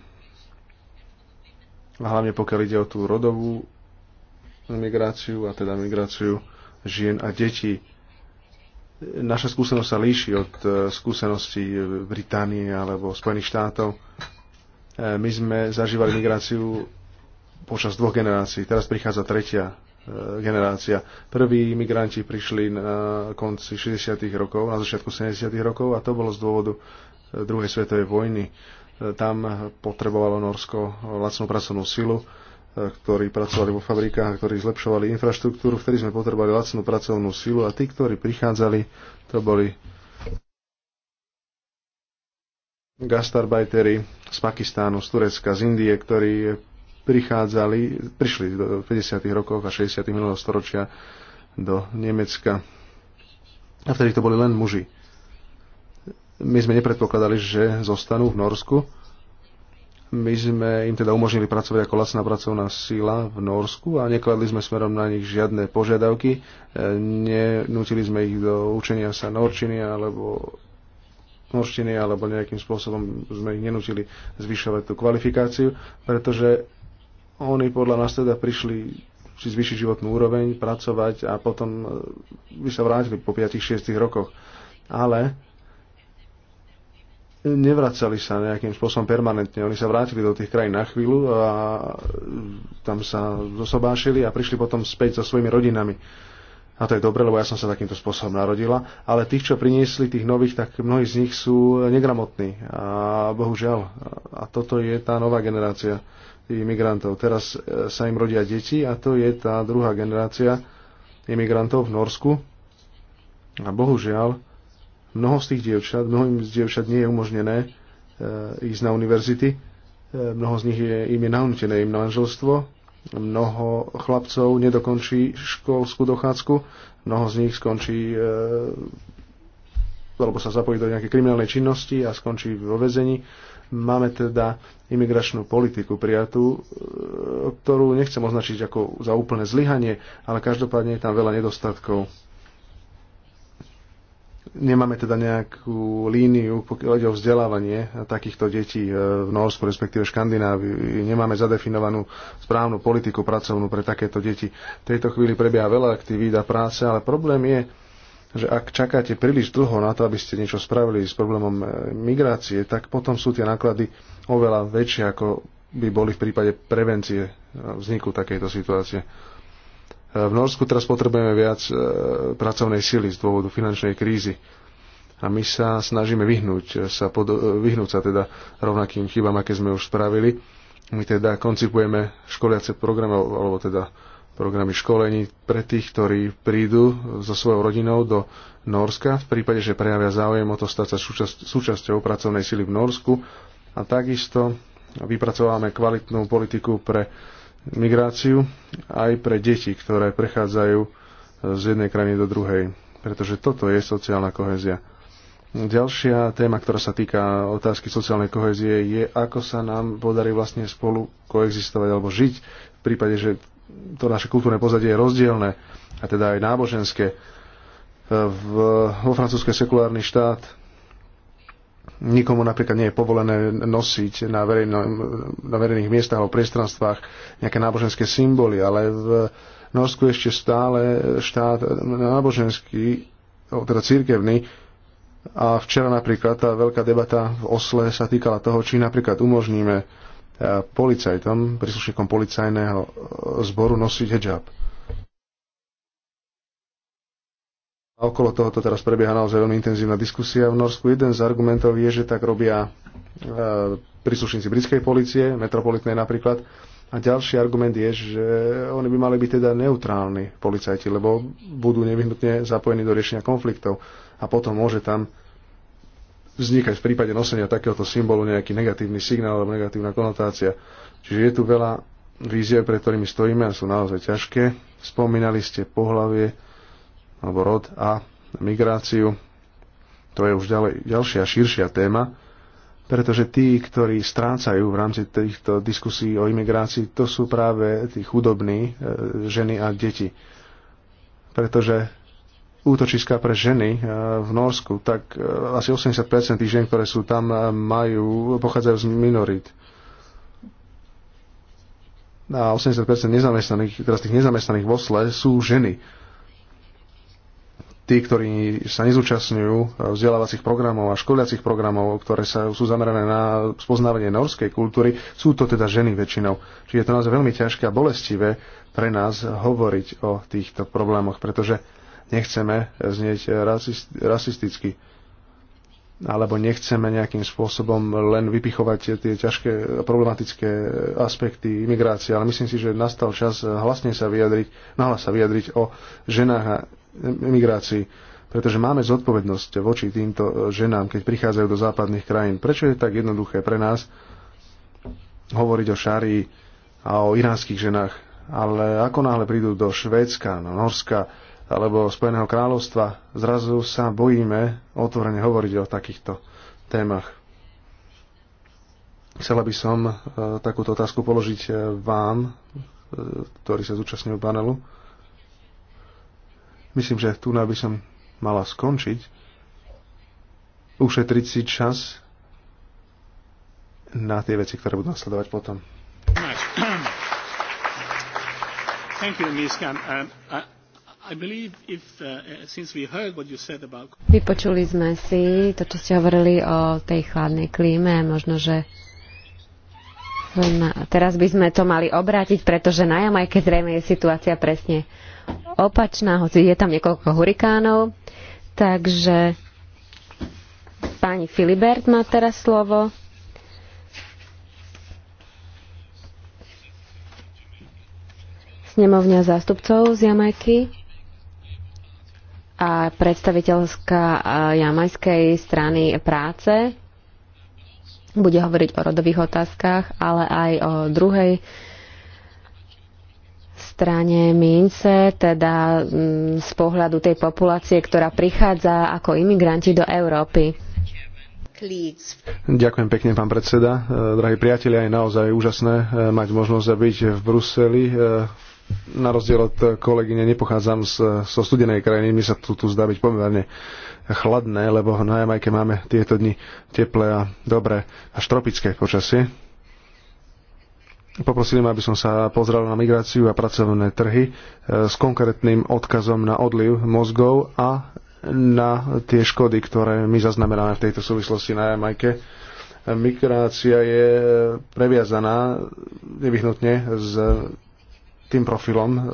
D: A hlavne pokiaľ ide o tú rodovú migráciu a teda migráciu žien a detí. Naša skúsenosť sa líši od e, skúseností Británie alebo Spojených štátov. E, my sme zažívali migráciu počas dvoch generácií, teraz prichádza tretia e, generácia. Prví migranti prišli na konci 60. rokov, na začiatku 70. rokov a to bolo z dôvodu druhej svetovej vojny tam potrebovalo Norsko lacnú pracovnú silu, e, ktorí pracovali vo fabrikách, ktorí zlepšovali infraštruktúru, vtedy sme potrebovali lacnú pracovnú silu a tí, ktorí prichádzali, to boli gastarbajteri z Pakistánu, z Turecka, z Indie, ktorí prichádzali, prišli do 50. rokov a 60. minulého storočia do Nemecka. A vtedy to boli len muži. My sme nepredpokladali, že zostanú v Norsku. My sme im teda umožnili pracovať ako lacná pracovná síla v Norsku a nekladli sme smerom na nich žiadne požiadavky. E, nenútili sme ich do učenia sa norčiny alebo norštiny alebo nejakým spôsobom sme ich nenútili zvyšovať tú kvalifikáciu, pretože oni podľa nás teda prišli si zvyšiť životnú úroveň, pracovať a potom by sa vrátili po 5-6 rokoch. Ale nevracali sa nejakým spôsobom permanentne. Oni sa vrátili do tých krajín na chvíľu a tam sa zosobášili a prišli potom späť so svojimi rodinami. A to je dobre, lebo ja som sa takýmto spôsobom narodila. Ale tých, čo priniesli, tých nových, tak mnohí z nich sú negramotní. A bohužiaľ. A toto je tá nová generácia imigrantov. Teraz e, sa im rodia deti a to je tá druhá generácia imigrantov v Norsku. A bohužiaľ, Mnoho z tých dievčat, mnohým z dievčat nie je umožnené e, ísť na univerzity. E, mnoho z nich je, im je nanútené im manželstvo. Mnoho chlapcov nedokončí školskú dochádzku. Mnoho z nich skončí e, alebo sa zapojí do nejakej kriminálnej činnosti a skončí vo vezení. Máme teda imigračnú politiku prijatú, e, ktorú nechcem označiť ako za úplné zlyhanie, ale každopádne je tam veľa nedostatkov Nemáme teda nejakú líniu, pokiaľ ide o vzdelávanie takýchto detí e, v Norsku, respektíve Škandinávii. Nemáme zadefinovanú správnu politiku pracovnú pre takéto deti. V tejto chvíli prebieha veľa aktivít a práce, ale problém je, že ak čakáte príliš dlho na to, aby ste niečo spravili s problémom e, migrácie, tak potom sú tie náklady oveľa väčšie, ako by boli v prípade prevencie e, vzniku takejto situácie. E, v Norsku teraz potrebujeme viac e, pracovnej sily z dôvodu finančnej krízy a my sa snažíme vyhnúť e, sa, pod, vyhnúť sa teda rovnakým chybám, aké sme už spravili. My teda koncipujeme školiace programy, alebo teda programy školení pre tých, ktorí prídu so svojou rodinou do Norska v prípade, že prejavia záujem o to stať sa súčasť, súčasťou pracovnej sily v Norsku. A takisto vypracovávame kvalitnú politiku pre migráciu aj pre deti, ktoré prechádzajú z jednej krajiny do druhej. Pretože toto je sociálna kohézia. Ďalšia téma, ktorá sa týka otázky sociálnej kohézie, je, ako sa nám podarí vlastne spolu koexistovať alebo žiť v prípade, že to naše kultúrne pozadie je rozdielne a teda aj náboženské. V, vo Francúzske sekulárny štát nikomu napríklad nie je povolené nosiť na, verejno, na verejných miestach alebo priestranstvách nejaké náboženské symboly, ale v Norsku ešte stále štát náboženský, teda církevný, a včera napríklad tá veľká debata v Osle sa týkala toho, či napríklad umožníme eh, policajtom, príslušníkom policajného zboru nosiť hijab. A okolo tohoto teraz prebieha naozaj veľmi intenzívna diskusia v Norsku. Jeden z argumentov je, že tak robia e, príslušníci britskej policie, metropolitnej napríklad. A ďalší argument je, že oni by mali byť teda neutrálni policajti, lebo budú nevyhnutne zapojení do riešenia konfliktov. A potom môže tam vznikať v prípade nosenia takéhoto symbolu nejaký negatívny signál alebo negatívna konotácia. Čiže je tu veľa vízie, pred ktorými stojíme a sú naozaj ťažké. Spomínali ste pohlavie, alebo rod a migráciu. To je už ďalej, ďalšia, širšia téma, pretože tí, ktorí strácajú v rámci týchto diskusí o imigrácii, to sú práve tí chudobní e, ženy a deti. Pretože útočiska pre ženy e, v Norsku, tak e, asi 80% tých žien, ktoré sú tam, majú, pochádzajú z minorít a 80% nezamestnaných, teraz tých nezamestnaných v Osle sú ženy tí, ktorí sa nezúčastňujú e, vzdelávacích programov a školiacich programov, ktoré sa, sú zamerané na spoznávanie norskej kultúry, sú to teda ženy väčšinou. Čiže je to naozaj veľmi ťažké a bolestivé pre nás hovoriť o týchto problémoch, pretože nechceme znieť rasisticky alebo nechceme nejakým spôsobom len vypichovať tie ťažké problematické aspekty imigrácie, ale myslím si, že nastal čas hlasne sa vyjadriť, nahlas sa vyjadriť o ženách a emigrácii, pretože máme zodpovednosť voči týmto e, ženám, keď prichádzajú do západných krajín. Prečo je tak jednoduché pre nás hovoriť o šárii a o iránskych ženách, ale ako náhle prídu do Švédska, no Norska alebo Spojeného kráľovstva, zrazu sa bojíme otvorene hovoriť o takýchto témach. Chcela by som e, takúto otázku položiť e, vám, ktorí sa zúčastňujú panelu. Myslím, že tu by som mala skončiť, ušetriť si čas na tie veci, ktoré budú nasledovať potom.
B: Um, uh,
A: Vypočuli sme si to, čo ste hovorili o tej chladnej klíme. Možno, že teraz by sme to mali obrátiť, pretože na Jamajke zrejme je situácia presne opačná, hoci je tam niekoľko hurikánov. Takže pani Filibert má teraz slovo. Snemovňa zástupcov z Jamajky a predstaviteľská jamajskej strany práce bude hovoriť o rodových otázkach, ale aj o druhej strane mince, teda mm, z pohľadu tej populácie, ktorá prichádza ako imigranti do Európy.
D: Ďakujem pekne, pán predseda. E, drahí priatelia, je naozaj úžasné e, mať možnosť byť v Bruseli. E, na rozdiel od kolegyne nepochádzam z, zo studenej krajiny, mi sa tu, tu zdá byť pomerne chladné, lebo na Jamajke máme tieto dni teplé a dobré až tropické počasie. Poprosím, aby som sa pozrel na migráciu a pracovné trhy e, s konkrétnym odkazom na odliv mozgov a na tie škody, ktoré my zaznamenáme v tejto súvislosti na Jamajke. Migrácia je previazaná nevyhnutne s tým profilom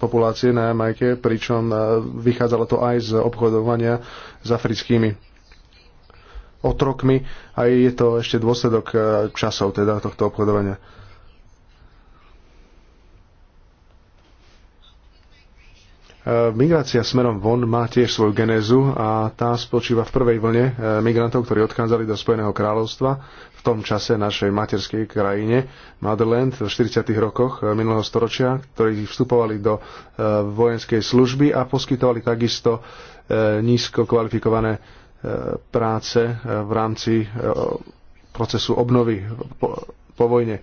D: populácie na Jamajke, pričom e, vychádzalo to aj z obchodovania s africkými otrokmi a je to ešte dôsledok e, časov teda tohto obchodovania Eh, migrácia smerom von má tiež svoju genézu a tá spočíva v prvej vlne eh, migrantov, ktorí odchádzali do Spojeného kráľovstva v tom čase našej materskej krajine Motherland v 40. rokoch eh, minulého storočia, ktorí vstupovali do vojenskej služby a poskytovali takisto nízko kvalifikované práce v rámci procesu obnovy po, po vojne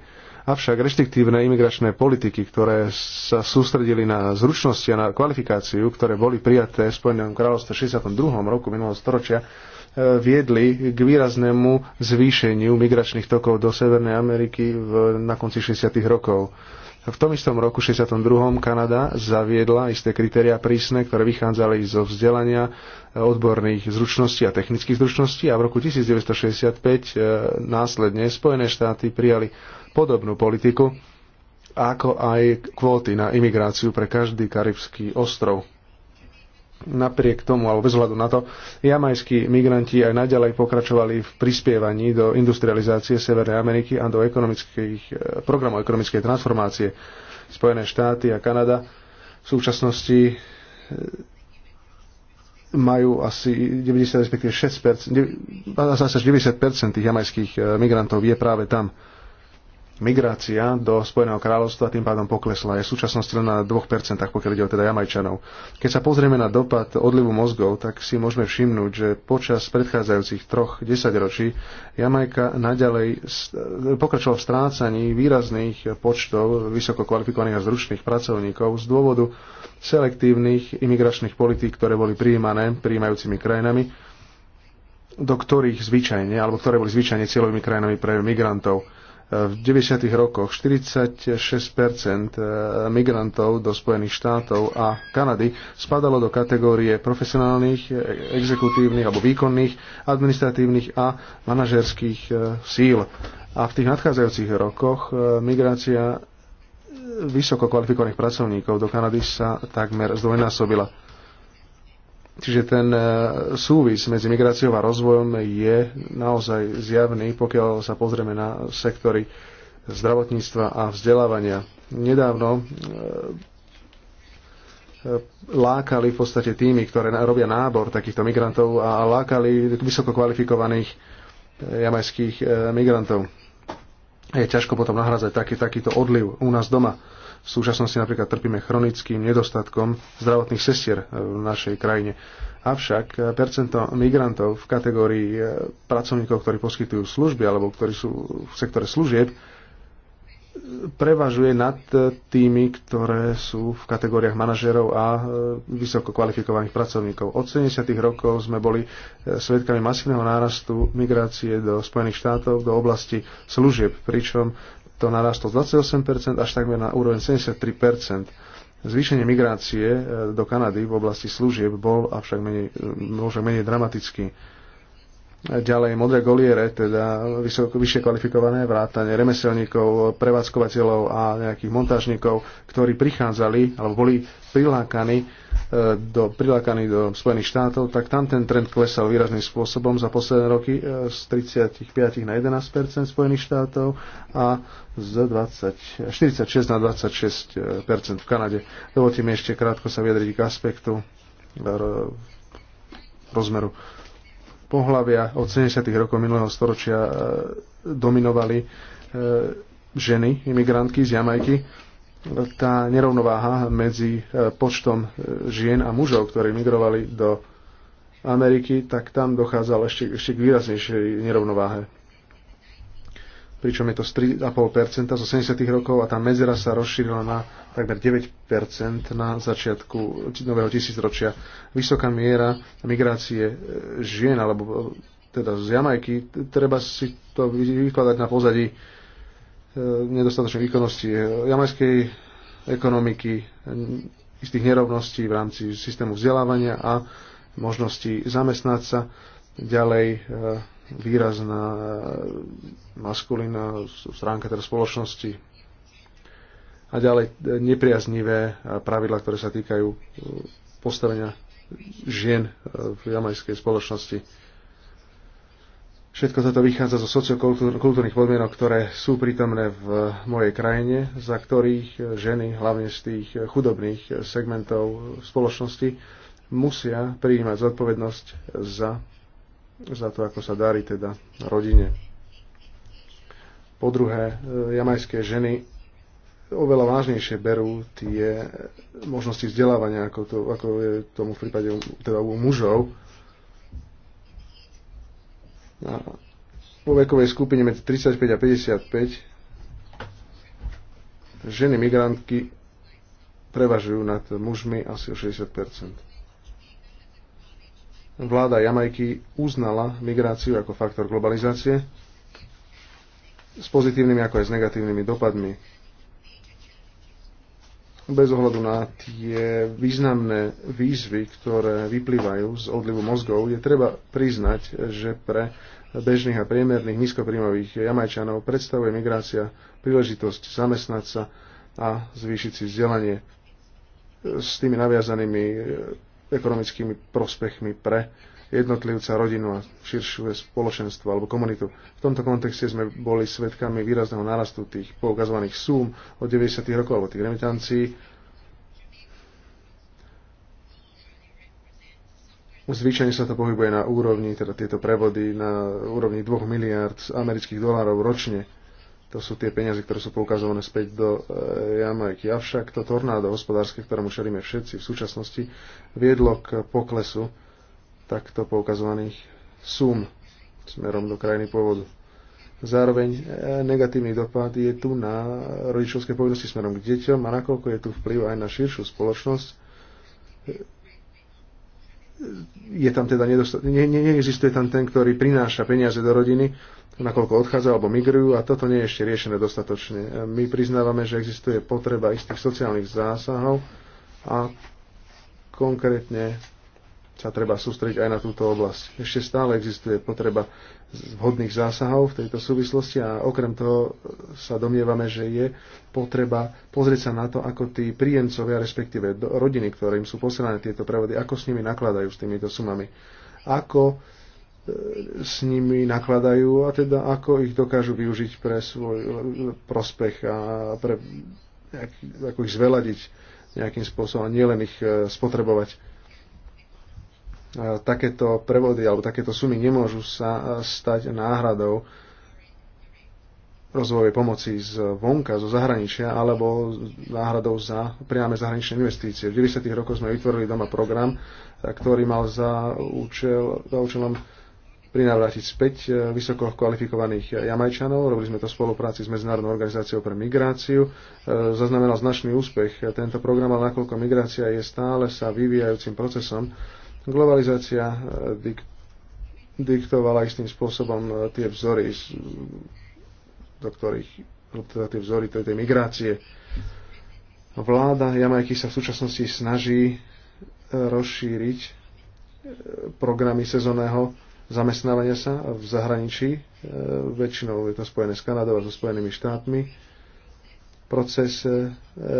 D: Avšak reštriktívne imigračné politiky, ktoré sa sústredili na zručnosti a na kvalifikáciu, ktoré boli prijaté v Spojenom kráľovstve v 62. roku minulého storočia, e, viedli k výraznému zvýšeniu migračných tokov do Severnej Ameriky v, na konci 60. rokov. V tom istom roku, 62. Kanada zaviedla isté kritériá prísne, ktoré vychádzali zo vzdelania e, odborných zručností a technických zručností a v roku 1965 e, následne Spojené štáty prijali podobnú politiku, ako aj kvóty na imigráciu pre každý karibský ostrov. Napriek tomu, alebo bez hľadu na to, jamajskí migranti aj naďalej pokračovali v prispievaní do industrializácie Severnej Ameriky a do ekonomických, eh, programov ekonomickej transformácie. Spojené štáty a Kanada v súčasnosti eh, majú asi 90, respektíve 6%, 90 90% tých jamajských eh, migrantov je práve tam migrácia do Spojeného kráľovstva tým pádom poklesla. Je v súčasnosti len na 2%, pokiaľ ide o teda Jamajčanov. Keď sa pozrieme na dopad odlivu mozgov, tak si môžeme všimnúť, že počas predchádzajúcich troch desaťročí Jamajka naďalej pokračovala v strácaní výrazných počtov vysoko kvalifikovaných a zručných pracovníkov z dôvodu selektívnych imigračných politík, ktoré boli prijímané prijímajúcimi krajinami, do ktorých zvyčajne, alebo ktoré boli zvyčajne cieľovými krajinami pre migrantov v 90. rokoch 46 e, migrantov do Spojených štátov a Kanady spadalo do kategórie profesionálnych, e, exekutívnych alebo výkonných, administratívnych a manažerských e, síl. A v tých nadchádzajúcich rokoch migrácia vysoko kvalifikovaných pracovníkov do Kanady sa takmer zdvojnásobila Čiže ten e, súvis medzi migráciou a rozvojom je naozaj zjavný, pokiaľ sa pozrieme na sektory zdravotníctva a vzdelávania. Nedávno e, e, lákali v podstate týmy, ktoré robia nábor takýchto migrantov a lákali vysoko kvalifikovaných jamajských migrantov. Je ťažko potom nahrázať taký, takýto odliv u nás doma v súčasnosti napríklad trpíme chronickým nedostatkom zdravotných sestier e, v našej krajine. Avšak e, percento migrantov v kategórii e, pracovníkov, ktorí poskytujú služby alebo ktorí sú v sektore služieb, prevažuje nad tými, ktoré sú v kategóriách manažerov a vysoko kvalifikovaných pracovníkov. Od 70. rokov sme boli svedkami masívneho nárastu migrácie do Spojených štátov, do oblasti služieb, pričom to narastlo z 28% až takmer na úroveň 73%. Zvýšenie migrácie e, do Kanady v oblasti služieb bol avšak menej, e, menej dramatický ďalej modré goliere, teda vysoko, vyššie kvalifikované vrátane remeselníkov, prevádzkovateľov a nejakých montážnikov, ktorí prichádzali alebo boli prilákaní e, do, prilákaní do Spojených štátov, tak tam ten trend klesal výrazným spôsobom za posledné roky e, z 35 na 11 Spojených štátov a z 20, 46 na 26 v Kanade. Dovolte mi ešte krátko sa vyjadriť k aspektu e, rozmeru pohľavia od 70. rokov minulého storočia e, dominovali e, ženy, imigrantky z Jamajky. Tá nerovnováha medzi e, počtom žien a mužov, ktorí migrovali do Ameriky, tak tam dochádzalo ešte, ešte k výraznejšej nerovnováhe pričom je to z 3,5% zo 70. rokov a tá medzera sa rozšírila na takmer 9% na začiatku nového tisícročia. Vysoká miera migrácie e, žien alebo e, teda z Jamajky, treba si to vykladať na pozadí e, nedostatočnej výkonnosti jamajskej ekonomiky, istých nerovností v rámci systému vzdelávania a možností zamestnať sa, ďalej výrazná eh, maskulina stránka teda spoločnosti. A ďalej eh, nepriaznivé eh, pravidla, ktoré sa týkajú postavenia žien v jamajskej spoločnosti. Všetko toto vychádza zo sociokultúrnych podmienok, ktoré sú prítomné v mojej krajine, za ktorých ženy, hlavne z tých chudobných segmentov spoločnosti, musia prijímať zodpovednosť za za to, ako sa darí teda rodine. Po druhé, e, jamajské ženy oveľa vážnejšie berú tie možnosti vzdelávania, ako, to, ako je tomu v prípade teda u mužov. A po vekovej skupine medzi 35 a 55 ženy migrantky prevažujú nad mužmi asi o 60 vláda Jamajky uznala migráciu ako faktor globalizácie s pozitívnymi ako aj s negatívnymi dopadmi. Bez ohľadu na tie významné výzvy, ktoré vyplývajú z odlivu mozgov, je treba priznať, že pre bežných a priemerných nízkopríjmových jamajčanov predstavuje migrácia príležitosť zamestnať sa a zvýšiť si vzdelanie s tými naviazanými ekonomickými prospechmi pre jednotlivca, rodinu a širšie spoločenstvo alebo komunitu. V tomto kontexte sme boli svedkami výrazného narastu tých poukazovaných súm od 90. rokov alebo tých remitancií. Zvyčajne sa to pohybuje na úrovni, teda tieto prevody, na úrovni 2 miliard amerických dolárov ročne to sú tie peniaze, ktoré sú poukazované späť do e, Jamajky. Avšak to tornádo hospodárske, ktorému šeríme všetci v súčasnosti, viedlo k poklesu takto poukazovaných sum smerom do krajiny pôvodu. Zároveň e, negatívny dopad je tu na rodičovské povinnosti smerom k deťom a nakoľko je tu vplyv aj na širšiu spoločnosť. E, je tam teda nedostatok, neexistuje tam ten, ktorý prináša peniaze do rodiny, nakoľko odchádzajú alebo migrujú a toto nie je ešte riešené dostatočne. My priznávame, že existuje potreba istých sociálnych zásahov a konkrétne sa treba sústrediť aj na túto oblasť. Ešte stále existuje potreba vhodných zásahov v tejto súvislosti a okrem toho sa domnievame, že je potreba pozrieť sa na to, ako tí príjemcovia, respektíve rodiny, ktorým sú posielané tieto prevody, ako s nimi nakladajú s týmito sumami. Ako s nimi nakladajú a teda ako ich dokážu využiť pre svoj prospech a pre, ako ich zveladiť nejakým spôsobom a nielen ich e, spotrebovať. Takéto prevody alebo takéto sumy nemôžu sa e, stať náhradou rozvojovej pomoci z vonka, zo zahraničia alebo náhradou za priame zahraničné investície. V 90. rokoch sme vytvorili doma program, e, ktorý mal za, účel, za účelom prinavrátiť späť e, vysoko kvalifikovaných Jamajčanov. Robili sme to v spolupráci s Medzinárodnou organizáciou pre migráciu. E, zaznamenal značný úspech tento program, ale nakoľko migrácia je stále sa vyvíjajúcim procesom, globalizácia e, dik- diktovala istým spôsobom tie vzory, do ktorých, teda tie vzory tej, tej migrácie. Vláda Jamajky sa v súčasnosti snaží rozšíriť programy sezónneho zamestnávania sa v zahraničí, e, väčšinou je to spojené s Kanadou a so Spojenými štátmi. Proces e,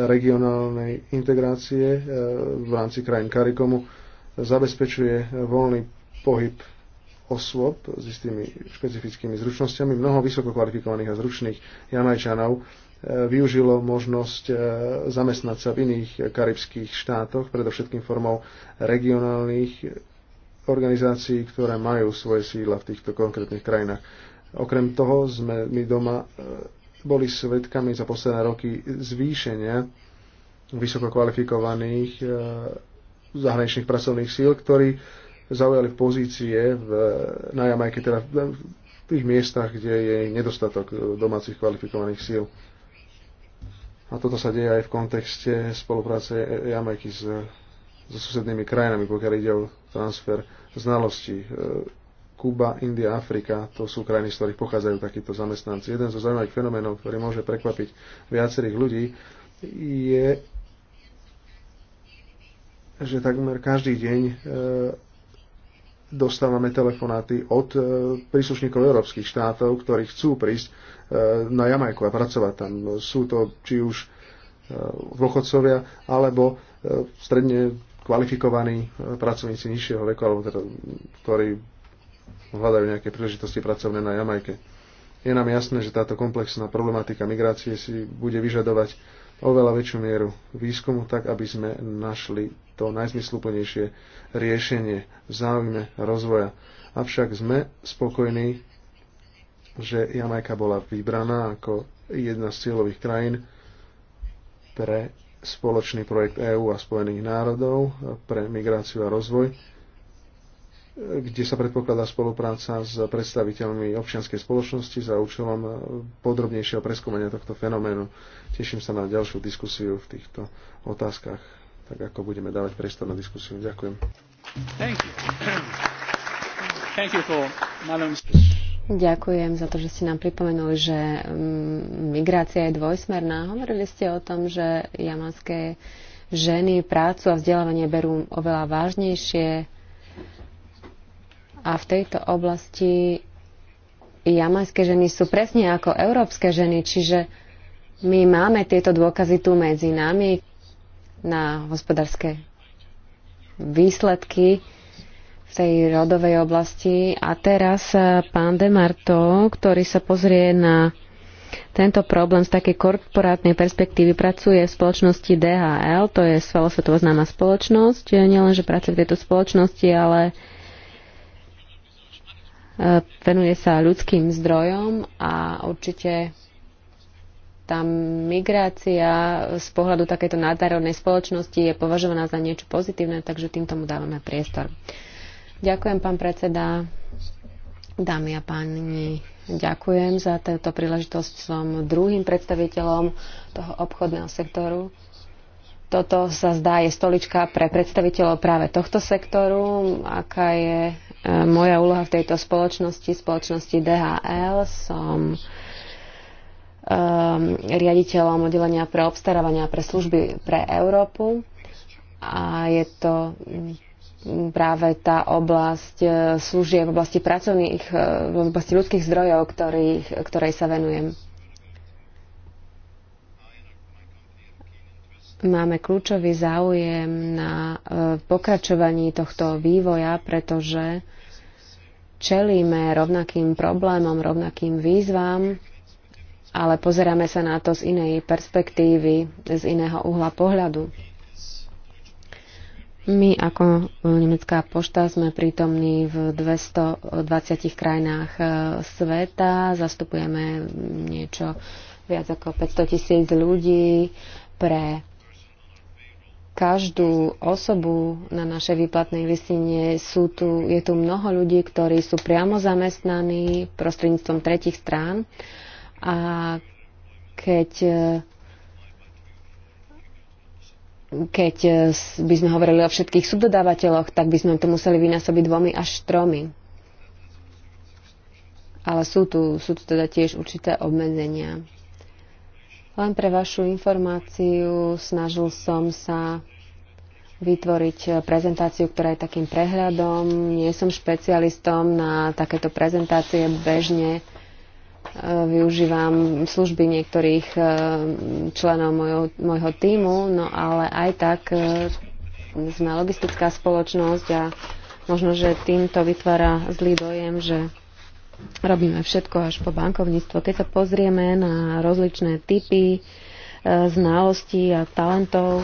D: regionálnej integrácie e, v rámci krajín Karikomu zabezpečuje voľný pohyb osôb s istými špecifickými zručnosťami. Mnoho vysoko kvalifikovaných a zručných Jamajčanov využilo možnosť zamestnať sa v iných karibských štátoch, predovšetkým formou regionálnych organizácií, ktoré majú svoje sídla v týchto konkrétnych krajinách. Okrem toho sme my doma e, boli svedkami za posledné roky zvýšenia vysoko kvalifikovaných e, zahraničných pracovných síl, ktorí zaujali pozície v, na Jamajke, teda v tých miestach, kde je nedostatok domácich kvalifikovaných síl. A toto sa deje aj v kontexte spolupráce Jamajky s so susednými krajinami, pokiaľ ide o transfer znalostí. E, Kuba, India, Afrika, to sú krajiny, z ktorých pochádzajú takíto zamestnanci. Jeden zo zaujímavých fenoménov, ktorý môže prekvapiť viacerých ľudí, je, že takmer každý deň e, dostávame telefonáty od e, príslušníkov európskych štátov, ktorí chcú prísť na Jamajku a pracovať tam. Sú to či už dôchodcovia, alebo stredne kvalifikovaní e, pracovníci nižšieho veku, alebo teda, ktorí hľadajú nejaké príležitosti pracovné na Jamajke. Je nám jasné, že táto komplexná problematika migrácie si bude vyžadovať oveľa väčšiu mieru výskumu, tak aby sme našli to najzmysluplnejšie riešenie v záujme rozvoja. Avšak sme spokojní, že Jamajka bola vybraná ako jedna z cieľových krajín pre spoločný projekt EÚ a Spojených národov pre migráciu a rozvoj, kde sa predpokladá spolupráca s predstaviteľmi občianskej spoločnosti za účelom podrobnejšieho preskúmania tohto fenoménu. Teším sa na ďalšiu diskusiu v týchto otázkach, tak ako budeme dávať priestor na diskusiu. Ďakujem.
C: Thank you. Thank you for... Ďakujem
A: za to, že ste nám pripomenuli, že mm, migrácia je dvojsmerná. Hovorili ste o tom, že jamanské ženy prácu a vzdelávanie berú oveľa vážnejšie a v tejto oblasti jamanské ženy sú presne ako európske ženy, čiže my máme tieto dôkazy tu medzi nami na hospodárske výsledky tej rodovej oblasti. A teraz eh, pán Demarto, ktorý sa pozrie na tento problém z takej korporátnej perspektívy, pracuje v spoločnosti DHL, to je celosvetovo známa spoločnosť. Eh, nielenže pracuje v tejto spoločnosti, ale eh, venuje sa ľudským zdrojom a určite tá migrácia z pohľadu takéto nadnárodnej spoločnosti je považovaná za niečo pozitívne, takže týmto mu dávame priestor. Ďakujem, pán predseda. Dámy a páni, ďakujem za túto príležitosť. Som druhým predstaviteľom toho obchodného sektoru. Toto sa zdá je stolička pre predstaviteľov práve tohto sektoru. Aká je e, moja úloha v tejto spoločnosti, spoločnosti DHL? Som um, riaditeľom oddelenia pre obstarávania pre služby pre Európu a je to práve tá oblasť e, služieb, v oblasti pracovných, e, v oblasti ľudských zdrojov, ktorý, ktorej sa venujem. Máme kľúčový záujem na e, pokračovaní tohto vývoja, pretože čelíme rovnakým problémom, rovnakým výzvam, ale pozeráme sa na to z inej perspektívy, z iného uhla pohľadu. My ako nemecká pošta sme prítomní v 220 krajinách e, sveta, zastupujeme niečo viac ako 500 tisíc ľudí pre každú osobu na našej výplatnej listine sú tu, je tu mnoho ľudí, ktorí sú priamo zamestnaní prostredníctvom tretich strán a keď e, keď e, by sme hovorili o všetkých subdodávateľoch, tak by sme to museli vynásobiť dvomi až tromi. Ale sú tu, sú tu teda tiež určité obmedzenia. Len pre vašu informáciu snažil som sa vytvoriť e, prezentáciu, ktorá je takým prehľadom. Nie som špecialistom na takéto prezentácie bežne využívam služby niektorých eh, členov mojho, mojho týmu, no ale aj tak eh, sme logistická spoločnosť a možno, že týmto vytvára zlý dojem, že robíme všetko až po bankovníctvo. Keď sa pozrieme na rozličné typy eh, znalostí a talentov,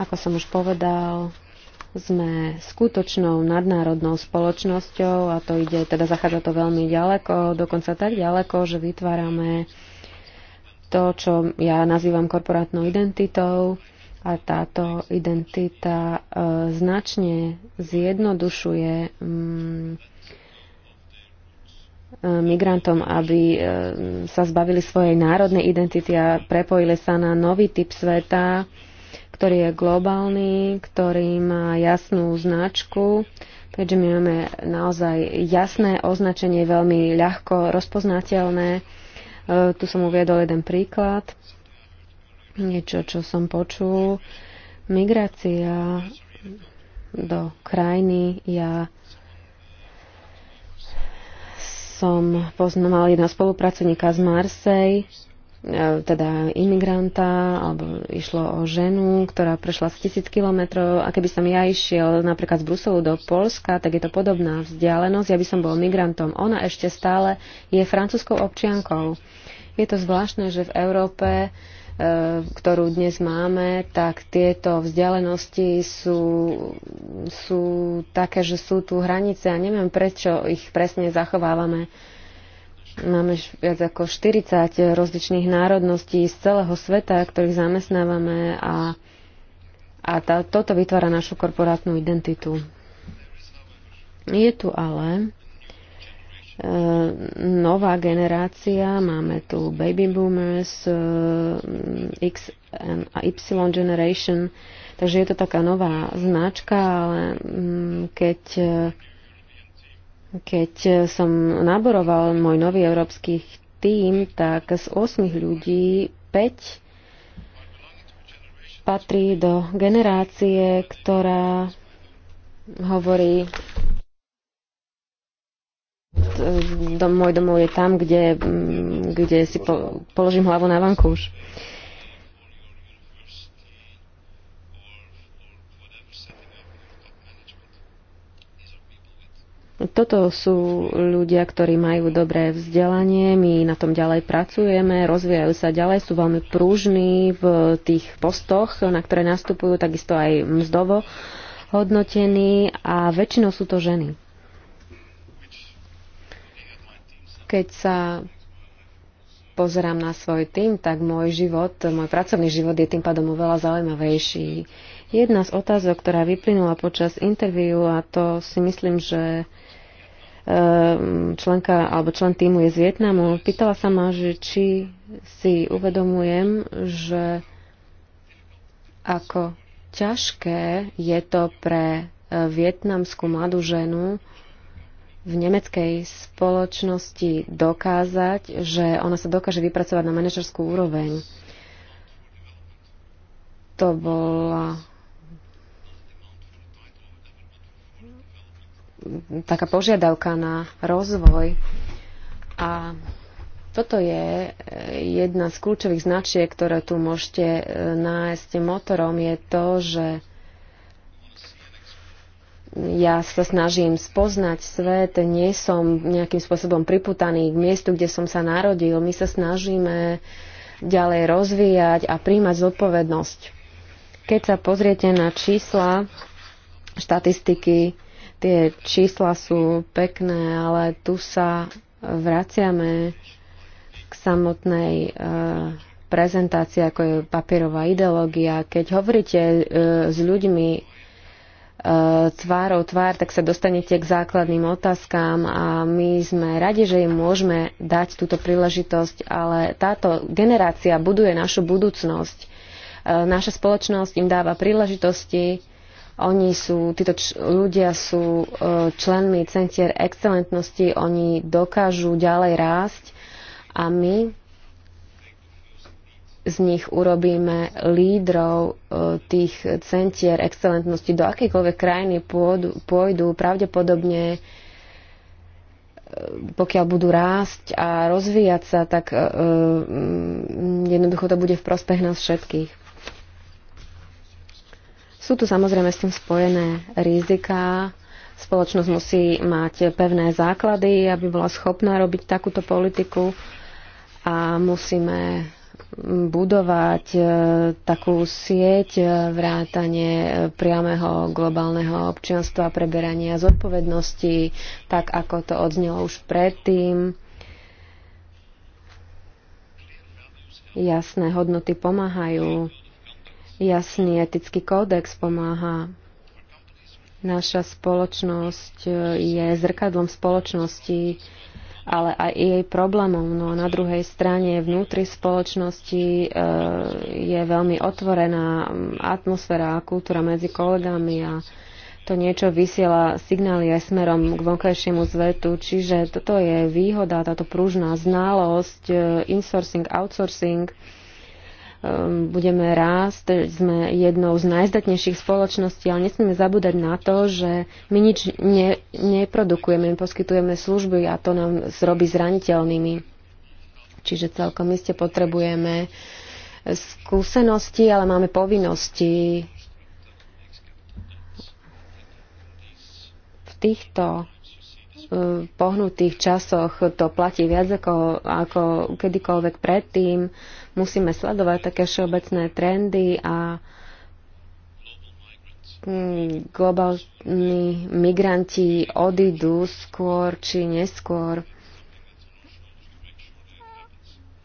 A: ako som už povedal, sme skutočnou nadnárodnou spoločnosťou a to ide, teda zachádza to veľmi ďaleko, dokonca tak ďaleko, že vytvárame to, čo ja nazývam korporátnou identitou a táto identita e, značne zjednodušuje mm, e, migrantom, aby e, sa zbavili svojej národnej identity a prepojili sa na nový typ sveta, ktorý je globálny, ktorý má jasnú značku, keďže my máme naozaj jasné označenie, veľmi ľahko rozpoznateľné. E, tu som uviedol jeden príklad, niečo, čo som počul. Migrácia do krajiny, ja som poznal jedna spolupracovníka z Marseille, E, teda imigranta, alebo išlo o ženu, ktorá prešla z tisíc kilometrov a keby som ja išiel napríklad z Bruselu do Polska, tak je to podobná vzdialenosť. Ja by som bol migrantom. Ona ešte stále je francúzskou občiankou. Je to zvláštne, že v Európe e, ktorú dnes máme, tak tieto vzdialenosti sú, sú také, že sú tu hranice a neviem, prečo ich presne zachovávame Máme viac ako 40 rozličných národností z celého sveta, ktorých zamestnávame a, a tá, toto vytvára našu korporátnu identitu. Je tu ale e, nová generácia, máme tu baby boomers, e, X a Y generation, takže je to taká nová značka, ale mm, keď e, keď e, som naboroval môj nový európsky tým, tak z 8 ľudí 5 patrí do generácie, ktorá hovorí e, dom, môj domov je tam, kde, kde si po, položím hlavu na vankúš. Uh, Toto sú ľudia, ktorí majú dobré vzdelanie, my na tom ďalej pracujeme, rozvíjajú sa ďalej, sú veľmi prúžní v tých postoch, na ktoré nastupujú, takisto aj mzdovo hodnotení a väčšinou sú to ženy. Keď sa pozerám na svoj tým, tak môj život, môj pracovný život je tým pádom oveľa zaujímavejší. Jedna z otázok, ktorá vyplynula počas interviu, a to si myslím, že Ehm, členka alebo člen týmu je z Vietnamu. Pýtala sa ma, že či si uvedomujem, že ako ťažké je to pre e, vietnamskú mladú ženu v nemeckej spoločnosti dokázať, že ona sa dokáže vypracovať na manažerskú úroveň. To bola taká požiadavka na rozvoj. A toto je eh, jedna z kľúčových značiek, ktoré tu môžete eh, nájsť motorom, je to, že ja sa snažím spoznať svet, nie som nejakým spôsobom priputaný k miestu, kde som sa narodil. My sa snažíme ďalej rozvíjať a príjmať zodpovednosť. Keď sa pozriete na čísla, štatistiky, Tie čísla sú pekné, ale tu sa vraciame k samotnej e, prezentácii, ako je papierová ideológia. Keď hovoríte e, s ľuďmi e, tvárou tvár, tak sa dostanete k základným otázkam a my sme radi, že im môžeme dať túto príležitosť, ale táto generácia buduje našu budúcnosť. Naša spoločnosť im dáva príležitosti, oni sú, títo č- ľudia sú e, členmi centier excelentnosti, oni dokážu ďalej rásť a my z nich urobíme lídrov e, tých centier excelentnosti do akejkoľvek krajiny pôjdu, pôjdu pravdepodobne e, pokiaľ budú rásť a rozvíjať sa, tak jednoducho to bude v prospech nás všetkých. Sú tu samozrejme s tým spojené rizika. Spoločnosť musí mať pevné základy, aby bola schopná robiť takúto politiku a musíme budovať e, takú sieť e, vrátanie e, priamého globálneho občianstva, preberania zodpovednosti, tak ako to odznelo už predtým. Jasné hodnoty pomáhajú Jasný etický kódex pomáha. Naša spoločnosť e, je zrkadlom spoločnosti, ale aj jej problémom. No a na druhej strane vnútri spoločnosti e, je veľmi otvorená atmosféra a kultúra medzi kolegami a to niečo vysiela signály aj smerom k vonkajšiemu svetu. Čiže toto je výhoda, táto pružná znalosť, e, insourcing, outsourcing. Ehm, budeme rásť, sme jednou z najzdatnejších spoločností, ale nesmieme zabúdať na to, že my nič ne, neprodukujeme, my poskytujeme služby a to nám zrobí zraniteľnými. Čiže celkom iste potrebujeme skúsenosti, ale máme povinnosti v týchto pohnutých časoch to platí viac ako, ako kedykoľvek predtým. Musíme sledovať také všeobecné trendy a mm, globálni migranti odídu skôr či neskôr.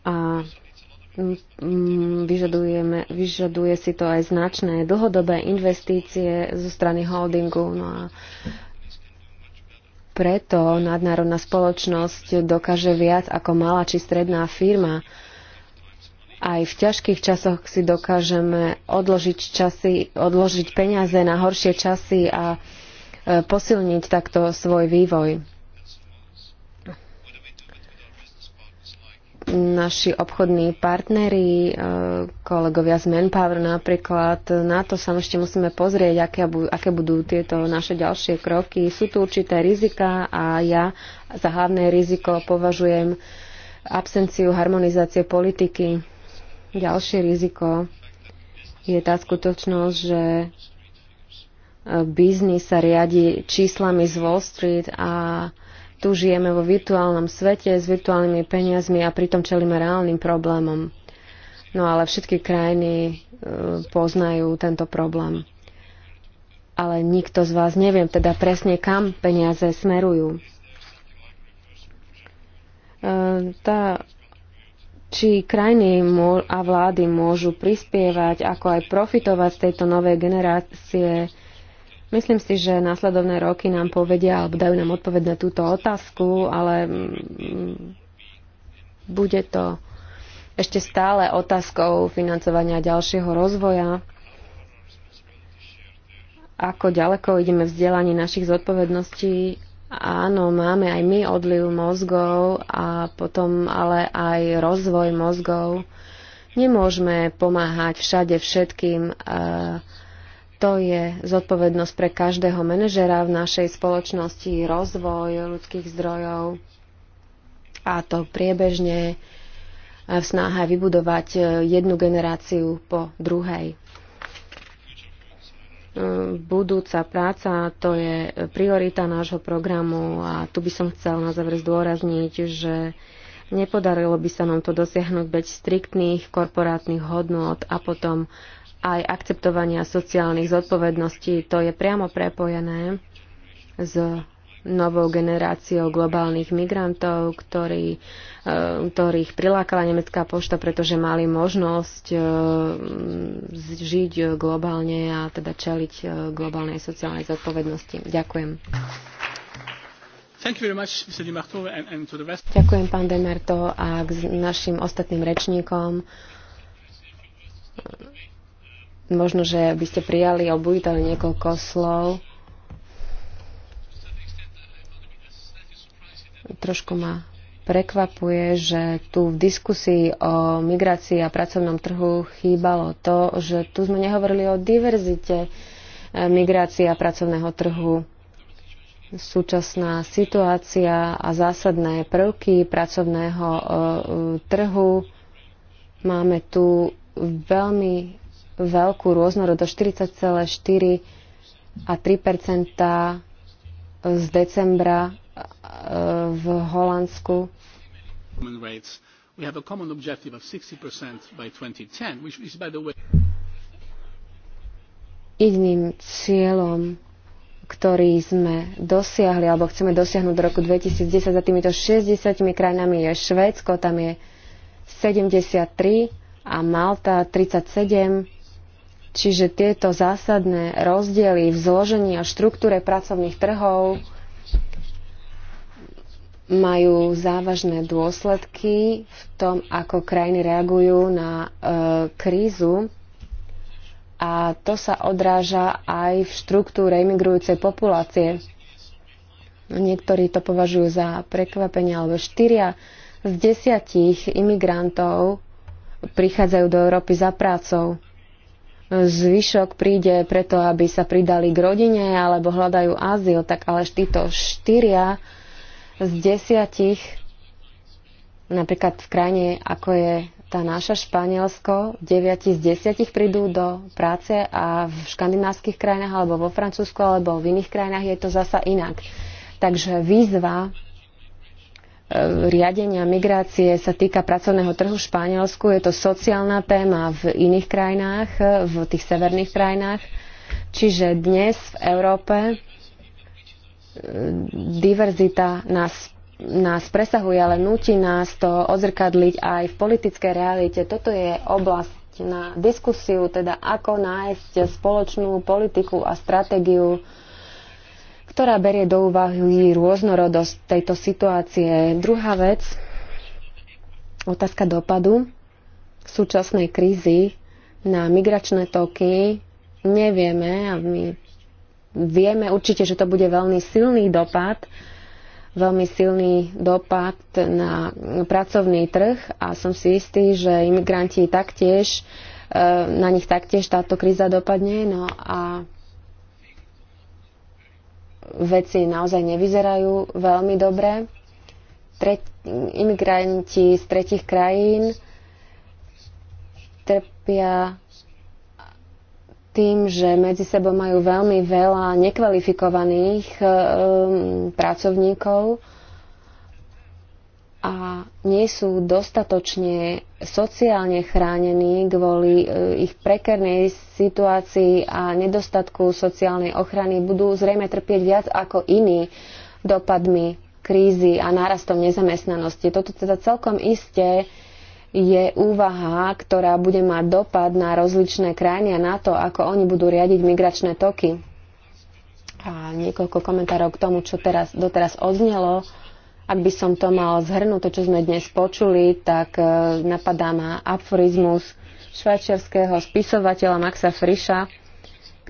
A: A mm, vyžadujeme, vyžaduje si to aj značné dlhodobé investície zo strany holdingu. No a preto nadnárodná spoločnosť dokáže viac ako malá či stredná firma. Aj v ťažkých časoch si dokážeme odložiť, časy, odložiť peniaze na horšie časy a e, posilniť takto svoj vývoj. naši obchodní partneri, e, kolegovia z Manpower napríklad, na to sa ešte musíme pozrieť, aké, aké budú tieto naše ďalšie kroky. Sú tu určité rizika a ja za hlavné riziko považujem absenciu harmonizácie politiky. Ďalšie riziko je tá skutočnosť, že e, biznis sa riadi číslami z Wall Street a tu žijeme vo virtuálnom svete s virtuálnymi peniazmi a pritom čelíme reálnym problémom. No ale všetky krajiny e, poznajú tento problém. Ale nikto z vás neviem teda presne, kam peniaze smerujú. E, tá, či krajiny a vlády môžu prispievať, ako aj profitovať z tejto novej generácie Myslím si, že následovné roky nám povedia alebo dajú nám odpoveď na túto otázku, ale mm, bude to ešte stále otázkou financovania ďalšieho rozvoja. Ako ďaleko ideme v vzdelaní našich zodpovedností? Áno, máme aj my odliv mozgov a potom ale aj rozvoj mozgov. Nemôžeme pomáhať všade všetkým uh, to je zodpovednosť pre každého manažera v našej spoločnosti, rozvoj ľudských zdrojov a to priebežne v snahe vybudovať e, jednu generáciu po druhej. E, budúca práca to je priorita nášho programu a tu by som chcel na záver zdôrazniť, že nepodarilo by sa nám to dosiahnuť bez striktných korporátnych hodnot a potom aj akceptovania sociálnych zodpovedností. To je priamo prepojené s novou generáciou globálnych migrantov, ktorý, e, ktorých prilákala nemecká pošta, pretože mali možnosť e, žiť globálne a teda čeliť e, globálnej sociálnej zodpovednosti. Ďakujem.
B: Much, Demarto, and, and
A: Ďakujem, pán Demerto, a k našim ostatným rečníkom Možno, že by ste prijali a uvítali niekoľko slov. Trošku ma prekvapuje, že tu v diskusii o migrácii a pracovnom trhu chýbalo to, že tu sme nehovorili o diverzite eh, migrácie a pracovného trhu. Súčasná situácia a zásadné prvky pracovného eh, trhu. Máme tu veľmi veľkú rôznorodosť 40,4 a 3 z decembra e, v Holandsku. We Jedným cieľom, ktorý sme dosiahli, alebo chceme dosiahnuť do roku 2010 za týmito 60 krajinami je Švédsko, tam je 73 a Malta 37 Čiže tieto zásadné rozdiely v zložení a štruktúre pracovných trhov majú závažné dôsledky v tom, ako krajiny reagujú na e, krízu a to sa odráža aj v štruktúre imigrujúcej populácie. Niektorí to považujú za prekvapenie, alebo štyria z desiatich imigrantov prichádzajú do Európy za prácou zvyšok príde preto, aby sa pridali k rodine alebo hľadajú azyl, tak ale títo štyria z desiatich, napríklad v krajine, ako je tá naša Španielsko, 9 z 10 prídu do práce a v škandinávskych krajinách alebo vo Francúzsku alebo v iných krajinách je to zasa inak. Takže výzva riadenia migrácie sa týka pracovného trhu v Španielsku. Je to sociálna téma v iných krajinách, v tých severných krajinách. Čiže dnes v Európe e, diverzita nás, nás presahuje, ale nutí nás to odzrkadliť aj v politickej realite. Toto je oblasť na diskusiu, teda ako nájsť spoločnú politiku a stratégiu ktorá berie do úvahy rôznorodosť tejto situácie. Druhá vec, otázka dopadu súčasnej krízy na migračné toky. Nevieme a my vieme určite, že to bude veľmi silný dopad, veľmi silný dopad na pracovný trh a som si istý, že imigranti taktiež, eh, na nich taktiež táto kríza dopadne. No a veci naozaj nevyzerajú veľmi dobre. Tre- imigranti z tretich krajín trpia tým, že medzi sebou majú veľmi veľa nekvalifikovaných um, pracovníkov a nie sú dostatočne sociálne chránení kvôli e, ich prekernej situácii a nedostatku sociálnej ochrany, budú zrejme trpieť viac ako iní dopadmi krízy a nárastom nezamestnanosti. Toto teda celkom isté je úvaha, ktorá bude mať dopad na rozličné krajiny a na to, ako oni budú riadiť migračné toky. A niekoľko komentárov k tomu, čo teraz, doteraz odznelo. Ak by som to mal zhrnúť, to, čo sme dnes počuli, tak e, napadá ma aforizmus švajčiarského spisovateľa Maxa Friša,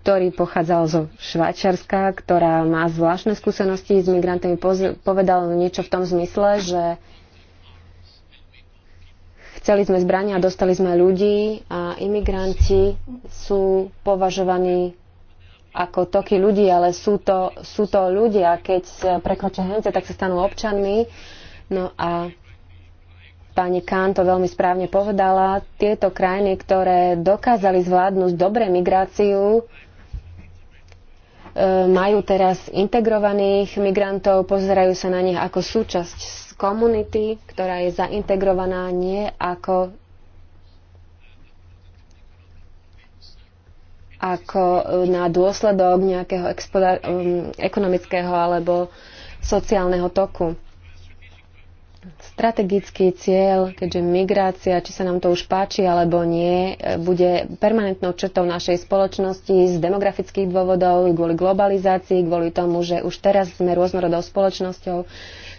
A: ktorý pochádzal zo Švajčiarska, ktorá má zvláštne skúsenosti s migrantami, povedal niečo v tom zmysle, že chceli sme zbrania a dostali sme ľudí a imigranti sú považovaní ako toky ľudí, ale sú to, sú to ľudia, keď prekročia hranice, tak sa stanú občanmi. No a pani Kán to veľmi správne povedala, tieto krajiny, ktoré dokázali zvládnuť dobre migráciu, e, majú teraz integrovaných migrantov, pozerajú sa na nich ako súčasť komunity, ktorá je zaintegrovaná nie ako ako e, na dôsledok nejakého e, ekonomického alebo sociálneho toku. Strategický cieľ, keďže migrácia, či sa nám to už páči alebo nie, e, bude permanentnou črtou našej spoločnosti z demografických dôvodov, kvôli globalizácii, kvôli tomu, že už teraz sme rôznorodou spoločnosťou.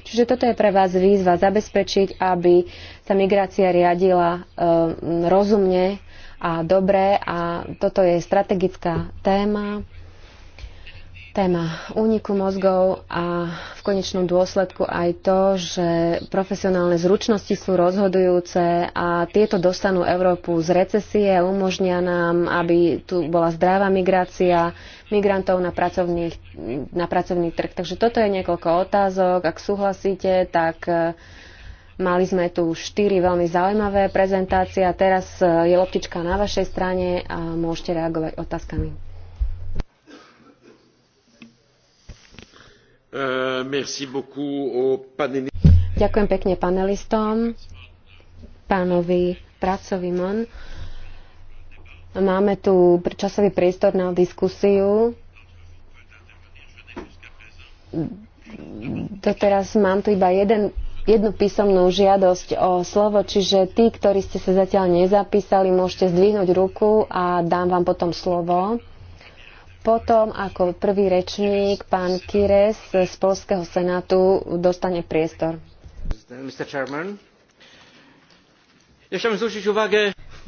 A: Čiže toto je pre vás výzva zabezpečiť, aby sa migrácia riadila rozumne a dobré a toto je strategická téma, téma úniku mozgov a v konečnom dôsledku aj to, že profesionálne zručnosti sú rozhodujúce a tieto dostanú Európu z recesie, umožnia nám, aby tu bola zdravá migrácia migrantov na, na pracovný trh. Takže toto je niekoľko otázok. Ak súhlasíte, tak Mali sme tu štyri veľmi zaujímavé prezentácie a teraz e, je loptička na vašej strane a môžete reagovať otázkami. E, Ďakujem pekne panelistom, pánovi Pracovi Mon. Máme tu časový priestor na diskusiu. Doteraz mám tu iba jeden jednu písomnú žiadosť o slovo, čiže tí, ktorí ste sa zatiaľ nezapísali, môžete zdvihnúť ruku a dám vám potom slovo. Potom ako prvý rečník pán Kires z Polského senátu dostane priestor.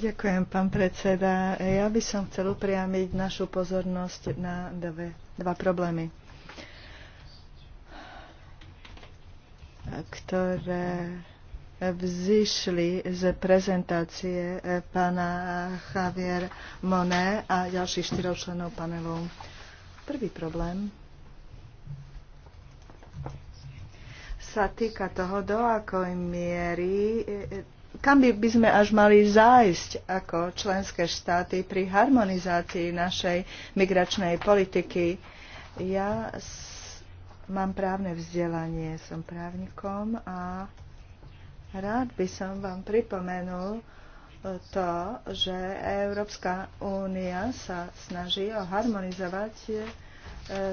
C: Ďakujem, pán predseda. Ja by som chcel upriamiť našu pozornosť na dve, dva problémy. ktoré vzýšli z prezentácie eh, pána eh, Javier Moné a ďalších štyroch členov panelu. Prvý problém sa týka toho, do akoj miery, eh, kam by, by sme až mali zájsť ako členské štáty pri harmonizácii našej migračnej politiky. Ja mám právne vzdelanie, som právnikom a rád by som vám pripomenul to, že Európska únia sa snaží o harmonizovať e,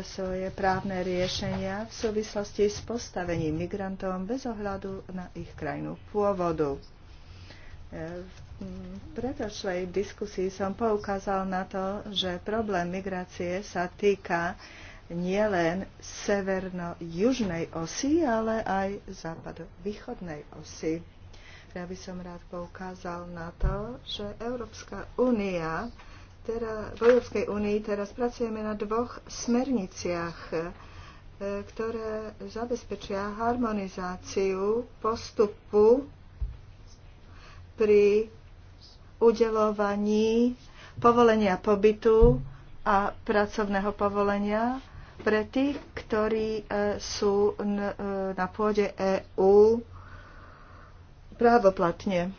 C: svoje právne riešenia v súvislosti s postavením migrantom bez ohľadu na ich krajinu pôvodu. E, v predošlej diskusii som poukázal na to, že problém migrácie sa týka nielen severno-južnej osy, ale aj západo-východnej osy. Ja by som rád poukázal na to, že Európska únia, teda, v Európskej únii teraz pracujeme na dvoch smerniciach, e, ktoré zabezpečia harmonizáciu postupu pri udelovaní povolenia pobytu a pracovného povolenia pre tých, ktorí e, sú e, na pôde EÚ právoplatne.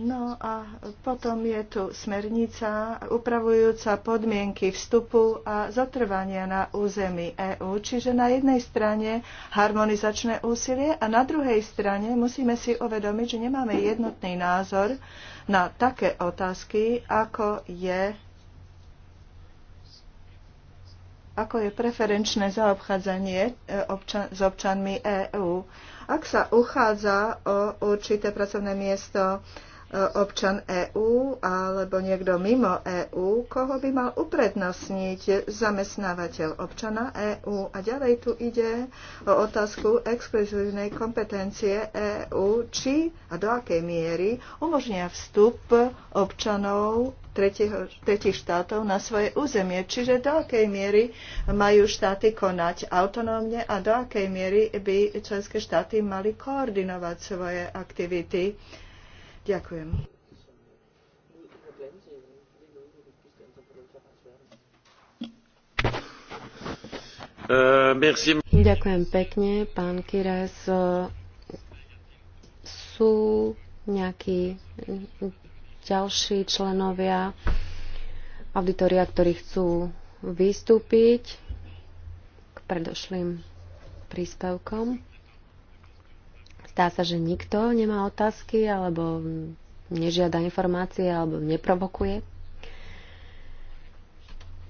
C: No a potom je tu smernica upravujúca podmienky vstupu a zotrvania na území EÚ. Čiže na jednej strane harmonizačné úsilie a na druhej strane musíme si uvedomiť, že nemáme jednotný názor na také otázky, ako je ako je preferenčné zaobchádzanie e, občan, s občanmi EÚ. Ak sa uchádza o určité pracovné miesto e, občan EÚ alebo niekto mimo EÚ, koho by mal uprednostniť zamestnávateľ občana EÚ. A ďalej tu ide o otázku exkluzívnej kompetencie EÚ, či a do akej miery umožnia vstup občanov tretieho, tretich štátov na svoje územie. Čiže do akej miery majú štáty konať autonómne a do akej miery by členské štáty mali koordinovať svoje aktivity. Ďakujem.
B: Eh,
A: Ďakujem pekne, pán Kires. Sú nejakí ďalší členovia auditoria, ktorí chcú vystúpiť k predošlým príspevkom. Zdá sa, že nikto nemá otázky alebo nežiada informácie alebo neprovokuje.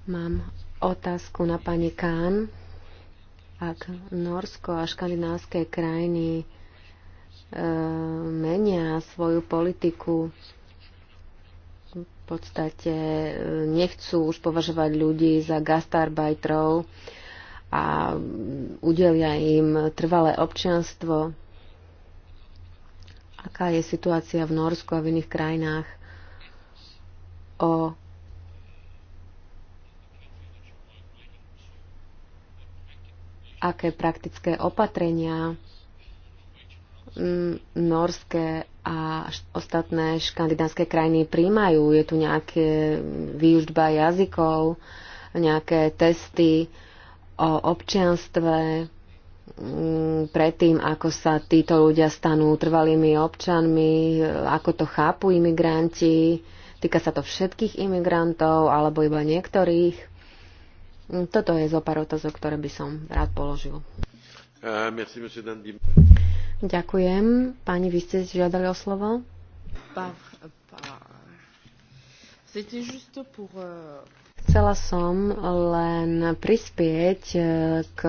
A: Mám otázku na pani Kán. Ak Norsko a škandinávské krajiny eh, menia svoju politiku podstate e, nechcú už považovať ľudí za gastarbajtrov a udelia im trvalé občianstvo. Aká je situácia v Norsku a v iných krajinách o aké praktické opatrenia norské a ostatné škandinávské krajiny príjmajú. Je tu nejaké výužba jazykov, nejaké testy o občianstve predtým, ako sa títo ľudia stanú trvalými občanmi, ako to chápu imigranti. Týka sa to všetkých imigrantov alebo iba niektorých. Toto je zo pár otázok, ktoré by som rád položil. Uh, merci, Ďakujem. Páni, vy ste žiadali o slovo?
C: Euh,
A: chcela som len prispieť e, k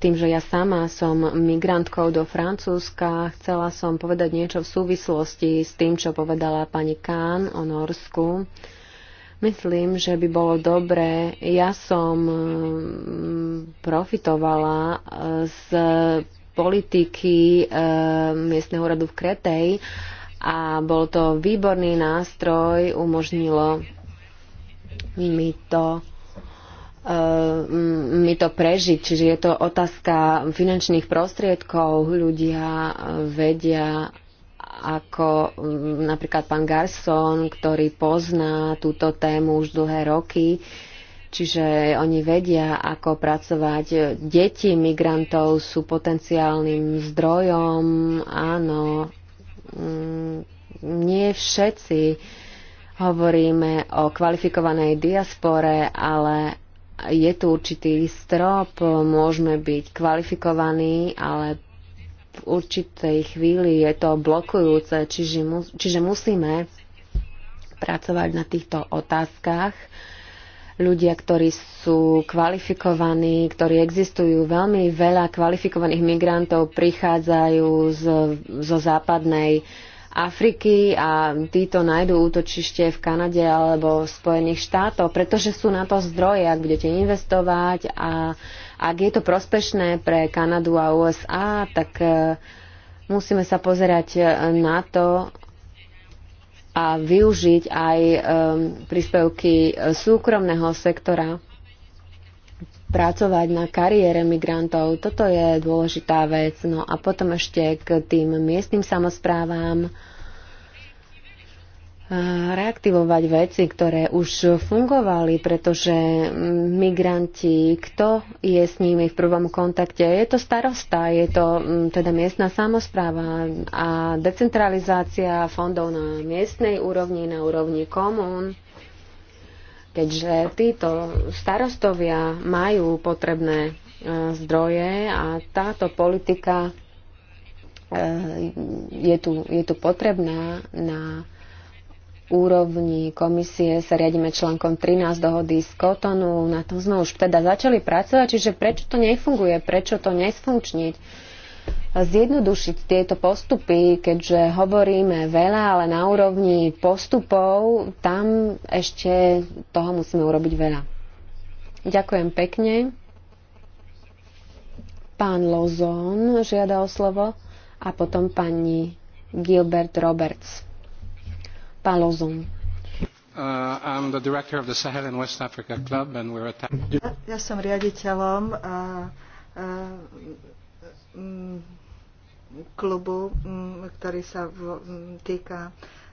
A: tým, že ja sama som migrantkou do Francúzska, chcela som povedať niečo v súvislosti s tým, čo povedala pani Kán o Norsku. Uh, Myslím, že by bolo dobré, ja som mm, profitovala eh, z politiky eh, miestneho úradu v Kretej a bol to výborný nástroj, umožnilo mi to eh, mi to prežiť. Čiže je to otázka finančných prostriedkov. Ľudia vedia, ako mm, napríklad pán Garson, ktorý pozná túto tému už dlhé roky. Čiže oni vedia, ako pracovať. Deti migrantov sú potenciálnym zdrojom, áno. Mm, nie všetci hovoríme o kvalifikovanej diaspore, ale je tu určitý strop, môžeme byť kvalifikovaní, ale v určitej chvíli je to blokujúce, čiže, mu, čiže musíme pracovať na týchto otázkach. Ľudia, ktorí sú kvalifikovaní, ktorí existujú, veľmi veľa kvalifikovaných migrantov prichádzajú z, zo západnej Afriky a títo nájdú útočište v Kanade alebo v Spojených štátoch, pretože sú na to zdroje, ak budete investovať a ak je to prospešné pre Kanadu a USA, tak e, musíme sa pozerať e, na to a využiť aj e, príspevky súkromného sektora, pracovať na kariére migrantov. Toto je dôležitá vec. No a potom ešte k tým miestnym samozprávam reaktivovať veci, ktoré už fungovali, pretože migranti, kto je s nimi v prvom kontakte? Je to starosta, je to mm, teda miestna samozpráva a decentralizácia fondov na miestnej úrovni, na úrovni komún. Keďže títo starostovia majú potrebné e, zdroje a táto politika e, je tu, je tu potrebná na úrovni komisie sa riadíme článkom 13 dohody z Kotonu. Na tom sme už teda začali pracovať, čiže prečo to nefunguje, prečo to nesfunkčniť. Zjednodušiť tieto postupy, keďže hovoríme veľa, ale na úrovni postupov, tam ešte toho musíme urobiť veľa. Ďakujem pekne. Pán Lozon žiada o slovo a potom pani Gilbert Roberts. Palozom.
B: Uh,
C: ja, som riaditeľom uh, uh, mm, klubu, um, ktorý sa v, um, mm, týka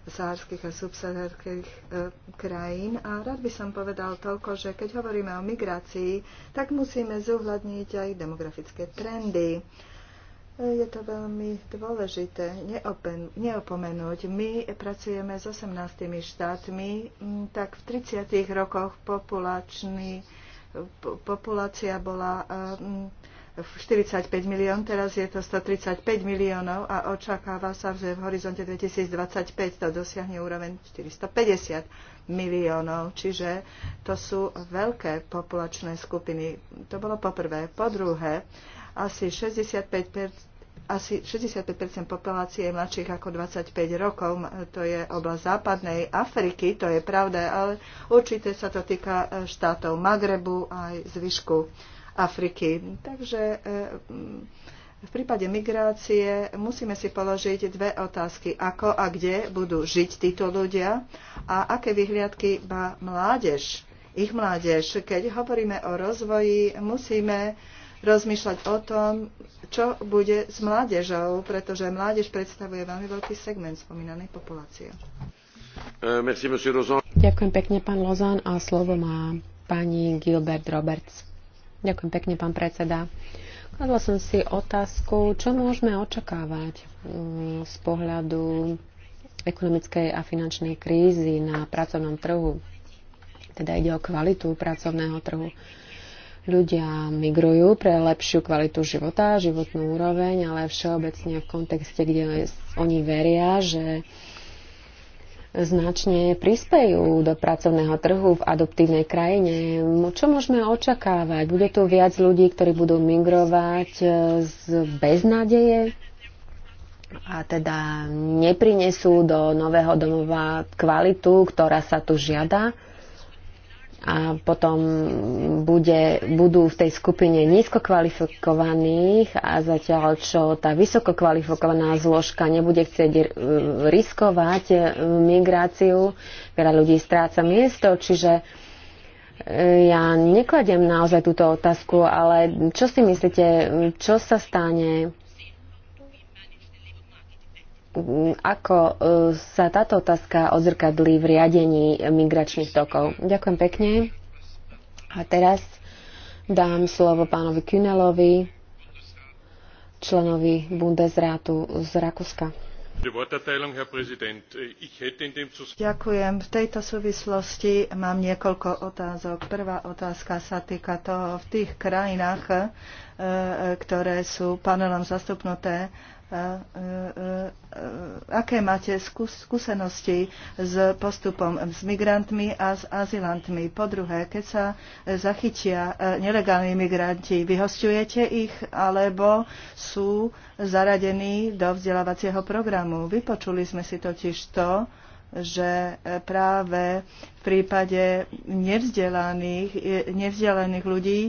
C: sahárskych a subsahárskych uh, krajín. A rád by som povedal toľko, že keď hovoríme o migrácii, tak musíme zohľadniť aj demografické trendy. Uh, je to veľmi dôležité neopen, neopomenúť. My pracujeme s 18 štátmi, tak v 30. rokoch populačný, populácia bola 45 milión, teraz je to 135 miliónov a očakáva sa, že v horizonte 2025 to dosiahne úroveň 450 miliónov. Čiže to sú veľké populačné skupiny. To bolo poprvé. Po druhé, asi 65 asi 65 populácie je mladších ako 25 rokov. To je oblasť západnej Afriky, to je pravda, ale určite sa to týka štátov Magrebu aj zvyšku Afriky. Takže e, mm, v prípade migrácie musíme si položiť dve otázky. Ako a kde budú žiť títo ľudia a aké vyhliadky má mládež, ich mládež. Keď hovoríme o rozvoji, musíme rozmýšľať o tom, čo bude s mládežou, pretože mládež predstavuje veľmi veľký segment spomínanej populácie.
B: E,
A: Ďakujem pekne, pán Lozán. A slovo má pani Gilbert Roberts. Ďakujem pekne, pán predseda. Kladla som si otázku, čo môžeme očakávať mm, z pohľadu ekonomickej a finančnej krízy na pracovnom trhu. Teda ide o kvalitu pracovného trhu. Ľudia migrujú pre lepšiu kvalitu života, životnú úroveň, ale všeobecne v kontexte, kde oni veria, že značne prispejú do pracovného trhu v adoptívnej krajine. No, čo môžeme očakávať? Bude tu viac ľudí, ktorí budú migrovať e, z beznádeje a teda neprinesú do nového domova kvalitu, ktorá sa tu žiada? a potom bude, budú v tej skupine nízko kvalifikovaných a zatiaľ čo tá vysoko kvalifikovaná zložka nebude chcieť riskovať e, migráciu, veľa ľudí stráca miesto, čiže e, ja nekladem naozaj túto otázku, ale čo si myslíte, čo sa stane Mm, ako e, sa táto otázka odzrkadlí v riadení migračných tokov. Ďakujem pekne. A teraz dám slovo pánovi Kunelovi,
C: členovi Bundesrátu z Rakúska. Ďakujem. V tejto súvislosti mám niekoľko otázok. Prvá otázka sa týka toho, v tých krajinách, e, e, ktoré sú panelom zastupnuté, E, e, e, aké máte skúsenosti s postupom s migrantmi a s azylantmi. Po druhé, keď sa zachytia nelegálni migranti, vyhostujete ich alebo sú zaradení do vzdelávacieho programu. Vypočuli sme si totiž to, že e, práve v prípade nevzdelaných, e, nevzdelaných ľudí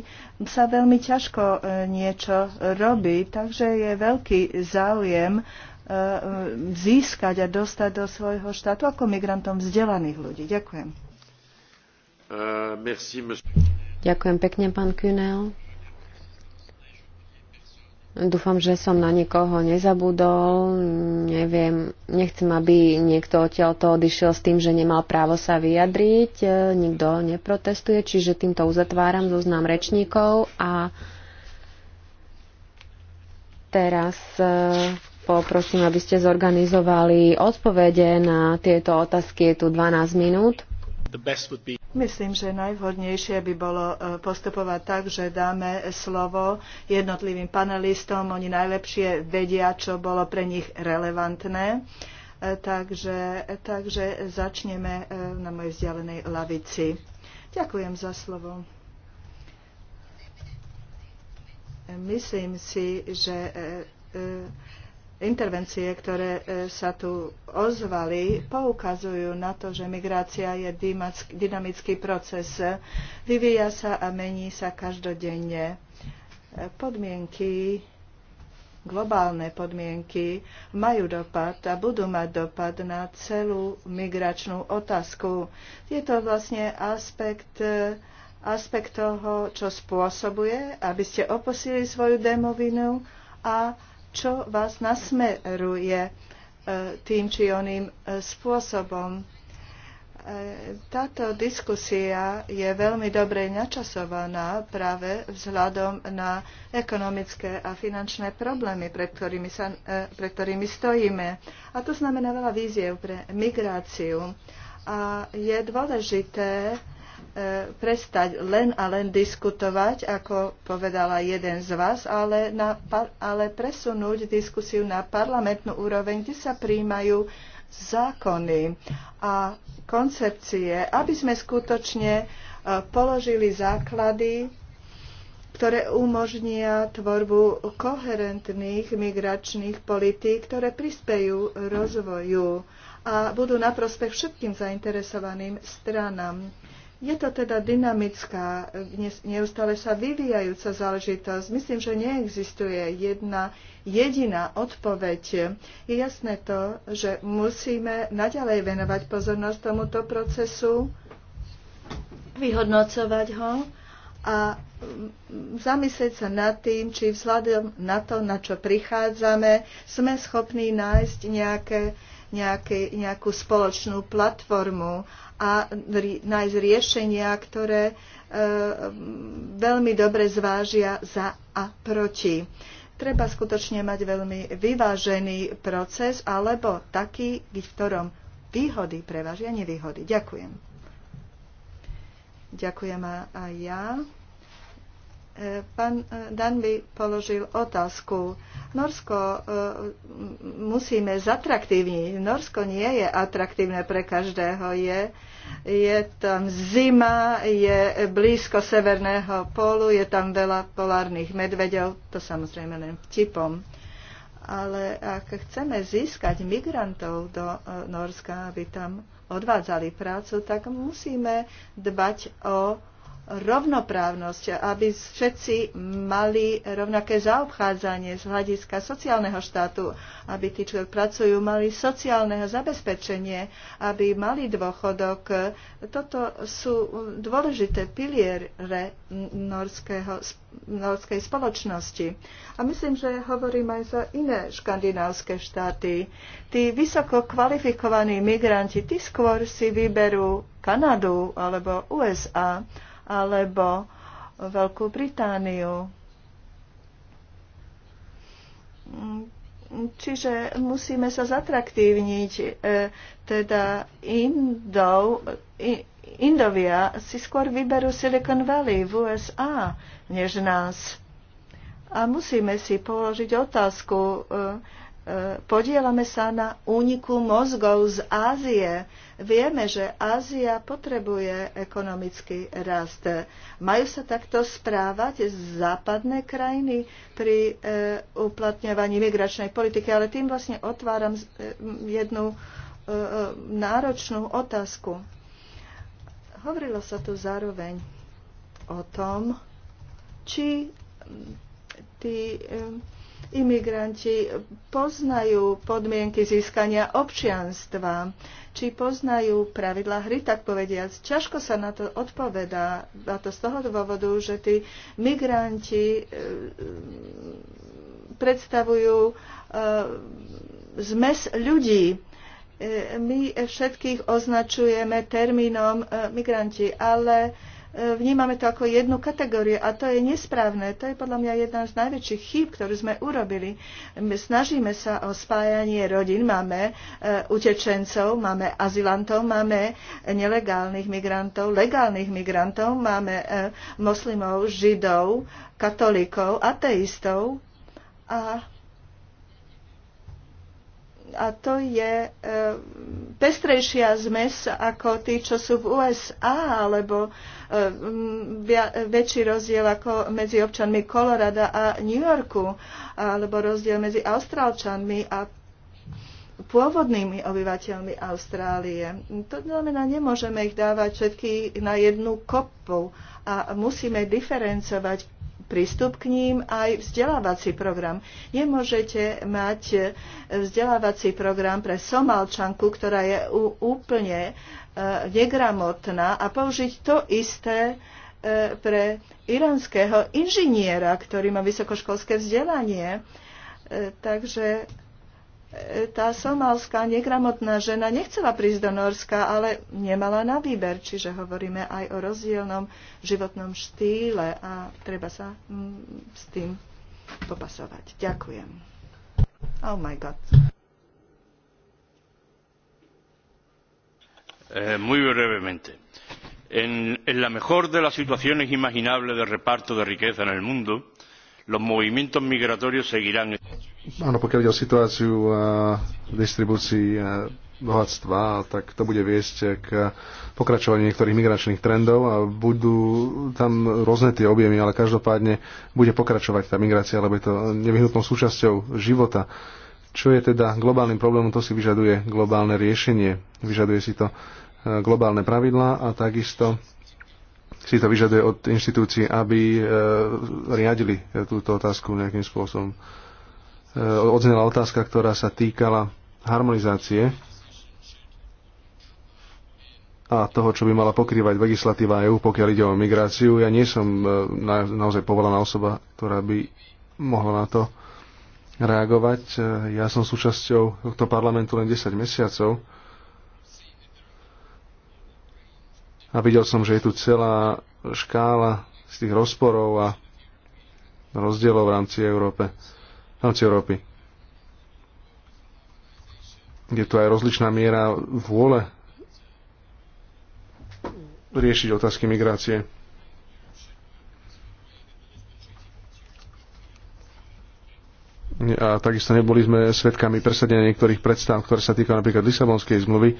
C: sa veľmi ťažko e, niečo robí, takže je veľký záujem získať a dostať do svojho štátu ako migrantom vzdelaných ľudí. Ďakujem.
A: Ďakujem pekne, pán Kunel. Dúfam, že som na niekoho nezabudol. Neviem, nechcem, aby niekto to odišiel s tým, že nemal právo sa vyjadriť. E, nikto neprotestuje, čiže týmto uzatváram zoznam rečníkov a teraz e, poprosím, aby ste zorganizovali odpovede na tieto otázky. Je tu 12 minút.
C: Myslím, že najvhodnejšie by bolo e, postupovať tak, že dáme slovo jednotlivým panelistom. Oni najlepšie vedia, čo bolo pre nich relevantné. E, takže, takže začneme e, na mojej vzdialenej lavici. Ďakujem za slovo. Myslím si, že intervencie, ktoré e, sa tu ozvali, poukazujú na to, že migrácia je dynamický proces. Vyvíja sa a mení sa každodenne. E, podmienky, globálne podmienky majú dopad a budú mať dopad na celú migračnú otázku. Je to vlastne aspekt e, aspekt toho, čo spôsobuje, aby ste oposili svoju demovinu a čo vás nasmeruje e, tým či oným e, spôsobom. E, táto diskusia je veľmi dobre načasovaná práve vzhľadom na ekonomické a finančné problémy, pred ktorými, sa, pred ktorými stojíme. A to znamená veľa víziev pre migráciu. A je dôležité, E, prestať len a len diskutovať, ako povedala jeden z vás, ale, na, ale presunúť diskusiu na parlamentnú úroveň, kde sa príjmajú zákony a koncepcie, aby sme skutočne e, položili základy, ktoré umožnia tvorbu koherentných migračných politík, ktoré prispejú rozvoju a budú na prospech všetkým zainteresovaným stranám. Je to teda dynamická, neustále sa vyvíjajúca záležitosť. Myslím, že neexistuje jedna jediná odpoveď. Je jasné to, že musíme naďalej venovať pozornosť tomuto procesu, vyhodnocovať ho a mm, zamyslieť sa nad tým, či vzhľadom na to, na čo prichádzame, sme schopní nájsť nejaké nejaký, nejakú spoločnú platformu a nájsť riešenia, ktoré e, veľmi dobre zvážia za a proti. Treba skutočne mať veľmi vyvážený proces alebo taký, v ktorom výhody prevažia nevýhody. Ďakujem. Ďakujem aj ja. Pán eh, Dan by položil otázku. Norsko eh, musíme zatraktívniť. Norsko nie je atraktívne pre každého. Je, je tam zima, je blízko severného polu, je tam veľa polárnych medvedov, to samozrejme len vtipom. Ale ak chceme získať migrantov do eh, Norska, aby tam odvádzali prácu, tak musíme dbať o rovnoprávnosť, aby všetci mali rovnaké zaobchádzanie z hľadiska sociálneho štátu, aby tí, čo pracujú, mali sociálne zabezpečenie, aby mali dôchodok. Toto sú dôležité piliere norského, norskej spoločnosti. A myslím, že hovorím aj za iné škandinávské štáty. Tí vysoko kvalifikovaní migranti, tí skôr si vyberú Kanadu alebo USA alebo Veľkú Britániu. Čiže musíme sa zatraktívniť. E, teda Indov, Indovia si skôr vyberú Silicon Valley v USA, než nás. A musíme si položiť otázku, e, podielame sa na úniku mozgov z Ázie. Vieme, že Ázia potrebuje ekonomický rast. Majú sa takto správať západné krajiny pri eh, uplatňovaní migračnej politiky, ale tým vlastne otváram eh, jednu eh, náročnú otázku. Hovorilo sa tu zároveň o tom, či hm, tí imigranti poznajú podmienky získania občianstva, či poznajú pravidlá hry, tak povediac. Ťažko sa na to odpovedá, a to z toho dôvodu, že tí migranti e, predstavujú e, zmes ľudí. E, my všetkých označujeme termínom migranti, ale vnímame to ako jednu kategóriu a to je nesprávne. To je podľa mňa jedna z najväčších chýb, ktorú sme urobili. My snažíme sa o spájanie rodín, máme e, utečencov, máme azilantov, máme nelegálnych migrantov, legálnych migrantov, máme e, moslimov, židov, katolíkov, ateistov a a to je e, pestrejšia zmes ako tí, čo sú v USA, alebo e, väčší rozdiel ako medzi občanmi Kolorada a New Yorku, alebo rozdiel medzi Austrálčanmi a pôvodnými obyvateľmi Austrálie. To znamená, nemôžeme ich dávať všetky na jednu kopu a musíme diferencovať prístup k ním aj vzdelávací program. Nemôžete mať e, vzdelávací program pre Somalčanku, ktorá je úplne e, negramotná a použiť to isté e, pre iránskeho inžiniera, ktorý má vysokoškolské vzdelanie. Takže tá somalská negramotná žena nechcela prísť do Norska, ale nemala na výber, čiže hovoríme aj o rozdielnom životnom štýle a treba sa mm, s tým popasovať. Ďakujem. Oh my god.
B: Eh, muy brevemente. En, en la mejor de las situaciones imaginables de reparto de riqueza en el mundo, los movimientos migratorios seguirán.
D: Áno, pokiaľ ide o situáciu uh, distribúcii eh, bohatstva, tak to bude viesť k pokračovaniu niektorých migračných trendov a budú tam rôzne tie objemy, ale každopádne bude pokračovať tá migrácia, lebo je to nevyhnutnou súčasťou života. Čo je teda globálnym problémom, to si vyžaduje globálne riešenie. Vyžaduje si to eh, globálne pravidlá a takisto si to vyžaduje od inštitúcií, aby e, riadili e, túto otázku nejakým spôsobom. E, odznela otázka, ktorá sa týkala harmonizácie a toho, čo by mala pokrývať legislatíva EU, pokiaľ ide o migráciu. Ja nie som na, naozaj povolaná osoba, ktorá by mohla na to reagovať. Ja som súčasťou tohto parlamentu len 10 mesiacov A videl som, že je tu celá škála z tých rozporov a rozdielov v rámci, Európe, v rámci Európy. Je tu aj rozličná miera vôle riešiť otázky migrácie. A takisto neboli sme svedkami presadenia niektorých predstav, ktoré sa týkajú napríklad Lisabonskej zmluvy,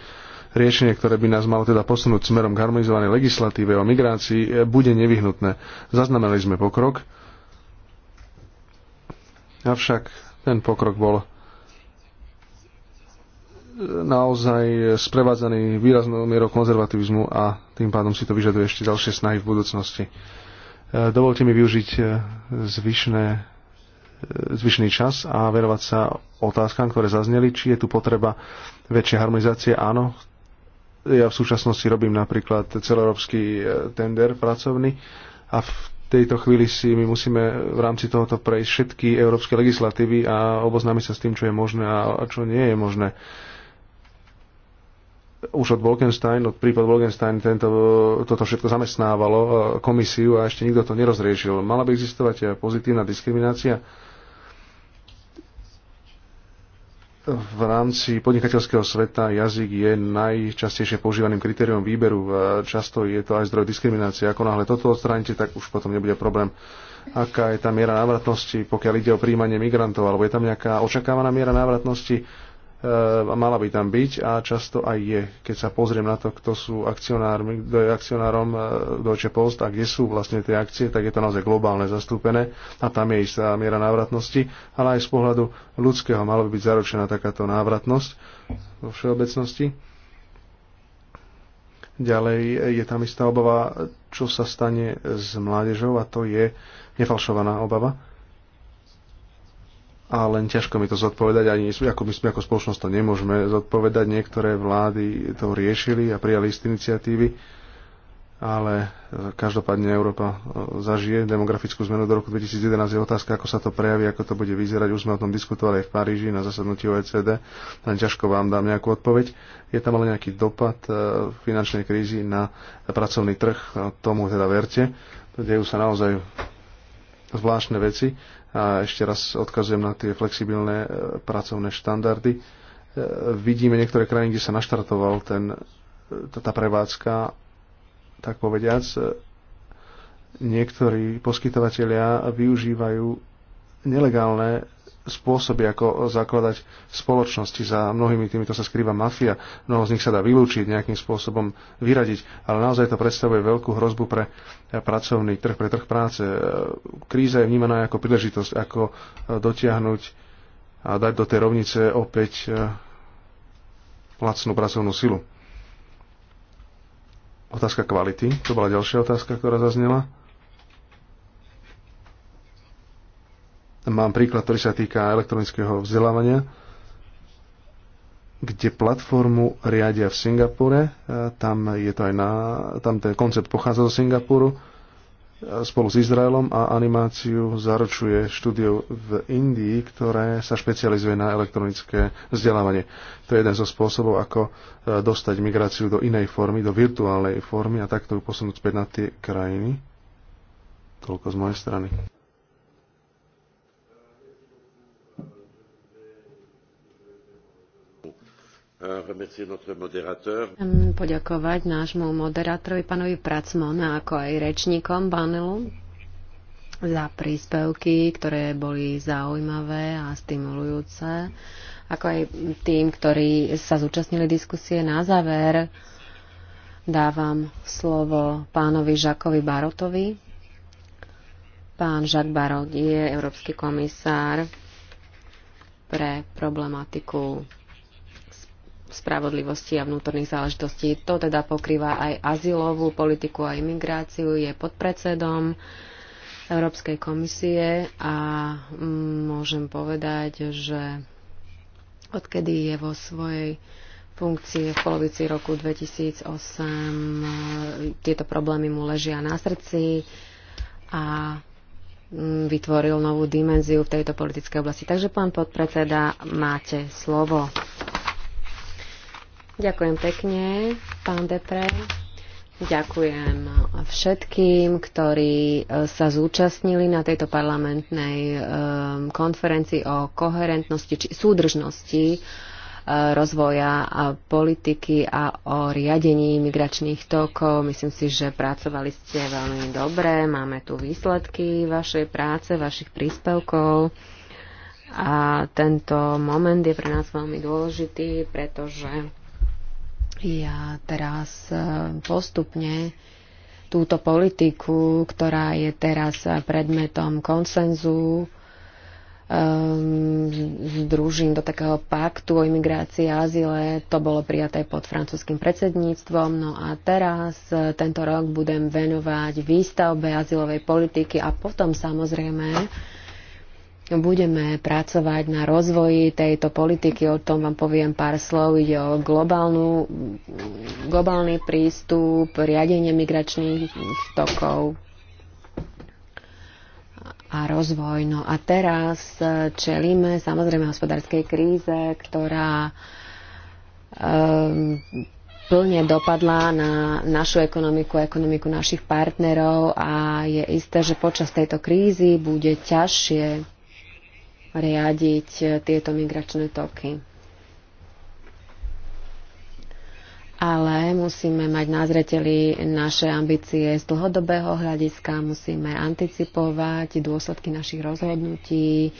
D: riešenie, ktoré by nás malo teda posunúť smerom k harmonizovanej legislatíve o migrácii, e, bude nevyhnutné. Zaznamenali sme pokrok, avšak ten pokrok bol e, naozaj sprevádzaný výraznou mierou konzervativizmu a tým pádom si to vyžaduje ešte ďalšie snahy v budúcnosti. E, dovolte mi využiť zvyšné, zvyšný čas a verovať sa otázkam, ktoré zazneli, či je tu potreba väčšie harmonizácie. Áno, ja v súčasnosti robím napríklad celoeurópsky e, tender pracovný a v tejto chvíli si my musíme v rámci tohoto prejsť všetky európske legislatívy a oboznámiť sa s tým, čo je možné a čo nie je možné. Už od Wolkenstein, od prípad Wolkenstein tento, toto všetko zamestnávalo e, komisiu a ešte nikto to nerozriešil. Mala by existovať e, pozitívna diskriminácia v rámci podnikateľského sveta jazyk je najčastejšie používaným kritériom výberu. Často je to aj zdroj diskriminácie. Ako náhle toto odstránite, tak už potom nebude problém. Aká je tá miera návratnosti, pokiaľ ide o príjmanie migrantov, alebo je tam nejaká očakávaná miera návratnosti? E, mala by tam byť a často aj je. Keď sa pozriem na to, kto sú akcionármi, kto je akcionárom e, Deutsche Post a kde sú vlastne tie akcie, tak je to naozaj globálne zastúpené a tam je istá miera návratnosti, ale aj z pohľadu ľudského mala by byť zaručená takáto návratnosť vo všeobecnosti. Ďalej je tam istá obava, čo sa stane s mládežou a to je nefalšovaná obava a len ťažko mi to zodpovedať, ani ako my sme ako spoločnosť to nemôžeme zodpovedať. Niektoré vlády to riešili a prijali isté iniciatívy, ale e, každopádne Európa e, zažije demografickú zmenu do roku 2011. Je otázka, ako sa to prejaví, ako to bude vyzerať. Už sme o tom diskutovali aj v Paríži na zasadnutí OECD. Len ťažko vám dám nejakú odpoveď. Je tam ale nejaký dopad e, finančnej krízy na pracovný trh. Tomu teda verte. Dejú sa naozaj zvláštne veci a ešte raz odkazujem na tie flexibilné e, pracovné štandardy. E, vidíme niektoré krajiny, kde sa naštartoval ten, e, tá prevádzka, tak povediac. Niektorí poskytovateľia využívajú nelegálne spôsoby, ako zakladať spoločnosti. Za mnohými týmito sa skrýva mafia, mnoho z nich sa dá vylúčiť, nejakým spôsobom vyradiť, ale naozaj to predstavuje veľkú hrozbu pre pracovný trh, pre trh práce. Kríza je vnímaná ako príležitosť, ako dotiahnuť a dať do tej rovnice opäť eh, lacnú pracovnú silu. Otázka kvality, to bola ďalšia otázka, ktorá zaznela Mám príklad, ktorý sa týka elektronického vzdelávania, kde platformu riadia v Singapúre. E, tam, je to aj na, tam ten koncept pochádza zo Singapuru e, spolu s Izraelom a animáciu zaručuje štúdio v Indii, ktoré sa špecializuje na elektronické vzdelávanie. To je jeden zo spôsobov, ako e, dostať migráciu do inej formy, do virtuálnej formy a takto ju posunúť späť na tie krajiny. Toľko z mojej strany.
B: Euh, Chcem
A: poďakovať nášmu moderátorovi, pánovi Pracmona, ako aj rečníkom Banelu za príspevky, ktoré boli zaujímavé a stimulujúce, ako aj tým, ktorí sa zúčastnili diskusie. Na záver dávam slovo pánovi Žakovi Barotovi. Pán Žak Barot je Európsky komisár pre problematiku spravodlivosti a vnútorných záležitostí. To teda pokrýva aj azylovú politiku a imigráciu, je podpredsedom Európskej komisie a môžem povedať, že odkedy je vo svojej funkcie v polovici roku 2008 tieto problémy mu ležia na srdci a vytvoril novú dimenziu v tejto politickej oblasti. Takže, pán podpredseda, máte slovo. Ďakujem pekne, pán Depre. Ďakujem všetkým, ktorí e, sa zúčastnili na tejto parlamentnej e, konferencii o koherentnosti či súdržnosti e, rozvoja a politiky a o riadení migračných tokov. Myslím si, že pracovali ste veľmi dobre. Máme tu výsledky vašej práce, vašich príspevkov. A tento moment je pre nás veľmi dôležitý, pretože ja teraz e, postupne túto politiku, ktorá je teraz predmetom konsenzu, e, združím do takého paktu o imigrácii a azile. To bolo prijaté pod francúzským predsedníctvom. No a teraz e, tento rok budem venovať výstavbe azylovej politiky a potom samozrejme budeme pracovať na rozvoji tejto politiky. O tom vám poviem pár slov. Ide o globálnu, globálny prístup, riadenie migračných tokov a rozvoj. No a teraz čelíme samozrejme hospodárskej kríze, ktorá um, plne dopadla na našu ekonomiku, ekonomiku našich partnerov a je isté, že počas tejto krízy bude ťažšie riadiť eh, tieto migračné toky. Ale musíme mať na zreteli naše ambície z dlhodobého hľadiska, musíme anticipovať dôsledky našich rozhodnutí,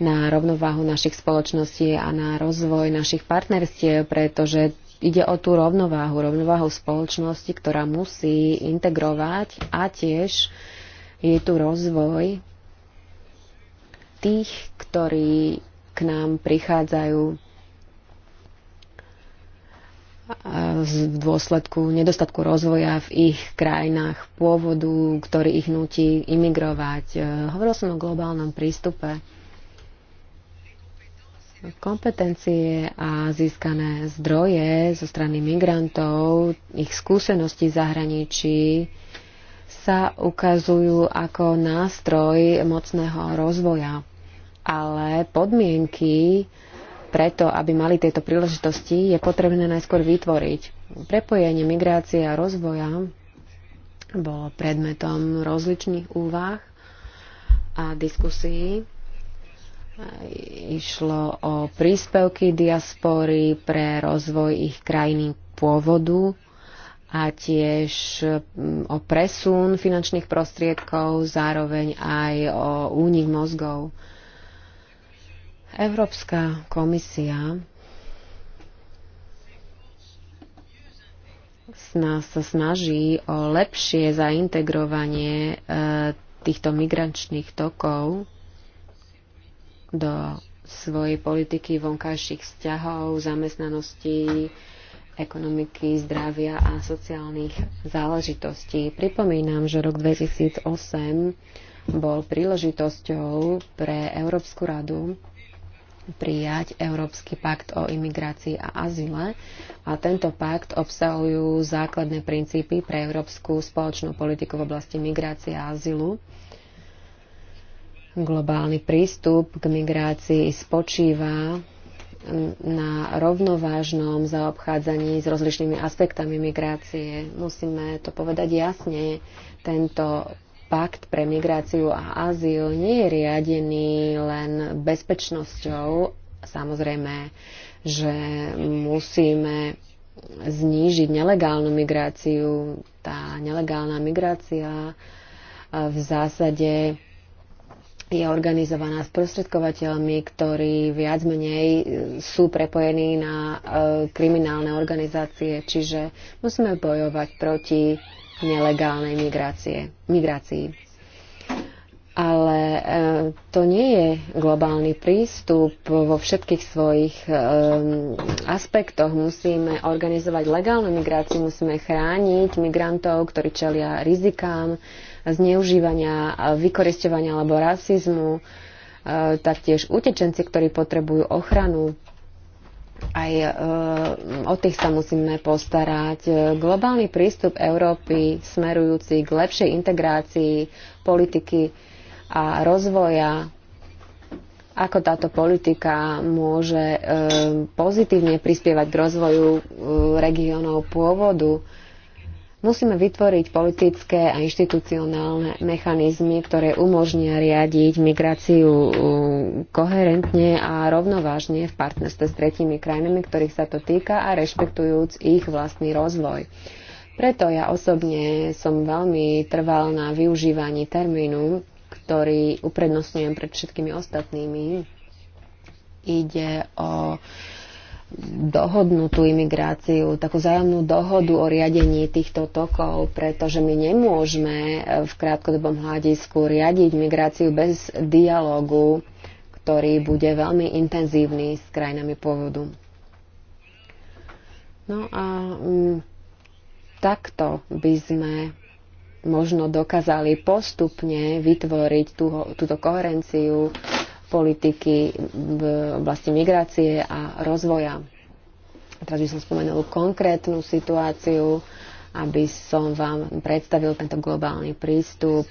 A: na rovnováhu našich spoločností a na rozvoj našich partnerstiev, pretože ide o tú rovnováhu, rovnováhu spoločnosti, ktorá musí integrovať a tiež je tu rozvoj tých, ktorí k nám prichádzajú eh, v dôsledku nedostatku rozvoja v ich krajinách pôvodu, ktorý ich nutí imigrovať. Eh, hovoril som o globálnom prístupe. Kompetencie a získané zdroje zo strany migrantov, ich skúsenosti v zahraničí sa ukazujú ako nástroj mocného rozvoja ale podmienky preto, aby mali tieto príležitosti, je potrebné najskôr vytvoriť. Prepojenie migrácie a rozvoja bolo predmetom rozličných úvah a diskusí. Išlo o príspevky diaspory pre rozvoj ich krajiny pôvodu a tiež mm, o presun finančných prostriedkov, zároveň aj o únik mozgov. Európska komisia sa snaží o lepšie zaintegrovanie e, týchto migračných tokov do svojej politiky vonkajších vzťahov, zamestnanosti, ekonomiky, zdravia a sociálnych záležitostí. Pripomínam, že rok 2008 bol príležitosťou pre Európsku radu prijať Európsky pakt o imigrácii a azyle a tento pakt obsahujú základné princípy pre európsku spoločnú politiku v oblasti migrácie a azylu. Globálny prístup k migrácii spočíva na rovnovážnom zaobchádzaní s rozlišnými aspektami migrácie. Musíme to povedať jasne. Tento pakt pre migráciu a azyl nie je riadený len bezpečnosťou. Samozrejme, že musíme znížiť nelegálnu migráciu. Tá nelegálna migrácia e, v zásade je organizovaná s prostredkovateľmi, ktorí viac menej e, sú prepojení na e, kriminálne organizácie, čiže musíme bojovať proti nelegálnej migrácie, migrácii. Ale e, to nie je globálny prístup vo všetkých svojich e, aspektoch. Musíme organizovať legálnu migráciu, musíme chrániť migrantov, ktorí čelia rizikám zneužívania, vykoristovania alebo rasizmu, e, taktiež utečenci, ktorí potrebujú ochranu aj e, o tých sa musíme postarať. E, globálny prístup Európy smerujúci k lepšej integrácii politiky a rozvoja ako táto politika môže e, pozitívne prispievať k rozvoju regiónov pôvodu Musíme vytvoriť politické a inštitucionálne mechanizmy, ktoré umožnia riadiť migráciu uh, koherentne a rovnovážne v partnerstve s tretími krajinami, ktorých sa to týka a rešpektujúc ich vlastný rozvoj. Preto ja osobne som veľmi trval na využívaní termínu, ktorý uprednostňujem pred všetkými ostatnými. Ide o uh, dohodnutú imigráciu, takú zájomnú dohodu o riadení týchto tokov, pretože my nemôžeme eh, v krátkodobom hľadisku riadiť migráciu bez dialogu, ktorý bude veľmi intenzívny s krajinami pôvodu. No a mm, takto by sme možno dokázali postupne vytvoriť tú, túto koherenciu politiky v oblasti migrácie a rozvoja. Teraz by som spomenul konkrétnu situáciu, aby som vám predstavil tento globálny prístup.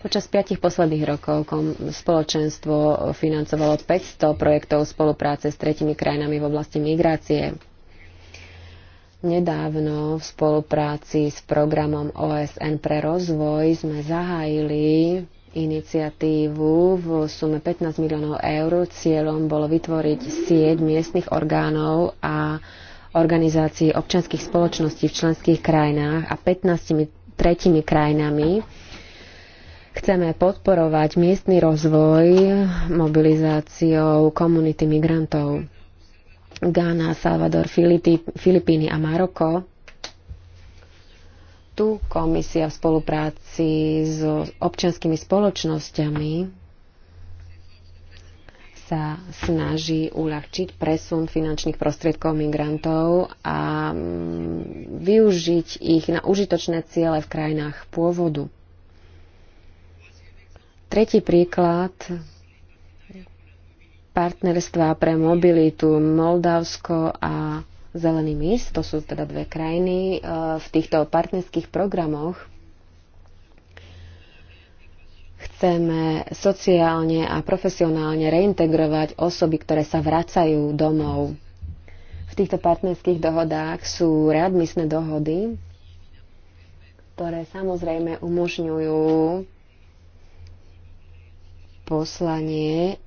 A: Počas piatich posledných rokov spoločenstvo financovalo 500 projektov spolupráce s tretimi krajinami v oblasti migrácie. Nedávno v spolupráci s programom OSN pre rozvoj sme zahájili iniciatívu v sume 15 miliónov eur. Cieľom bolo vytvoriť sieť miestnych orgánov a organizácií občanských spoločností v členských krajinách a 15 tretimi krajinami. Chceme podporovať miestny rozvoj mobilizáciou komunity migrantov. Ghana, Salvador, Filipíny a Maroko tu komisia v spolupráci s občianskými spoločnosťami sa snaží uľahčiť presun finančných prostriedkov migrantov a mm, využiť ich na užitočné ciele v krajinách pôvodu. Tretí príklad partnerstva pre mobilitu Moldavsko a Zelený mis, to sú teda dve krajiny, e, v týchto partnerských programoch chceme sociálne a profesionálne reintegrovať osoby, ktoré sa vracajú domov. V týchto partnerských dohodách sú readmisné dohody, ktoré samozrejme umožňujú poslanie,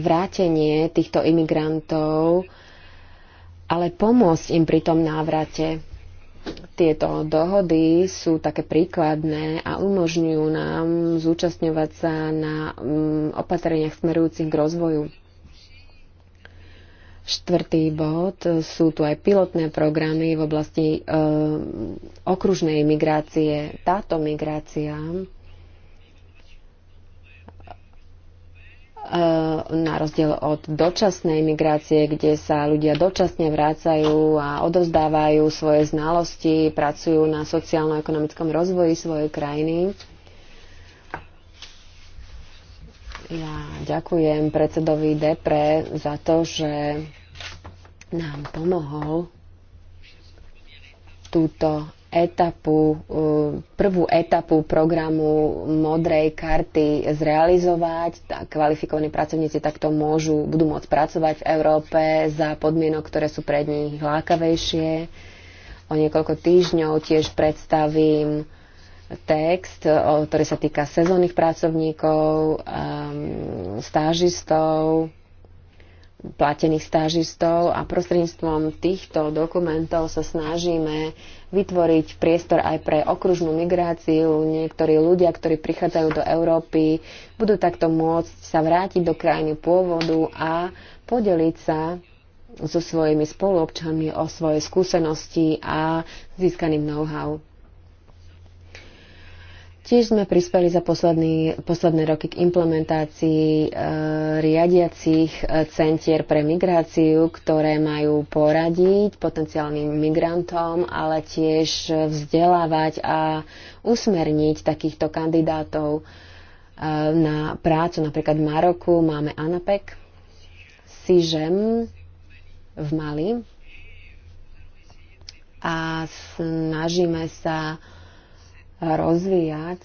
A: vrátenie týchto imigrantov ale pomôcť im pri tom návrate. Tieto dohody sú také príkladné a umožňujú nám zúčastňovať sa na mm, opatreniach smerujúcich k rozvoju. Štvrtý bod sú tu aj pilotné programy v oblasti e, okružnej migrácie. Táto migrácia E, na rozdiel od dočasnej migrácie, kde sa ľudia dočasne vrácajú a odovzdávajú svoje znalosti, pracujú na sociálno-ekonomickom rozvoji svojej krajiny. Ja ďakujem predsedovi Depre za to, že nám pomohol túto etapu, e, prvú etapu programu modrej karty zrealizovať. Tak kvalifikovaní pracovníci takto môžu, budú môcť pracovať v Európe za podmienok, ktoré sú pred nich lákavejšie. O niekoľko týždňov tiež predstavím text, ktorý sa týka sezónnych pracovníkov, stážistov, platených stážistov a prostredníctvom týchto dokumentov sa snažíme vytvoriť priestor aj pre okružnú migráciu. Niektorí ľudia, ktorí prichádzajú do Európy, budú takto môcť sa vrátiť do krajiny pôvodu a podeliť sa so svojimi spoluobčanmi o svoje skúsenosti a získaným know-how. Tiež sme prispeli za posledný, posledné roky k implementácii e, riadiacich e, centier pre migráciu, ktoré majú poradiť potenciálnym migrantom, ale tiež vzdelávať a usmerniť takýchto kandidátov e, na prácu. Napríklad v Maroku máme ANAPEC, SIŽEM v Mali a snažíme sa rozvíjať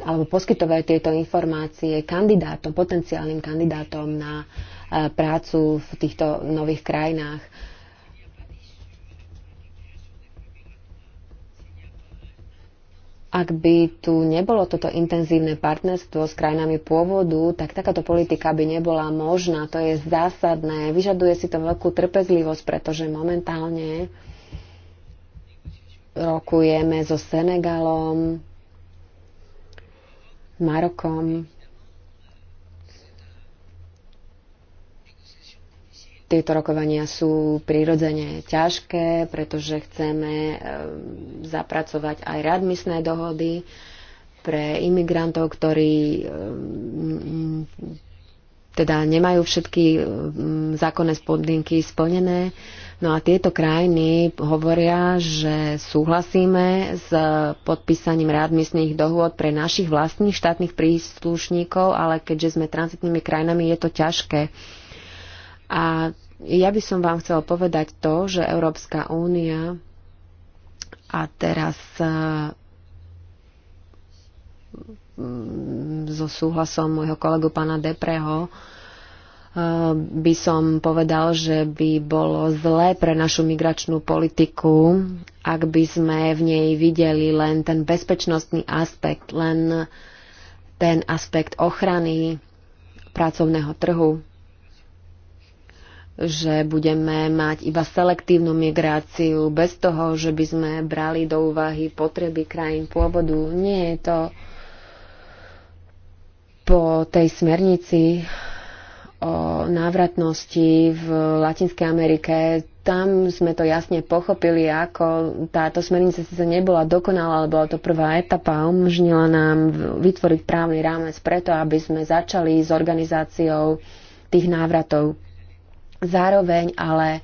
A: alebo poskytovať tieto informácie kandidátom, potenciálnym kandidátom na e, prácu v týchto nových krajinách. Ak by tu nebolo toto intenzívne partnerstvo s krajinami pôvodu, tak takáto politika by nebola možná. To je zásadné. Vyžaduje si to veľkú trpezlivosť, pretože momentálne rokujeme so Senegalom, Marokom. Tieto rokovania sú prirodzene ťažké, pretože chceme zapracovať aj radmisné dohody pre imigrantov, ktorí teda nemajú všetky e, zákonné spodlinky splnené. No a tieto krajiny hovoria, že súhlasíme s podpísaním readmisných dohôd pre našich vlastných štátnych príslušníkov, ale keďže sme transitnými krajinami, je to ťažké. A ja by som vám chcela povedať to, že Európska únia a teraz e, Mm, so súhlasom môjho kolegu pána Depreho e, by som povedal, že by bolo zlé pre našu migračnú politiku, ak by sme v nej videli len ten bezpečnostný aspekt, len ten aspekt ochrany pracovného trhu, že budeme mať iba selektívnu migráciu bez toho, že by sme brali do úvahy potreby krajín pôvodu. Nie je to po tej smernici o návratnosti v Latinskej Amerike. Tam sme to jasne pochopili, ako táto smernica sa nebola dokonalá, ale bola to prvá etapa a umožnila nám vytvoriť právny rámec preto, aby sme začali s organizáciou tých návratov. Zároveň ale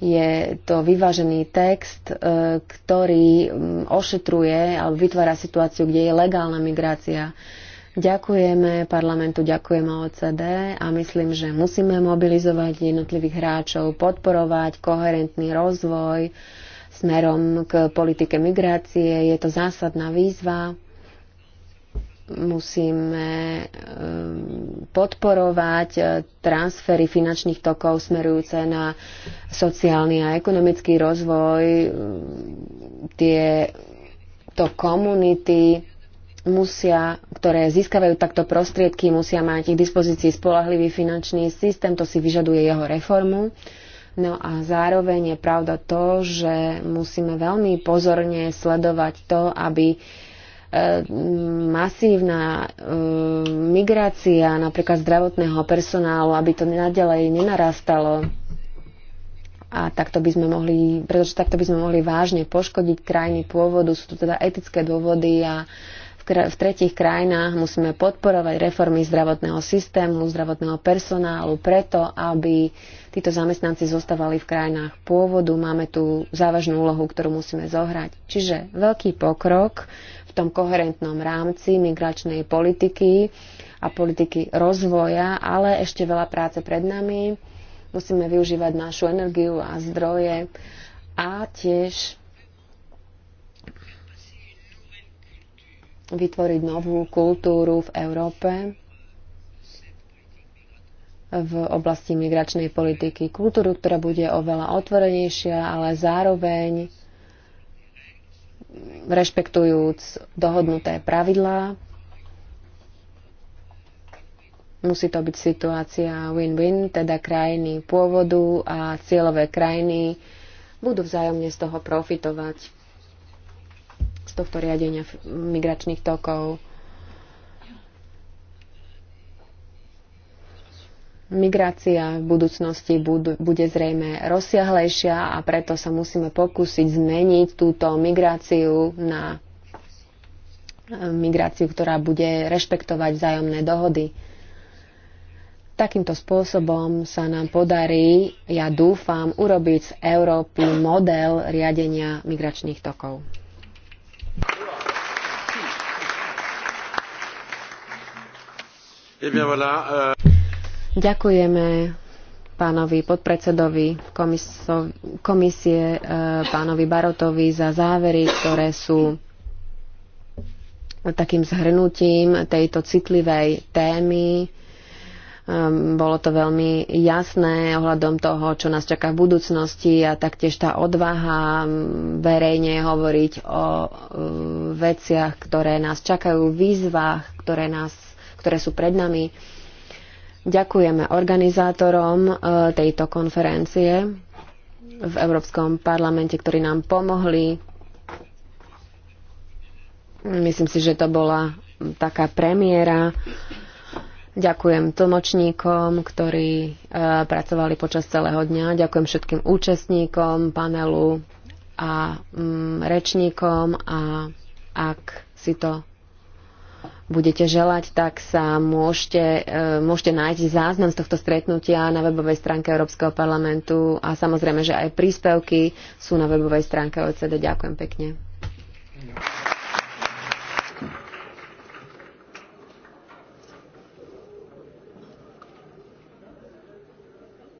A: je to vyvážený text, e, ktorý mm, ošetruje alebo vytvára situáciu, kde je legálna migrácia Ďakujeme parlamentu, ďakujeme OCD a myslím, že musíme mobilizovať jednotlivých hráčov, podporovať koherentný rozvoj smerom k politike migrácie. Je to zásadná výzva musíme ehm, podporovať e, transfery finančných tokov smerujúce na sociálny a ekonomický rozvoj, tieto komunity musia, ktoré získavajú takto prostriedky, musia mať k dispozícii spolahlivý finančný systém, to si vyžaduje jeho reformu. No a zároveň je pravda to, že musíme veľmi pozorne sledovať to, aby e, masívna e, migrácia napríklad zdravotného personálu, aby to nadalej nenarastalo. A takto by sme mohli, pretože takto by sme mohli vážne poškodiť krajiny pôvodu. Sú tu teda etické dôvody a v tretich krajinách musíme podporovať reformy zdravotného systému, zdravotného personálu preto, aby títo zamestnanci zostávali v krajinách pôvodu. Máme tu závažnú úlohu, ktorú musíme zohrať. Čiže veľký pokrok v tom koherentnom rámci migračnej politiky a politiky rozvoja, ale ešte veľa práce pred nami. Musíme využívať našu energiu a zdroje a tiež vytvoriť novú kultúru v Európe v oblasti migračnej politiky. Kultúru, ktorá bude oveľa otvorenejšia, ale zároveň rešpektujúc dohodnuté pravidlá. Musí to byť situácia win-win, teda krajiny pôvodu a cieľové krajiny budú vzájomne z toho profitovať z tohto riadenia migračných tokov. Migrácia v budúcnosti bude zrejme rozsiahlejšia a preto sa musíme pokúsiť zmeniť túto migráciu na eh, migráciu, ktorá bude rešpektovať vzájomné dohody. Takýmto spôsobom sa nám podarí, ja dúfam, urobiť z Európy model riadenia migračných tokov.
B: Eh euh,
A: Ďakujeme pánovi podpredsedovi komisie, eh, pánovi Barotovi za závery, ktoré sú takým zhrnutím tejto citlivej témy. Ehm, bolo to veľmi jasné ohľadom toho, čo nás čaká v budúcnosti a taktiež tá odvaha ehm, verejne hovoriť o ehm, veciach, ktoré nás čakajú, výzvach, ktoré, nás, ktoré sú pred nami. Ďakujeme organizátorom tejto konferencie v Európskom parlamente, ktorí nám pomohli. Myslím si, že to bola taká premiéra. Ďakujem tlmočníkom, ktorí e, pracovali počas celého dňa. Ďakujem všetkým účastníkom panelu a mm, rečníkom a ak si to budete želať, tak sa môžete, e, môžete nájsť záznam z tohto stretnutia na webovej stránke Európskeho parlamentu a samozrejme, že aj príspevky sú na webovej stránke OECD. Ďakujem pekne.